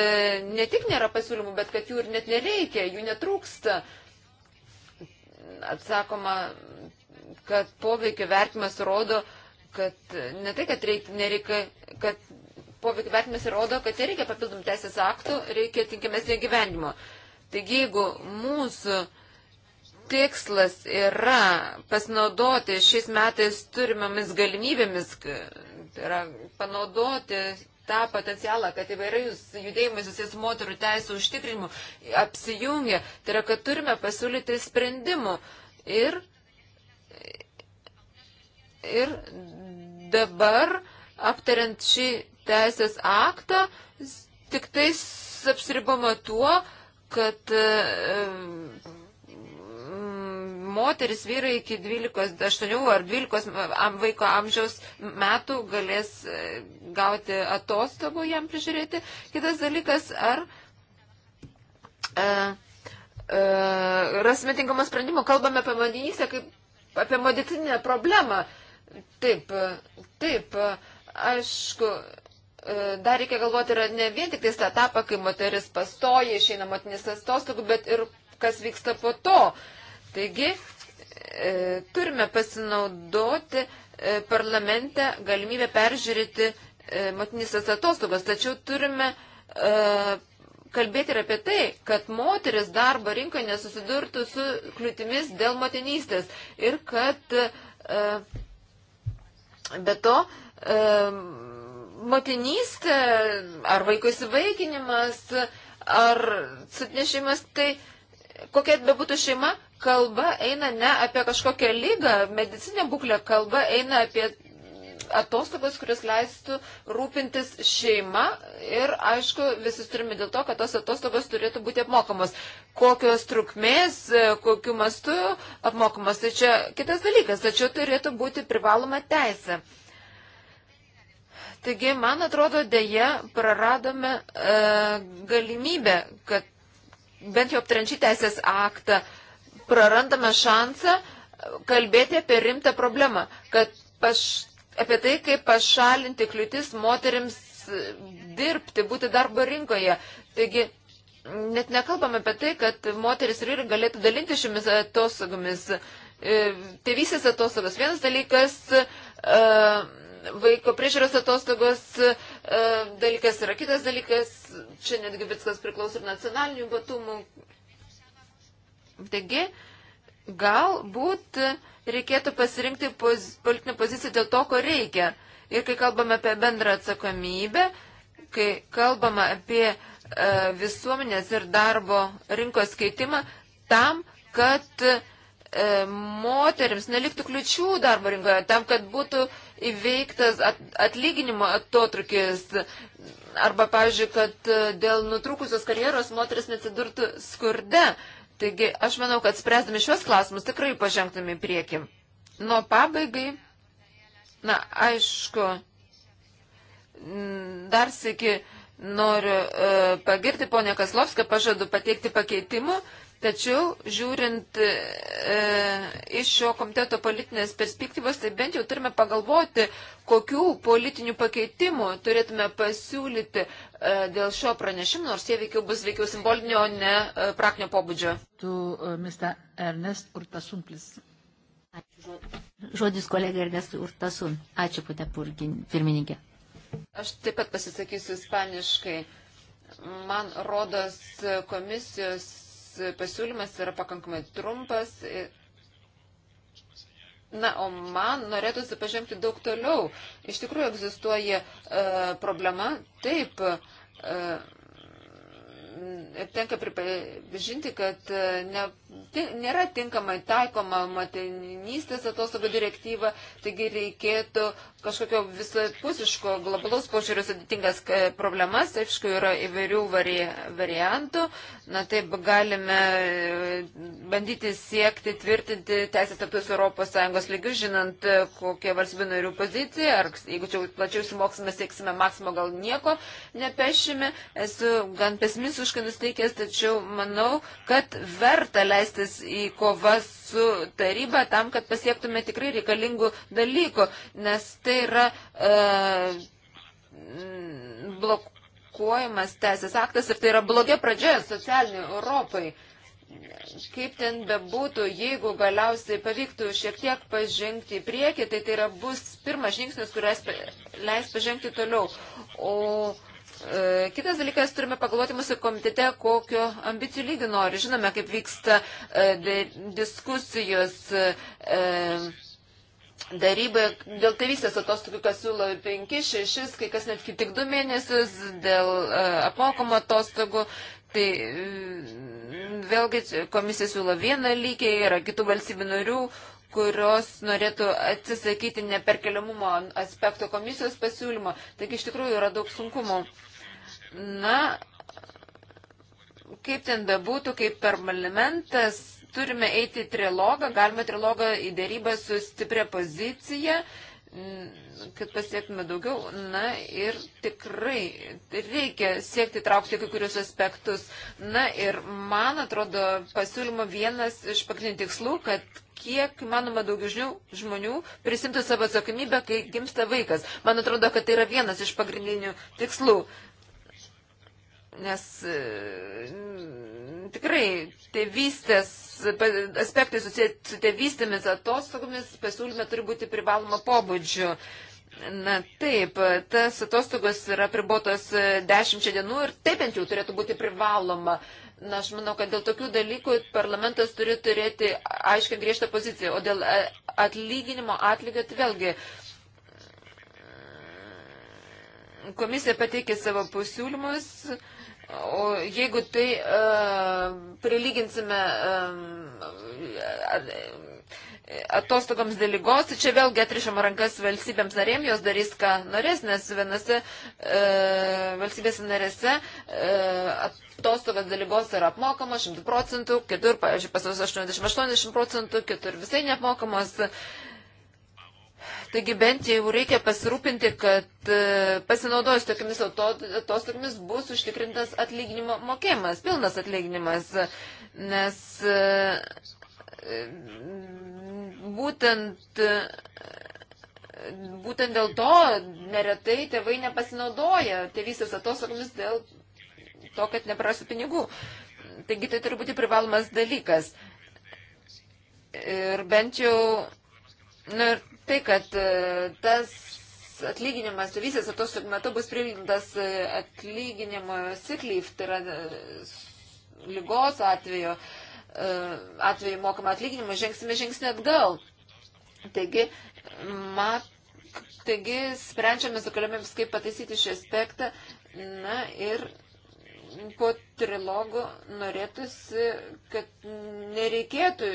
D: ne tik nėra pasiūlymų, bet kad jų ir net nereikia, jų netrūksta. Atsakoma, kad poveikio vertimas rodo, kad ne tai, kad reikia, nereikia, kad poveikio vertimas rodo, kad nereikia papildomų teisės aktų, reikia tinkimesnio gyvenimo. Taigi, jeigu mūsų tikslas yra pasinaudoti šiais metais turimomis galimybėmis, Tai yra panaudoti tą potencialą, kad įvairius judėjimai susijęs moterų teisų užtikrinimu apsijungia. Tai yra, kad turime pasiūlyti sprendimų. Ir, ir dabar, aptariant šį teisės aktą, tik tais apsiribama tuo, kad e, moteris, vyrai iki 12, 8 ar 12 vaiko amžiaus metų galės e, gauti atostogų jam prižiūrėti. Kitas dalykas, ar e, e, rasime tinkamą sprendimą, kalbame apie motinystę kaip apie moditinę problemą. Taip, e, taip, e, aišku, dar reikia galvoti yra ne vien tik tai tą etapą, kai moteris pastoja, išeina motinės atostogų, bet ir kas vyksta po to. Uh, Taigi, e, turime pasinaudoti e, parlamente galimybę peržiūrėti e, motinysės atostogas, tačiau turime kalbėti ir apie tai, kad moteris darbo rinkoje nesusidurtų su kliūtimis dėl motinystės ir kad be to motinystė ar vaiko įsivaikinimas ar sutnešimas tai kokia bebūtų šeima, kalba eina ne apie kažkokią lygą, medicinę būklę, kalba eina apie atostogas, kuris leistų rūpintis šeima ir, aišku, visi turime dėl to, kad tos atostogas turėtų būti apmokamos. Kokios trukmės, e, kokiu mastu apmokamos, tai čia kitas dalykas, tačiau turėtų būti privaloma teisė. Taigi, man atrodo, dėje praradome e, galimybę, kad bent jau aptarančių teisės aktą, prarandame šansą kalbėti apie rimtą problemą, kad paš, apie tai, kaip pašalinti kliūtis moteriams e, dirbti, būti darbo rinkoje. Taigi, net nekalbame apie tai, kad moteris ir vyrai galėtų dalinti šiomis atostogomis. E, Tėvysės atostogos vienas dalykas, e, vaiko priežiūros atostogos E, dalykas yra kitas dalykas, čia netgi viskas priklauso ir nacionalinių batumų. Taigi, galbūt reikėtų pasirinkti poz, politinę poziciją dėl to, ko reikia. Ir kai kalbame apie bendrą atsakomybę, kai kalbame apie e, visuomenės ir darbo rinkos keitimą, tam, kad e, E, moteriams neliktų kliučių darbo rinkoje, tam, kad būtų įveiktas atlyginimo atotrukis. Arba, pavyzdžiui, kad e, dėl nutrūkusios karjeros moteris nesidurtų skurde. Taigi, aš manau, kad spręsdami šios klausimus tikrai pažengtume į priekį. Nuo pabaigai, na, aišku, dar sėki noriu e, pagirti ponę Kaslovską, pažadu pateikti pakeitimų. E, Tačiau, žiūrint e, iš šio komiteto politinės perspektyvos, tai bent jau turime pagalvoti, kokių politinių pakeitimų turėtume pasiūlyti e, dėl šio pranešimo, nors jie veikiau bus veikiau simbolinio, o ne e,
B: praktinio pobūdžio. Tu, e, Mr. Ernest Urtasumplis. Ačiū.
A: Žodis kolega Ernest Urtasun. Ačiū, putė pirmininkė.
D: Aš taip pat pasisakysiu ispaniškai. Man rodos komisijos pasiūlymas yra pakankamai trumpas. Na, o man norėtųsi pažengti daug toliau. Iš tikrųjų egzistuoja e, problema, taip, e, tenka pripažinti, kad e, ne, ti, nėra tinkamai taikoma motinystės atostogų direktyva, taigi reikėtų kažkokio visapusiško globalaus požiūrio sudėtingas e, problemas, aišku, yra įvairių vari, variantų. Na taip, galime e, bandyti siekti, tvirtinti teisės taptus ES lygių, žinant, e, kokia valstybių narių pozicija, ar jeigu čia plačiau simoksime, sieksime maksimo, gal nieko nepešime. Esu gan pesimistiškai nusteikęs, tačiau manau, kad verta leistis į kovas su taryba tam, kad pasiektume tikrai reikalingų dalykų, nes tai jisai yra e, blokuojamas teisės aktas ir tai yra blogia pradžia socialiniai Europai. Kaip ten bebūtų, jeigu galiausiai pavyktų šiek tiek pažengti į priekį, tai tai yra bus pirmas žingsnis, kuris leis pažengti toliau. O e, Kitas dalykas, turime pagalvoti mūsų komitete, kokio ambicijų lygį nori. Žinome, kaip vyksta e, diskusijos e, Daryboje dėl tėvystės atostogų, kas siūlo 5, 6, kai kas netgi tik 2 mėnesius, dėl e, apmokamo atostogų, tai e, vėlgi komisija siūlo vieną lygį, yra kitų valstybių narių, kurios norėtų atsisakyti neperkeliamumo aspekto komisijos pasiūlymo. Taigi iš tikrųjų yra daug sunkumų. Na, kaip ten bebūtų, kaip parlamentas turime eiti į trilogą, galima trilogą į dėrybą su stipria pozicija, kad pasiektume daugiau. Na ir tikrai reikia siekti traukti kai kurius aspektus. Na ir man atrodo pasiūlymo vienas iš pagrindinių tikslų, kad kiek manoma daugiau žinių, žmonių prisimtų savo atsakomybę, kai gimsta vaikas. Man atrodo, kad tai yra vienas iš pagrindinių tikslų. Nes e, tikrai tėvystės aspektai susiję su tėvystėmis atostogomis pasiūlyme turi būti privaloma pobūdžio. Na taip, tas atostogos yra pribotos dešimčia dienų ir taip bent jau turėtų būti privaloma. Na, aš manau, kad dėl tokių dalykų parlamentas turi turėti aiškiai griežtą poziciją, o dėl e, atlyginimo atlygio tai vėlgi mm, komisija pateikė savo pasiūlymus O jeigu tai uh, e, prilyginsime uh, e, e, atostogoms dėl lygos, tai čia vėlgi atrišama rankas valstybėms narėm, jos darys, ką norės, nes vienose e, valstybės narėse e, atostogas dėl lygos yra apmokama 100 procentų, kitur, pavyzdžiui, pas 80-80 procentų, kitur visai neapmokamos. Taigi bent jau reikia pasirūpinti, kad e, pasinaudojus tokiamis atostogomis bus užtikrintas atlyginimo mokėjimas, pilnas atlyginimas, nes e, e, būtent, būtent dėl to neretai tėvai nepasinaudoja tėvystės atostogomis dėl to, kad neprarasiu pinigų. Taigi tai turi būti privalomas dalykas. Ir bent jau, na nu ir tai, kad e, tas atlyginimas visas atostogų metu bus prilygintas e, atlyginimo siklif, tai yra e, lygos atveju, atveju mokama atlyginimą, žengsime žingsnį atgal. Taigi, mat, taigi sprendžiame su kolegomis, kaip pataisyti šį aspektą. Na ir po trilogų norėtųsi, kad nereikėtų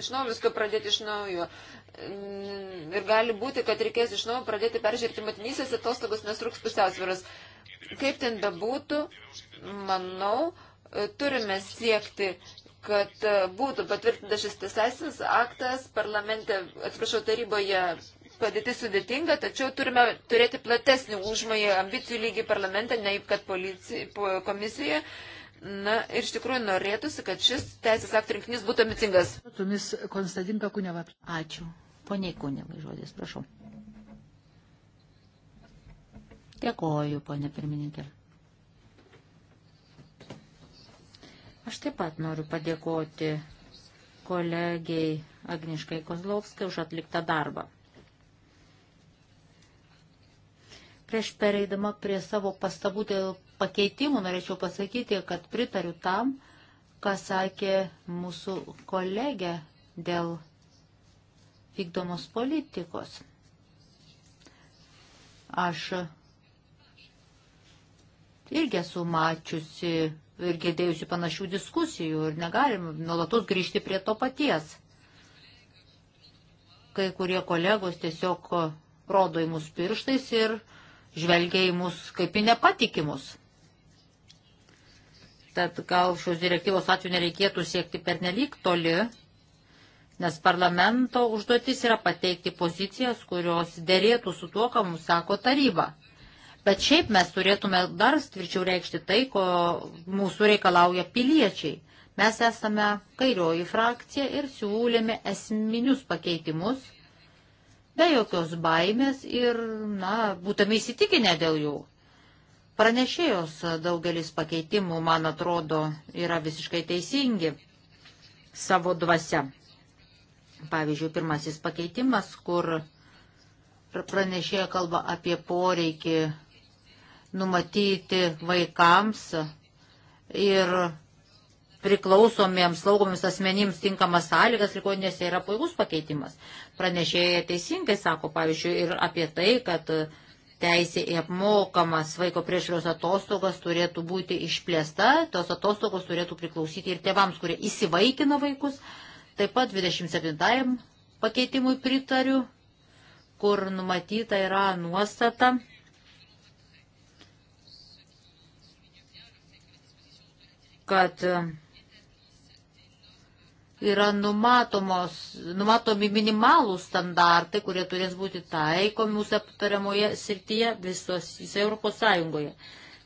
D: iš naujo viską pradėti iš naujo. Ir gali būti, kad reikės iš naujo pradėti peržiūrėti motinysės atostogas, nes trūks pusiausvėras. Kaip ten bebūtų, manau, turime siekti kad būtų patvirtintas šis teisės aktas parlamente, atsiprašau, taryboje padėtis sudėtinga, tačiau turime turėti platesnį užmojį ambicijų lygį parlamente, nei kad policija, komisijoje. Na ir iš tikrųjų norėtųsi, kad šis teisės aktų rinkinys būtų ambicingas.
B: Tumis Konstantinka
A: Kuneva. Ačiū. Poniai Kuneva žodis, prašau. Dėkoju, ponė pirmininkė. Aš taip pat noriu padėkoti kolegiai Agniškai Kozlovskai už atliktą darbą. Prieš pereidama prie savo pastabų dėl pakeitimų norėčiau pasakyti, kad pritariu tam, ką sakė mūsų kolegė dėl vykdomos politikos. Aš irgi esu mačiusi ir girdėjusi panašių diskusijų ir negalim nuolatos grįžti prie to paties. Kai kurie kolegos tiesiog rodo į mus pirštais ir žvelgia į mus kaip į nepatikimus. Tad gal šios direktyvos atveju nereikėtų siekti pernelyg toli, nes parlamento užduotis yra pateikti pozicijas, kurios dėrėtų su tuo, ką mums sako taryba. Bet šiaip mes turėtume dar tvirčiau reikšti tai, ko mūsų reikalauja piliečiai. Mes esame kairioji frakcija ir siūlėme esminius pakeitimus, be jokios baimės ir, na, būtame įsitikinę dėl jų. Pranešėjos daugelis pakeitimų, man atrodo, yra visiškai teisingi savo dvasia. Pavyzdžiui, pirmasis pakeitimas, kur pranešėja kalba apie poreikį numatyti vaikams ir priklausomiems slaugomiems asmenims tinkamas sąlygas ligoninėse yra puikus pakeitimas. Pranešėja teisingai sako, pavyzdžiui, ir apie tai, kad uh, teisė į apmokamas vaiko priežiūros atostogas turėtų būti išplėsta, tos atostogos turėtų priklausyti ir tėvams, kurie įsivaikina vaikus. Taip pat 27 pakeitimui pritariu, kur numatyta yra nuostata. kad yra numatomos, numatomi minimalų standartai, kurie turės būti taikomi mūsų aptariamoje srityje visos Europos Sąjungoje.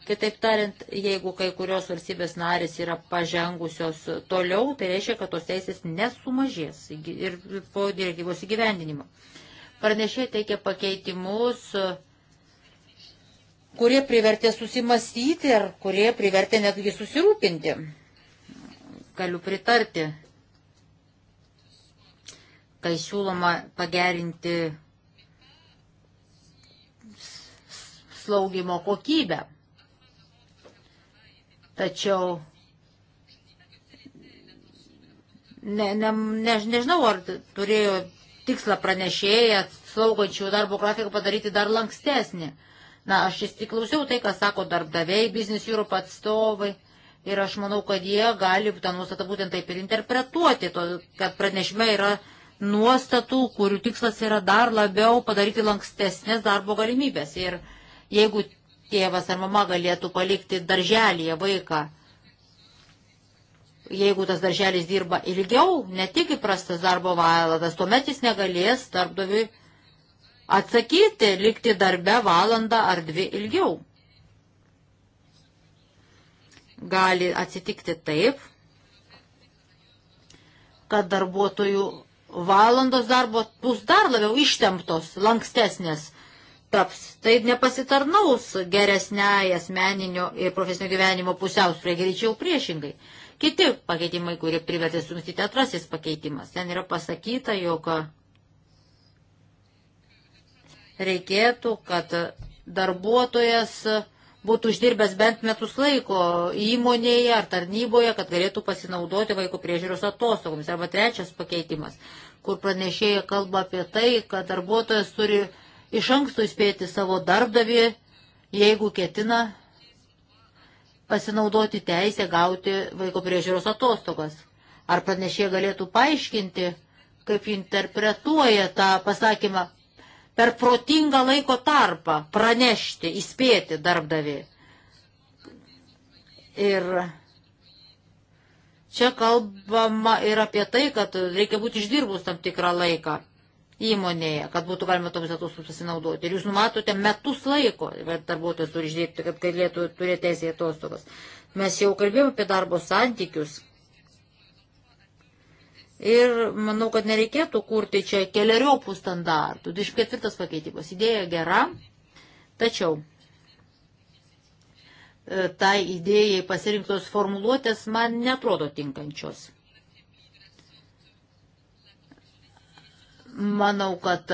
A: Kitaip tariant, jeigu kai kurios valstybės narės yra pažengusios toliau, tai reiškia, kad tos teisės nesumažės ir po direktyvos įgyvendinimo. Pranešė teikia pakeitimus, kurie privertė susimastyti ir kurie privertė netgi susirūpinti. Galiu pritarti kai siūloma pagerinti slaugimo kokybę. Tačiau ne, ne, ne, nežinau, ar turėjo tikslą pranešėję slaugančių darbo grafiką padaryti dar lankstesnį. Na, aš įsiklausiau tai, ką sako darbdaviai, Business Europe atstovai. Ir aš manau, kad jie gali tą nuostatą būtent taip ir interpretuoti, to, kad pranešime yra nuostatų, kurių tikslas yra dar labiau padaryti lankstesnės darbo galimybės. Ir jeigu tėvas ar mama galėtų palikti darželėje vaiką, jeigu tas darželis dirba ilgiau, ne tik įprastas darbo valandas, tuomet jis negalės darbdaviui atsakyti, likti darbe valandą ar dvi ilgiau. Gali atsitikti taip, kad darbuotojų valandos darbo bus dar labiau ištemptos, lankstesnės taps. Tai nepasitarnaus geresniai asmeninio ir profesinio gyvenimo pusiausvė, greičiau priešingai. Kiti pakeitimai, kurie privertė sumstyti atrasis pakeitimas. Ten yra pasakyta, jog reikėtų, kad darbuotojas būtų uždirbęs bent metus laiko įmonėje ar tarnyboje, kad galėtų pasinaudoti vaiko priežiūros atostogomis. Arba trečias pakeitimas, kur pranešėja kalba apie tai, kad darbuotojas turi iš anksto įspėti savo darbdavį, jeigu ketina pasinaudoti teisę gauti vaiko priežiūros atostogas. Ar pranešėja galėtų paaiškinti, kaip interpretuoja tą pasakymą, per protingą laiko tarpą pranešti, įspėti darbdavį. Ir čia kalbama ir apie tai, kad reikia būti išdirbus tam tikrą laiką įmonėje, kad būtų galima tomis atostogomis pasinaudoti. Ir jūs numatote metus laiko, kad darbuotojas turi išdirbti, kad galėtų turėti teisę į atostogas. Mes jau kalbėjome apie darbo santykius Ir manau, kad nereikėtų kurti čia keliariopų standartų. 24 pakeitimas. Idėja gera, tačiau e, tai idėjai pasirinktos formuluotės man netrodo tinkančios. Manau, kad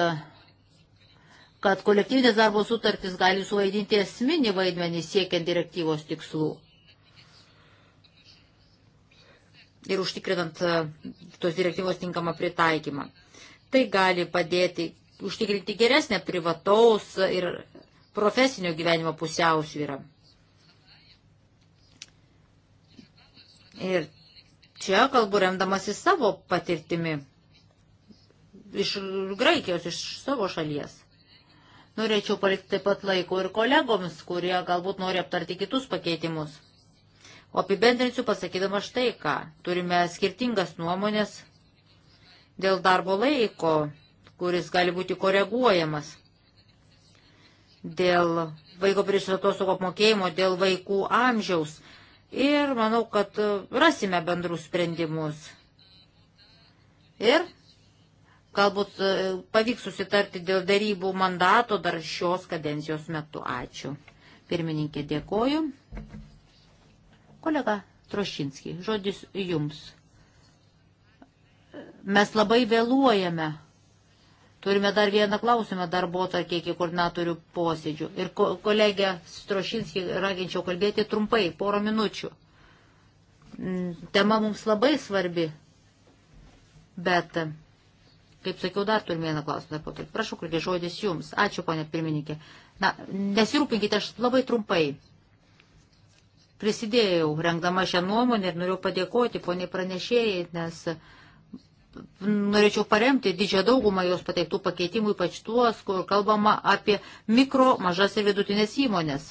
A: kad kolektyvinės darbo sutartys gali suvaidinti esminį vaidmenį siekiant direktyvos tikslų. ir užtikrinant e, tos direktyvos tinkamą pritaikymą. Tai gali padėti užtikrinti geresnę privataus ir profesinio gyvenimo pusiausvyrą. Ir čia kalbu remdamasi savo patirtimi iš Graikijos, iš savo šalies. Norėčiau palikti taip pat laiko ir kolegoms, kurie galbūt nori aptarti kitus pakeitimus. O apibendrinsiu pasakydama štai ką. Turime skirtingas nuomonės dėl darbo laiko, kuris gali būti koreguojamas, dėl vaiko priežiūros atostogų apmokėjimo, dėl vaikų amžiaus. Ir manau, kad rasime bendrus sprendimus. Ir galbūt e, pavyks susitarti dėl darybų mandato dar šios kadencijos metu. Ačiū. Pirmininkė, dėkoju. Kolega Trošinski, žodis jums. Mes labai vėluojame. Turime dar vieną klausimą darbo tarkė iki koordinatorių posėdžių. Ir ko, kolegė Strošinskį raginčiau kalbėti trumpai, porą minučių. Mm, tema mums labai svarbi, bet, kaip sakiau, dar turime vieną klausimą darbo tarkė. Prašau, kolegė, žodis jums. Ačiū, ponė pirmininkė. Na, nesirūpinkite, aš labai trumpai prisidėjau rengdama šią nuomonę ir noriu padėkoti poniai pranešėjai, nes norėčiau paremti didžią daugumą jos pateiktų pakeitimų, ypač tuos, kur kalbama apie mikro, mažas ir vidutinės įmonės.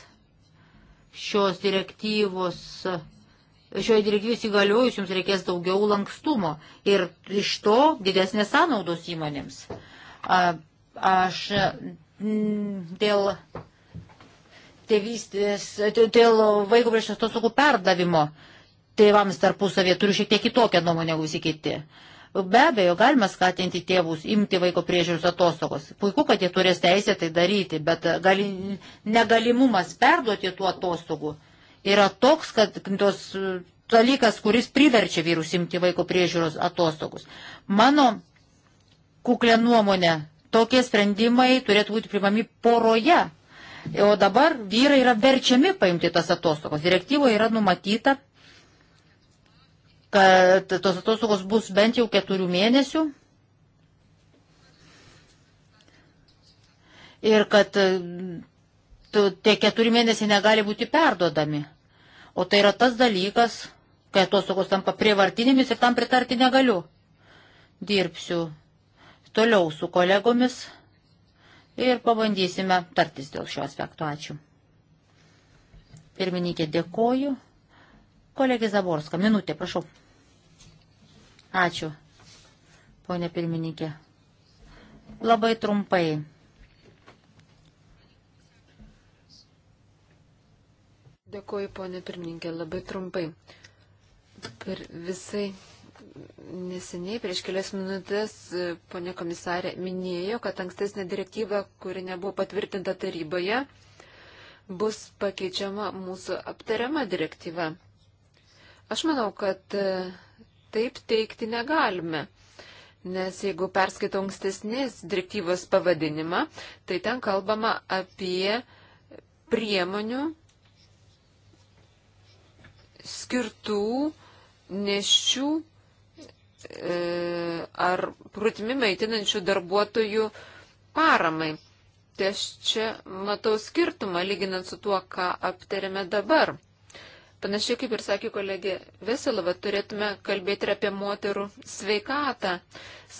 A: Šios direktyvos, šioje direktyvos įgaliojus jums reikės daugiau lankstumo ir iš to didesnės sąnaudos įmonėms. Aš dėl tėvystės, dėl vaiko prieš atostogų perdavimo tėvams tarpusavėje turiu šiek tiek kitokią nuomonę negu visi kiti. Be abejo, galima skatinti tėvus imti vaiko priežiūros atostogos. Puiku, kad jie turės teisę tai daryti, bet gali, negalimumas perduoti tų atostogų yra toks, kad tos dalykas, kuris priverčia vyrus imti vaiko priežiūros atostogus. Mano kuklė nuomonė, tokie sprendimai turėtų būti primami poroje, o dabar vyrai yra verčiami paimti tas atostogos. Direktyvoje yra numatyta, kad tos atostogos bus bent jau keturių mėnesių ir kad e, tie keturi mėnesiai negali būti perduodami. O tai yra tas dalykas, kai atostogos tampa prievartinėmis ir tam pritarti negaliu. Dirbsiu toliau su kolegomis ir pabandysime tartis dėl šio aspekto. Ačiū. Pirmininkė, dėkoju. Kolegė Zaborska, minutė, prašau. Ačiū, ponė pirmininkė. Labai trumpai.
D: Dėkoju, ponė pirmininkė, labai trumpai. Per visai Neseniai prieš kelias minutės e, ponė komisarė minėjo, kad ankstesnė direktyva, kuri nebuvo patvirtinta taryboje, bus pakeičiama mūsų aptariama direktyva. Aš manau, kad e, taip teikti negalime, nes jeigu perskaitau ankstesnės direktyvos pavadinimą, tai ten kalbama apie priemonių skirtų nešių E, ar prutimi maitinančių darbuotojų paramai. Tai aš čia matau skirtumą lyginant su tuo, ką aptarėme dabar. Panašiai kaip ir sakė kolegė Veselova, turėtume kalbėti ir apie moterų sveikatą.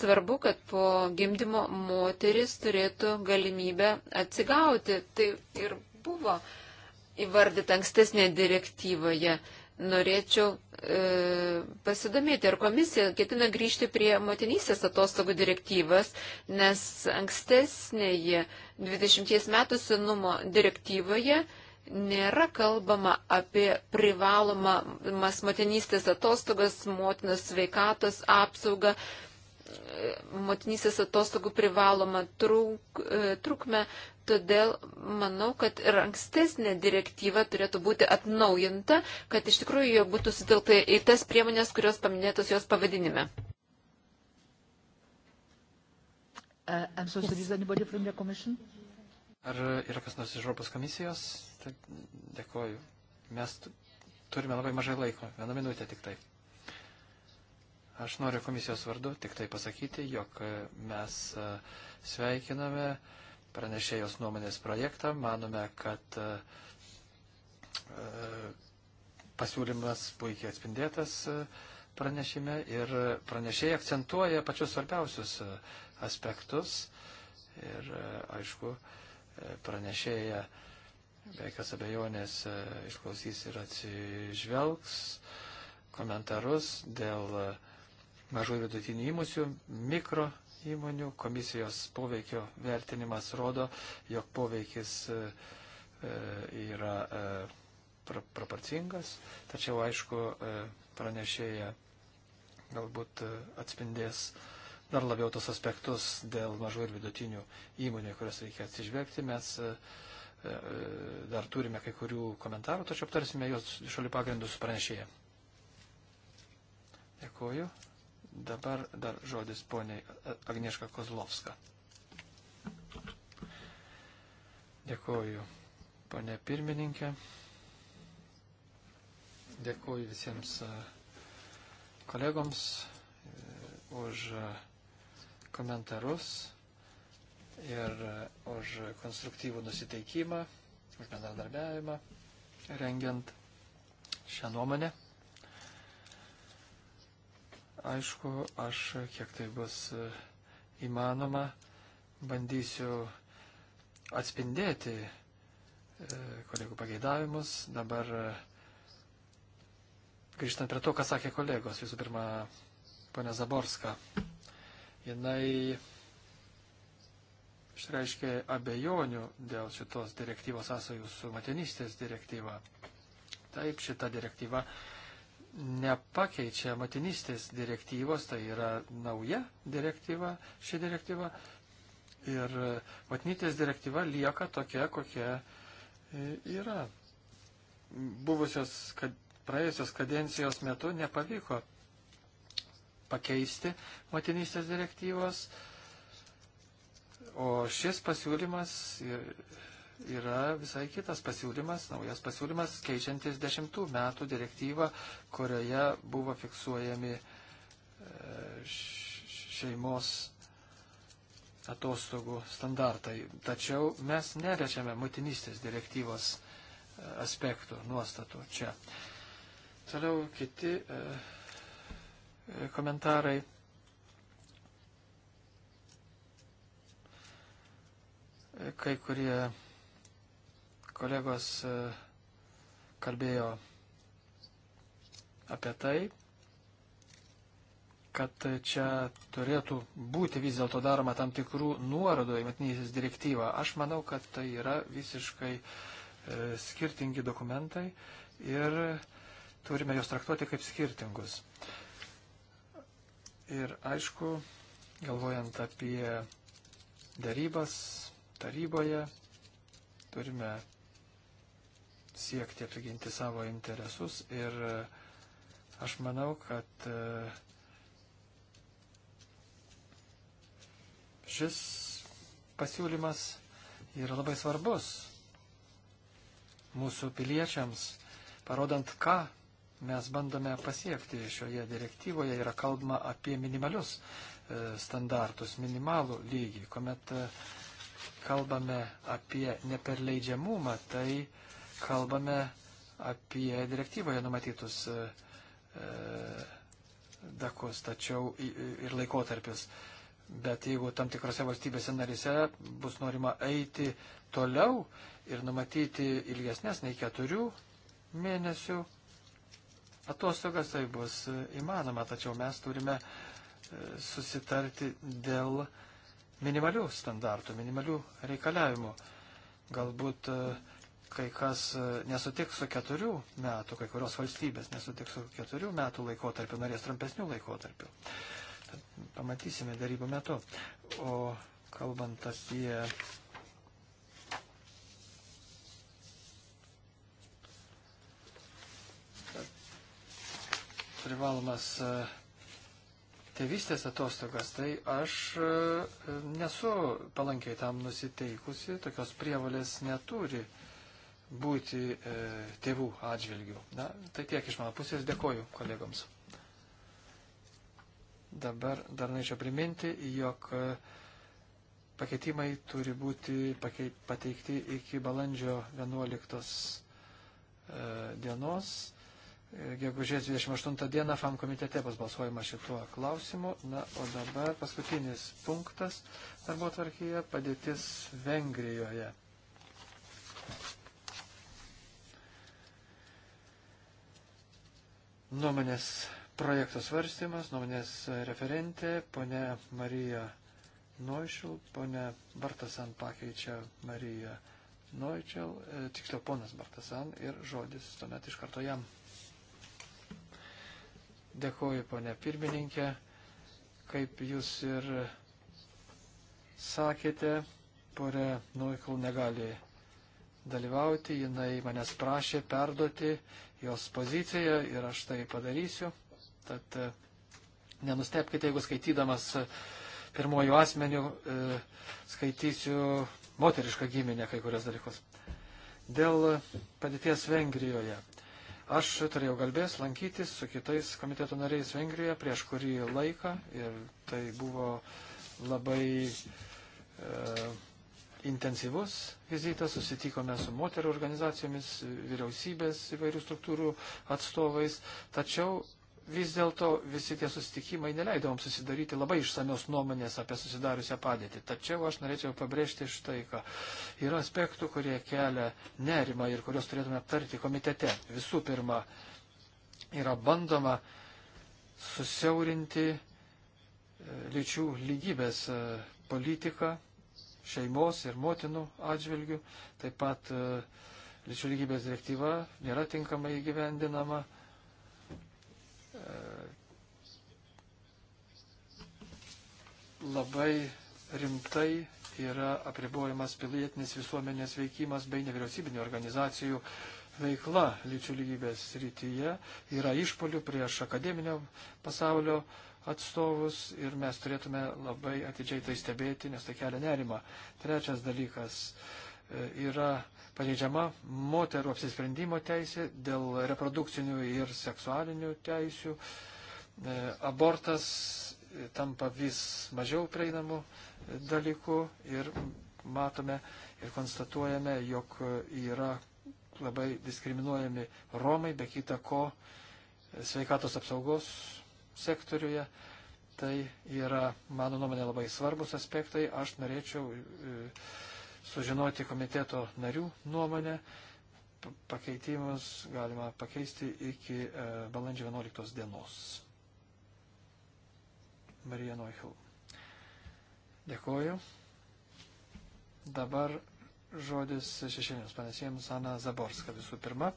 D: Svarbu, kad po gimdymo moteris turėtų galimybę atsigauti. Tai ir buvo įvardyta ankstesnėje direktyvoje norėčiau e, pasidomėti, ar komisija ketina grįžti prie motinysės atostogų direktyvas, nes ankstesnėje 20 metų senumo direktyvoje nėra kalbama apie privalomas motinystės atostogas, motinos sveikatos apsaugą, motinysės atostogų privaloma truk, e, trukme, todėl manau, kad ir ankstesnė direktyva turėtų būti atnaujinta, kad iš tikrųjų jo būtų sutilta į tas priemonės, kurios paminėtos jos pavadinime.
B: Uh, so
C: Ar yra kas nors iš Europos komisijos? Taip, dėkoju. Mes turime labai mažai laiko, vieną minutę tik taip. Aš noriu komisijos vardu tik tai pasakyti, jog mes e, sveikiname pranešėjos nuomonės projektą. Manome, kad e, e, pasiūlymas puikiai atspindėtas pranešime ir pranešėjai akcentuoja pačius svarbiausius aspektus. Ir aišku, pranešėja be jokios abejonės išklausys ir atsižvelgs komentarus dėl uh, mažų ir vidutinių įmonių, mikro įmonių. Komisijos poveikio vertinimas rodo, jog poveikis e, e, yra e, proporcingas, tačiau aišku pranešėja galbūt atspindės dar labiau tos aspektus dėl mažų ir vidutinių įmonių, kurias reikia atsižvelgti. Mes dar turime kai kurių komentarų, tačiau aptarsime juos šalių pagrindų su pranešėja. Dėkuoju. Dabar dar žodis poniai Agnieška Kozlovska. Dėkuoju, ponė pirmininkė. Dėkuoju visiems e, kolegoms e, už e, komentarus ir už konstruktyvų nusiteikimą, už bendradarbiavimą rengiant šią nuomonę. Aišku, aš kiek tai bus e, įmanoma, bandysiu atspindėti e, kolegų pageidavimus. Dabar e, grįžtant prie to, ką sakė kolegos, visų pirma, ponė Zaborska. Jinai išreiškė abejonių dėl šitos direktyvos sąsajų su matinystės direktyva. Taip, šita direktyva nepakeičia motinystės direktyvos, tai yra nauja direktyva, ši direktyva. Ir motinystės direktyva lieka tokia, kokia e, yra. Buvusios, kad praėjusios kadencijos metu nepavyko pakeisti motinystės direktyvos, o šis pasiūlymas yra visai kitas pasiūlymas, naujas pasiūlymas, keičiantis dešimtų metų direktyvą, kurioje buvo fiksuojami e, šeimos atostogų standartai. Tačiau mes nerečiame motinystės direktyvos e, aspektų, nuostatų čia. Toliau kiti e, e komentarai. Kai kurie Kolegos e, kalbėjo apie tai, kad čia turėtų būti vis dėlto daroma tam tikrų nuorodų į metnysis direktyvą. Aš manau, kad tai yra visiškai e, skirtingi dokumentai ir turime juos traktuoti kaip skirtingus. Ir aišku, galvojant apie darybas taryboje, turime siekti apginti savo interesus ir e, aš manau, kad e, šis pasiūlymas yra labai svarbus mūsų piliečiams, parodant, ką mes bandome pasiekti šioje direktyvoje, yra kalbama apie minimalius e, standartus, minimalų lygį. Komet kalbame apie neperleidžiamumą, tai kalbame apie direktyvoje numatytus e, e, dakus, tačiau ir laikotarpius. Bet jeigu tam tikrose valstybėse narise bus norima eiti toliau ir numatyti ilgesnės nei keturių mėnesių atostogas, tai bus įmanoma. Tačiau mes turime e, susitarti dėl minimalių standartų, minimalių reikalavimų. Galbūt uh, kai kas e, nesutiks su keturių metų, kai kurios valstybės nesutiks su keturių metų laikotarpiu, norės trumpesnių laikotarpių. Tad pamatysime darybų metu. O kalbant apie privalomas e, tėvystės atostogas, tai aš e, nesu palankiai tam nusiteikusi, tokios prievalės neturi būti e, tėvų atžvilgių. Na, tai tiek iš mano pusės dėkoju kolegoms. Dabar dar norėčiau priminti, jog e, pakeitimai turi būti pakei, pateikti iki balandžio 11 e, dienos. E, gegužės 28 dieną FAM komitete bus balsuojama šituo klausimu. Na, o dabar paskutinis punktas darbo tvarkyje - padėtis Vengrijoje. Nuomonės projektos svarstymas, nuomonės referentė, ponė Marija Noišil, ponė Bartasan pakeičia Mariją Noišil, e, tiksliau ponas Bartasan ir žodis tuomet iš karto jam. Dėkuoju, ponė pirmininkė, kaip jūs ir sakėte, porė Noišil negali dalyvauti, jinai manęs prašė perduoti jos poziciją ir aš tai padarysiu. Tad e, nenustepkite, jeigu skaitydamas e, pirmojų asmenių e, skaitysiu moterišką giminę kai kurios dalykus. Dėl padėties Vengrijoje. Aš turėjau galbės lankytis su kitais komiteto nariais Vengrijoje prieš kurį laiką ir tai buvo labai e, intensyvus vizitas, susitikome su moterų organizacijomis, vyriausybės įvairių struktūrų atstovais, tačiau vis dėlto visi tie susitikimai neleido mums susidaryti labai išsamios nuomonės apie susidariusią padėtį. Tačiau aš norėčiau pabrėžti štai, ką yra aspektų, kurie kelia nerimą ir kuriuos turėtume aptarti komitete. Visų pirma, yra bandoma susiaurinti e, lyčių lygybės e, politiką šeimos ir motinų atžvilgių. Taip pat e, lyčių lygybės direktyva nėra tinkamai įgyvendinama. E, labai rimtai yra apribojamas pilietinės visuomenės veikimas bei nevyriausybinio organizacijų veikla lyčių lygybės rytyje. Yra išpolių prieš akademinio pasaulio uh, atstovus ir mes turėtume labai atidžiai tai stebėti, nes tai kelia nerima. Trečias dalykas e, yra pažeidžiama moterų apsisprendimo teisė dėl reprodukcinių ir seksualinių teisių. E, abortas tampa vis mažiau prieinamų e, dalykų ir matome ir konstatuojame, jog yra labai diskriminuojami Romai, be kita ko sveikatos apsaugos sektoriuje. Tai yra, mano nuomonė, labai svarbus aspektai. Aš norėčiau e, sužinoti komiteto narių nuomonę. Pakeitimus galima pakeisti iki e, balandžio 11 dienos. Marija Noichil. Dėkoju. Dabar žodis šešėlėms panesėjams Ana Zaborska visų pirma.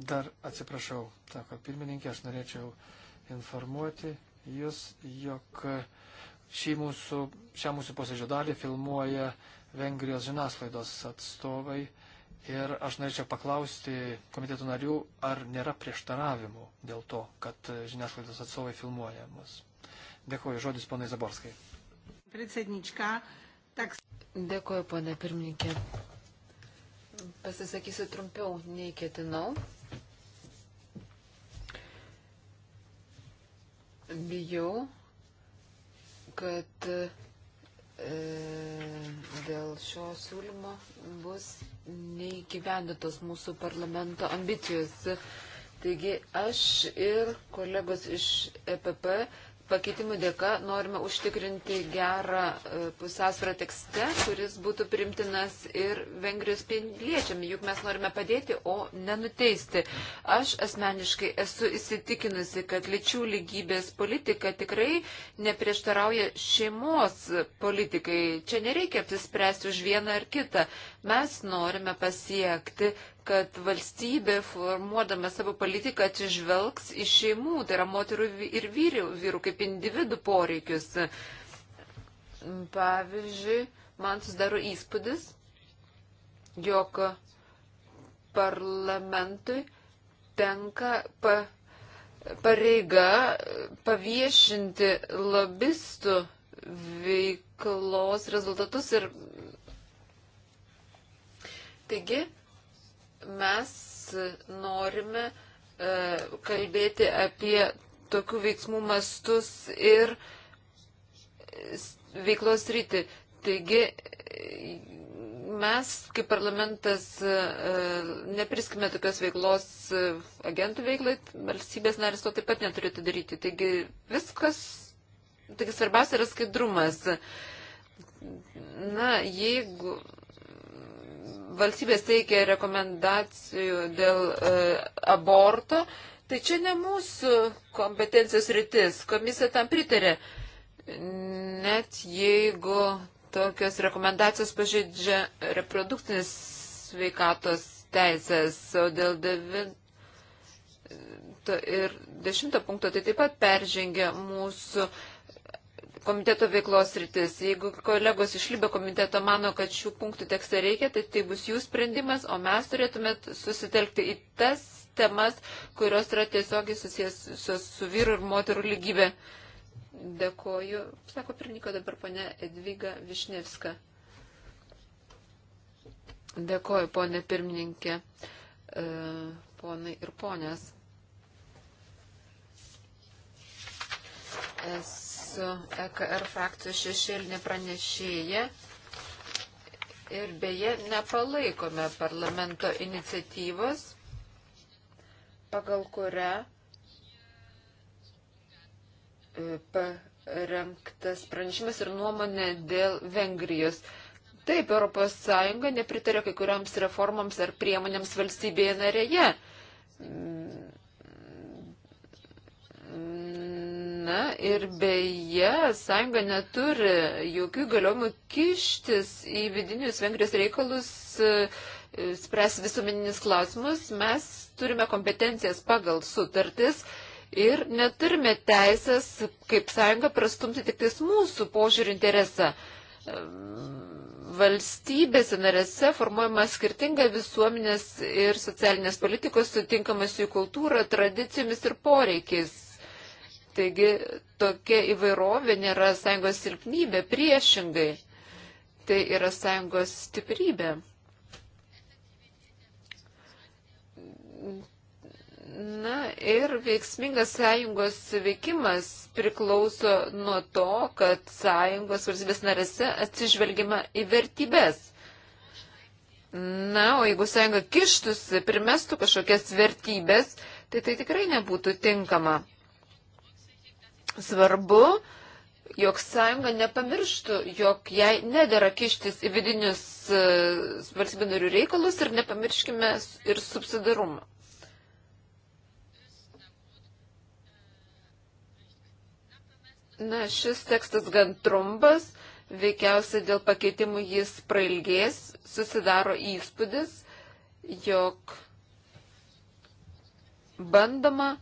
C: Dar atsiprašau, sako pirmininkė, aš norėčiau informuoti jūs, jog šį mūsų, šią mūsų posėdžio dalį filmuoja Vengrijos žiniasklaidos atstovai ir aš norėčiau paklausti komitetų narių, ar nėra prieštaravimų dėl to, kad žiniasklaidos atstovai filmuoja mus. Dėkuoju, žodis ponai Zaborskai.
D: Dėkuoju, ponė pirmininkė. Pasisakysiu trumpiau, nei ketinau. bijau, kad e, dėl šio siūlymo bus neįgyvendytos mūsų parlamento ambicijos. Taigi aš ir kolegos iš EPP pakeitimų dėka norime užtikrinti gerą e, pusiausvyrą tekste, kuris būtų primtinas ir Vengrijos piliečiam, juk mes norime padėti, o nenuteisti. Aš asmeniškai esu įsitikinusi, kad lyčių lygybės politika tikrai neprieštarauja šeimos politikai. Čia nereikia apsispręsti už vieną ar kitą. Mes norime pasiekti, kad valstybė formuodama savo politiką atsižvelgs į šeimų, tai yra moterų ir vyrių, vyrų kaip individų poreikius. Pavyzdžiui, man susidaro įspūdis, jog parlamentui tenka pa, pareiga paviešinti lobistų veiklos rezultatus ir taigi mes norime e, kalbėti apie tokių veiksmų mastus ir veiklos rytį. Taigi mes, kaip parlamentas, e, nepriskime tokios veiklos agentų veiklai, valstybės narės to taip pat neturėtų daryti. Taigi viskas, taigi svarbiausia yra skaidrumas. Na, jeigu valstybės teikia rekomendacijų dėl e, aborto, tai čia ne mūsų kompetencijos rytis. Komisija tam pritarė. Net jeigu tokios rekomendacijos pažeidžia reproduktinis sveikatos teisės, o dėl devinto ir dešimto punkto tai taip pat peržengia mūsų komiteto veiklos rytis. Jeigu kolegos iš Libio komiteto mano, kad šių punktų tekste reikia, tai tai bus jų sprendimas, o mes turėtumėt susitelkti į tas temas, kurios yra tiesiogiai susijęs su, su vyru ir moterų lygybė. Dėkoju. Sako pirmininko dabar ponė Edviga Višnevska. Dėkoju, ponė pirmininkė, e, ponai ir ponės. Es esu EKR frakcijos šešėlinė pranešėja ir beje nepalaikome parlamento iniciatyvos, pagal kurią e, parengtas pranešimas ir nuomonė dėl Vengrijos. Taip, ES nepritarė kai kuriams reformams ar priemonėms valstybėje narėje. Mm, Na ir beje, sąjunga neturi jokių galiomų kištis į vidinius Vengrijos reikalus, e, e, spręs visuomeninis klausimus. Mes turime kompetencijas pagal sutartis ir neturime teisės, kaip sąjunga, prastumti tik tais mūsų požiūrį interesą. E, valstybėse narėse formuojama skirtinga visuomenės ir socialinės politikos sutinkamas jų kultūra, tradicijomis ir poreikiais. Taigi tokia įvairovė nėra sąjungos silpnybė, priešingai. Tai yra sąjungos stiprybė. Na ir veiksmingas sąjungos veikimas priklauso nuo to, kad sąjungos valstybės narėse atsižvelgiama į vertybės. Na, o jeigu sąjunga kištusi, primestų kažkokias vertybės, tai tai tikrai nebūtų tinkama. Svarbu, jog sąjunga nepamirštų, jog jai nedėra kištis į vidinius e, valstybinarių reikalus ir nepamirškime ir subsidarumą. Na, šis tekstas gan trumpas, veikiausiai dėl pakeitimų jis prailgės, susidaro įspūdis, jog bandoma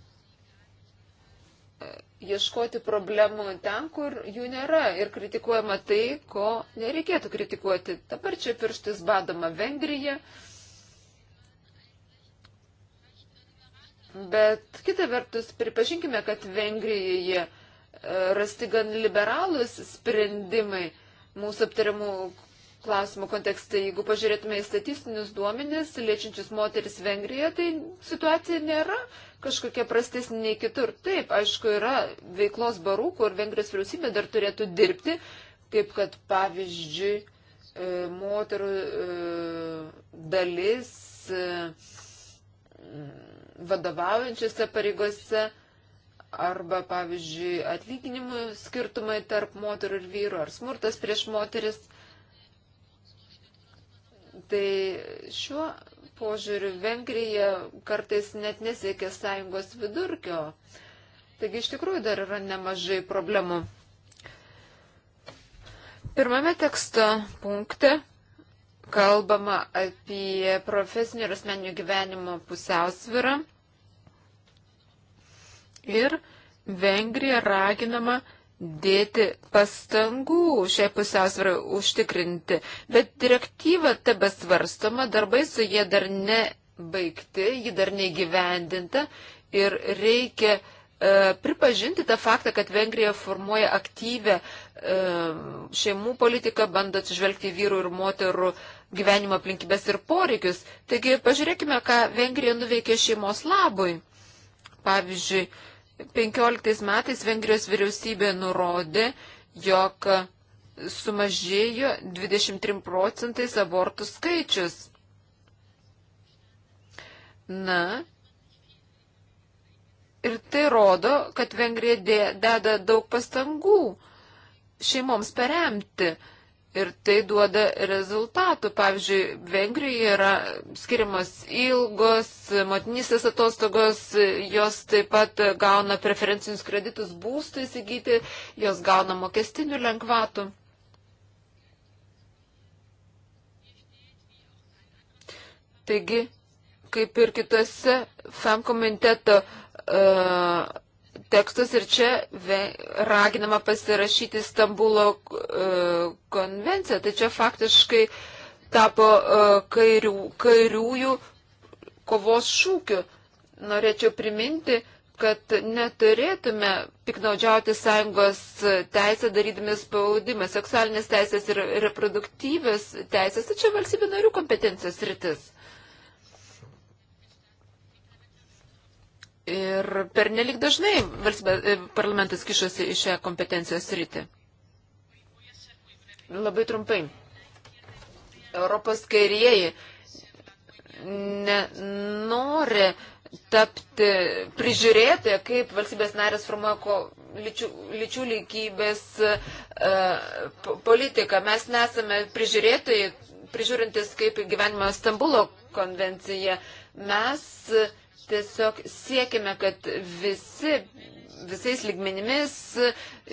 D: ieškoti problemų ten, kur jų nėra ir kritikuojama tai, ko nereikėtų kritikuoti. Dabar čia pirštis badama Vengrija. Bet kita vertus, pripažinkime, kad Vengrijoje e, rasti gan liberalus sprendimai mūsų aptariamų klausimų kontekste. Jeigu pažiūrėtume į statistinius duomenis, liečiančius moteris Vengrijoje, tai situacija nėra kažkokia prastesnė nei kitur. Taip, aišku, yra veiklos barų, kur Vengrijos vyriausybė dar turėtų dirbti, kaip kad pavyzdžiui e, moterų e, dalis e, vadovaujančiose pareigose arba, pavyzdžiui, atlyginimų skirtumai tarp moterų ir vyrų ar smurtas prieš moteris – Tai šiuo požiūriu Vengrija kartais net nesiekia sąjungos vidurkio. Taigi iš tikrųjų dar yra nemažai problemų. Pirmame teksto punkte kalbama apie profesinio ir asmeninio gyvenimo pusiausvyrą ir Vengrija raginama dėti pastangų šiai pusiausvėrai užtikrinti, bet direktyva tebe svarstoma, darbai su jie dar nebaigti, ji dar neįgyvendinta ir reikia e, pripažinti tą faktą, kad Vengrija formuoja aktyvę e, šeimų politiką, bando atsižvelgti vyrų ir moterų gyvenimo aplinkybės ir poreikius. Taigi pažiūrėkime, ką Vengrija nuveikė šeimos labui. Pavyzdžiui, 15 metais Vengrijos vyriausybė nurodė, jog sumažėjo 23 procentais abortų skaičius. Na, ir tai rodo, kad Vengrija deda daug pastangų šeimoms paremti. Ir tai duoda rezultatų. Pavyzdžiui, Vengrijoje yra skiriamos ilgos motinysės atostogos, jos taip pat gauna preferencinius kreditus būstų įsigyti, jos gauna mokestinių lengvatų. Taigi, kaip ir kitose FEM komiteto uh, tekstus ir čia raginama pasirašyti Stambulo e, konvenciją. Tai čia faktiškai tapo e, kairių, kairiųjų kovos šūkiu. Norėčiau priminti, kad neturėtume piknaudžiauti sąjungos teisę darydami spaudimą. Seksualinės teisės ir reproduktyvės teisės, tai čia valstybė narių kompetencijos rytis. Ir per nelik dažnai valstybė, e, parlamentas kišosi į šią kompetencijos rytį. Labai trumpai. Europos kairieji nenori tapti prižiūrėtoje, kaip valstybės narės formuoja lyčių, lyčių lygybės uh, politiką. Mes nesame prižiūrėtojai, prižiūrintis kaip gyvenimo Stambulo konvencija. Mes uh, tiesiog siekime, kad visi, visais lygmenimis,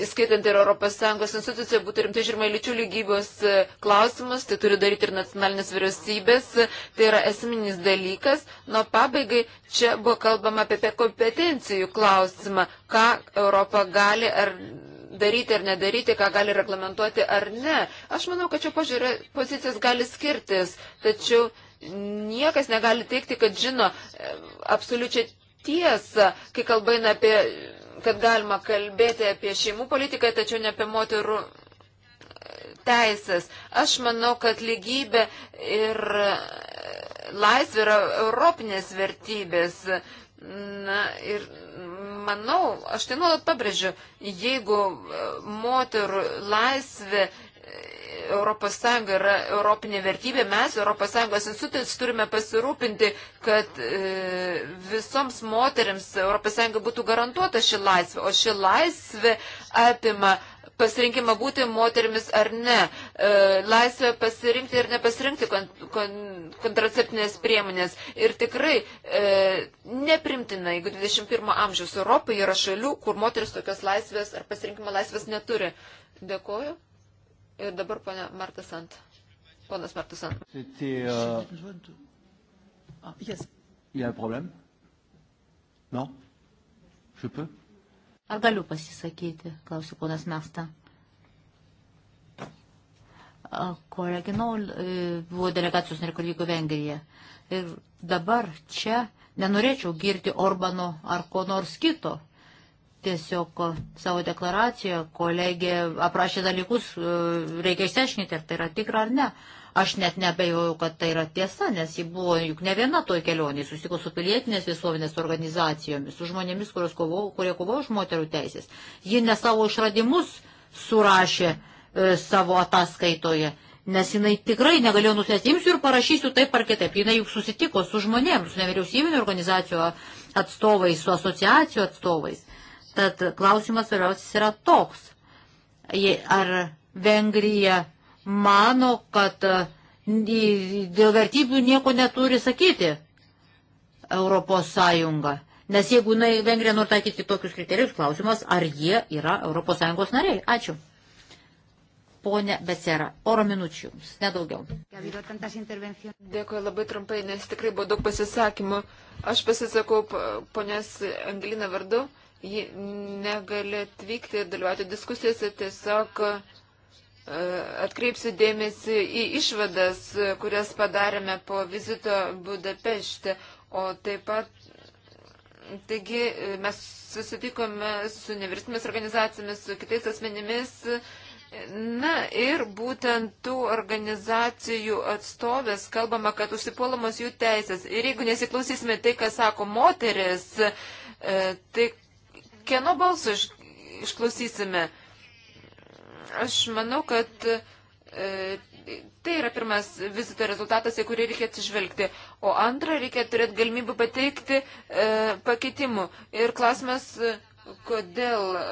D: skaitant ir ES instituciją, būtų rimtai žirmai lyčių lygybos klausimus, tai turi daryti ir nacionalinės vyriausybės, tai yra esminis dalykas. Nuo pabaigai čia buvo kalbama apie kompetencijų klausimą, ką Europa gali ar daryti ar nedaryti, ką gali reglamentuoti ar ne. Aš manau, kad čia požiūrė, pozicijos gali skirtis, tačiau niekas negali teikti, kad žino e, absoliučią tiesą, kai kalba eina apie, kad galima kalbėti apie šeimų politiką, tačiau ne apie moterų e, teisės. Aš manau, kad lygybė ir e, laisvė yra europinės vertybės. Na ir manau, aš tai nuolat pabrėžiu, jeigu moterų laisvė ES yra europinė vertybė, mes ES institucijos turime pasirūpinti, kad e, visoms moteriams ES būtų garantuota ši laisvė, o ši laisvė apima pasirinkimą būti moterimis ar ne, e, laisvę pasirinkti ir nepasirinkti kont kont kontraceptinės priemonės. Ir tikrai e, neprimtina, jeigu 21 amžiaus Europoje yra šalių, kur moteris tokios laisvės ar pasirinkimo laisvės neturi. Dėkuoju. Ir dabar ponia Martasant. Ponas Martasant.
C: Euh...
A: Ah, yes. Il y a un problème? Non? Je peux? Ar galiu pasisakyti, klausiu ponas Mesta. Koleginau, e, buvo delegacijos nereikalingo Vengrija. Ir dabar čia nenorėčiau girti Orbano ar ko nors kito. Tiesiog savo deklaracijoje kolegė aprašė dalykus, e, reikia išsiaiškinti, ar tai yra tikra ar ne. Aš net nebejoju, kad tai yra tiesa, nes ji buvo juk ne viena toj kelionėje, susitiko su pilietinės visuomenės organizacijomis, su žmonėmis, kovo, kurie kovojo už moterų teisės. Ji ne savo išradimus surašė e, savo ataskaitoje, nes jinai tikrai negalėjo nusėsti, imsiu ir parašysiu taip ar kitaip. Jinai juk susitiko su žmonėms, su nevyriausybinio organizacijų atstovais, su asociacijų atstovais. Tad klausimas svarbiausias yra toks. Ar Vengrija mano, kad e, dėl vertybių nieko neturi sakyti Europos Sąjunga? Nes jeigu jinai Vengrija nori taikyti tokius kriterijus, klausimas, ar jie yra Europos Sąjungos nariai? Ačiū. Pone Besera, oro minučių jums, nedaugiau. Dėkuoju
D: labai trumpai, nes tikrai buvo daug pasisakymų. Aš pasisakau ponės Angelina vardu. Uh, ji negali atvykti ir dalyvauti diskusijose, tiesiog e, atkreipsiu dėmesį į išvadas, kurias padarėme po vizito Budapešte. O taip pat, taigi mes susitikome su nevyriausybinėmis organizacijomis, su kitais asmenimis. Na ir būtent tų organizacijų atstovės kalbama, kad užsipuolamos jų teisės. Ir jeigu nesiklausysime tai, ką sako moteris, e, tai Kieno balsų iš, išklausysime? Aš manau, kad e, tai yra pirmas vizito rezultatas, į kurį reikia atsižvelgti. O antra, reikia turėti galimybę pateikti e, pakeitimų. Ir klausimas, kodėl e,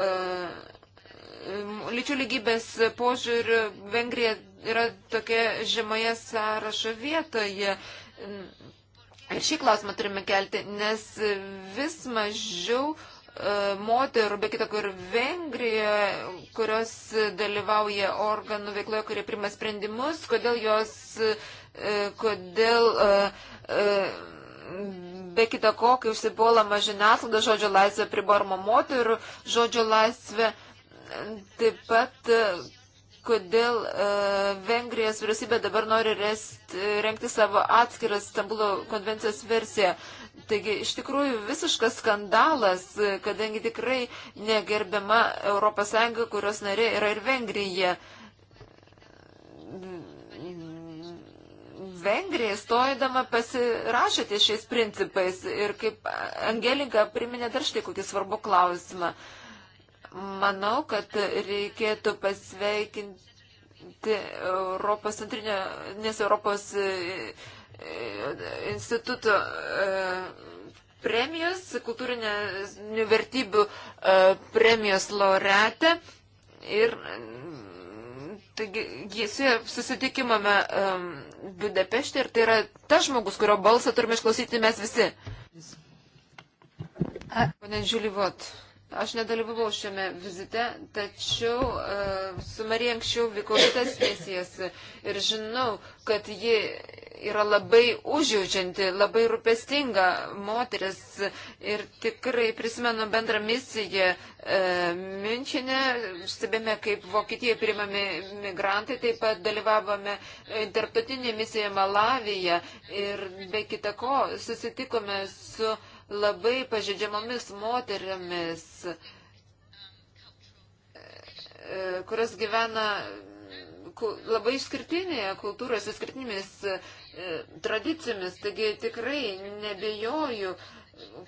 D: lyčių lygybės požiūrių Vengrija yra tokia žemoje sąrašo vietoje. Ir šį klausimą turime kelti, nes vis mažiau E, moterų, be kitako ir Vengrijoje, kurios dalyvauja organų veikloje, kurie prima sprendimus, kodėl jos, e, kodėl e, be kitako, kai užsipuolama žiniasklaida žodžio laisvė, pribarma moterų žodžio laisvė, taip pat kodėl uh, Vengrijos vyriausybė dabar nori rest, rengti savo atskirą Stambulo konvencijos versiją. Uh, Taigi, iš tikrųjų, visiškas skandalas, kadangi tikrai negerbiama ES, kurios narė yra ir Vengrija. Vengrija stojama pasirašė ties šiais principais ir kaip Angelika priminė dar štai kokį svarbų klausimą. Manau, kad reikėtų pasveikinti Europos centrinio, nes Europos instituto e, premijos, kultūrinių vertybių e, premijos laureatė. Ir taigi, jis susitikimame e, Budapešte ir tai yra tas žmogus, kurio balsą turime išklausyti mes visi. Pone Džiulivot. Aš nedalyvavau šiame vizite, tačiau uh, su Marija anksčiau vyko kitas misijas ir žinau, kad ji yra labai užjaučianti, labai rūpestinga moteris ir tikrai prisimenu bendrą misiją uh, e, Münchenė, stebėme, kaip Vokietijoje primami migrantai, taip pat dalyvavome tarptautinėje misijoje Malavyje ir be kitako susitikome su uh, labai pažydžiamomis moteriamis, e, kurios gyvena labai išskirtinėje kultūros, išskirtinėmis e, tradicijomis. Taigi tikrai nebejoju,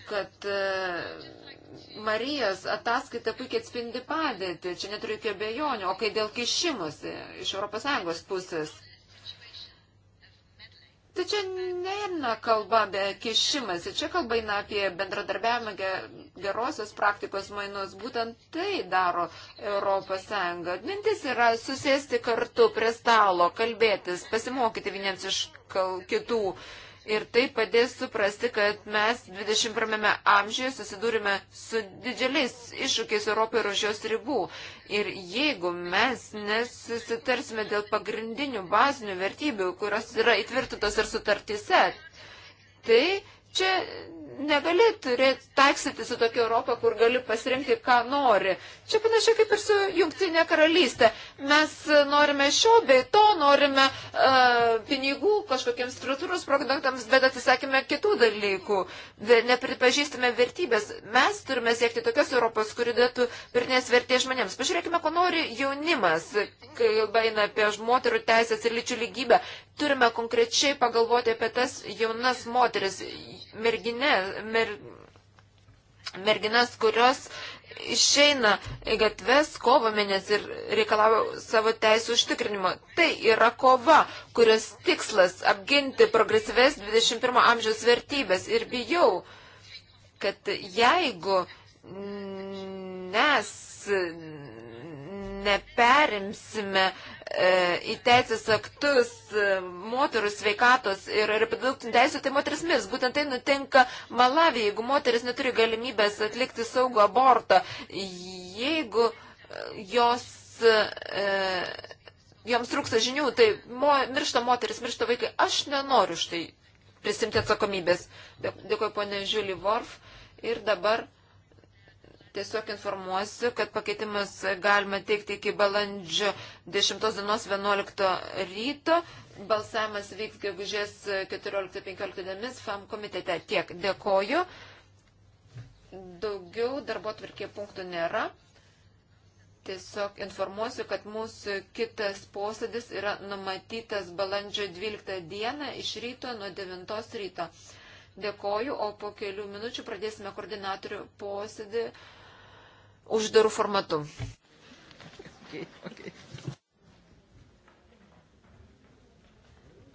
D: kad e, Marijos ataskaita puikiai atspindi padėtį, čia neturiu jokio bejonių, o kai dėl kišimusi iš ES pusės. Tai čia neina kalba be kišimasi, čia kalba eina apie bendradarbiavimą gerosios praktikos mainus, būtent tai daro ES. Mintis yra susėsti kartu prie stalo, kalbėtis, pasimokyti vieniems iš kitų. Ir tai padės suprasti, kad mes 21 amžiuje susidūrime su didžiuliais iššūkiais Europoje ir už jos ribų. Ir jeigu mes nesusitarsime dėl pagrindinių bazinių vertybių, kurios yra įtvirtintos ir sutartyse, tai čia negali turėti taiksyti su tokia Europa, kur gali pasirinkti, ką nori. Čia panašiai kaip ir su Jungtinė karalystė. Mes e, norime šio bei to, norime uh, pinigų kažkokiems struktūros produktams, bet atsisakime kitų dalykų. Nepripažįstame vertybės. Mes turime siekti tokios Europos, kuri dėtų pirnės vertės žmonėms. Pažiūrėkime, ko nori jaunimas, kai kalba eina apie moterų teisės ir lyčių lygybę. Turime konkrečiai pagalvoti apie tas jaunas moteris, merginės mer, merginas, kurios išeina į gatves kovo mėnesį ir reikalauja savo teisų užtikrinimo. Tai yra kova, kurios tikslas apginti progresyves 21 amžiaus vertybės. Ir bijau, kad jeigu mes neperimsime uh, E, į teisės aktus e, moterų sveikatos ir reprodukcinių teisų, tai moteris mis. Būtent tai nutinka Malavį, jeigu moteris neturi galimybės atlikti saugų abortą, jeigu e, jos, e, joms trūksta žinių, tai mo, miršta moteris, miršta vaikai. Aš nenoriu štai prisimti atsakomybės. Dėkuoju, ponė Žiulį Vorf. Ir dabar Tiesiog informuosiu, kad pakeitimus galima teikti iki balandžio 10 dienos 11 ryto. Balsavimas vyks gegužės 14-15 dienomis FAM komitete. Tiek. Dėkoju. Daugiau darbo tvarkė punktų nėra. Tiesiog informuosiu, kad mūsų kitas posėdis yra numatytas balandžio 12 dieną iš ryto nuo 9 ryto. Dėkoju, o po kelių minučių pradėsime koordinatorių posėdį uždarų formatų. Okay, okay.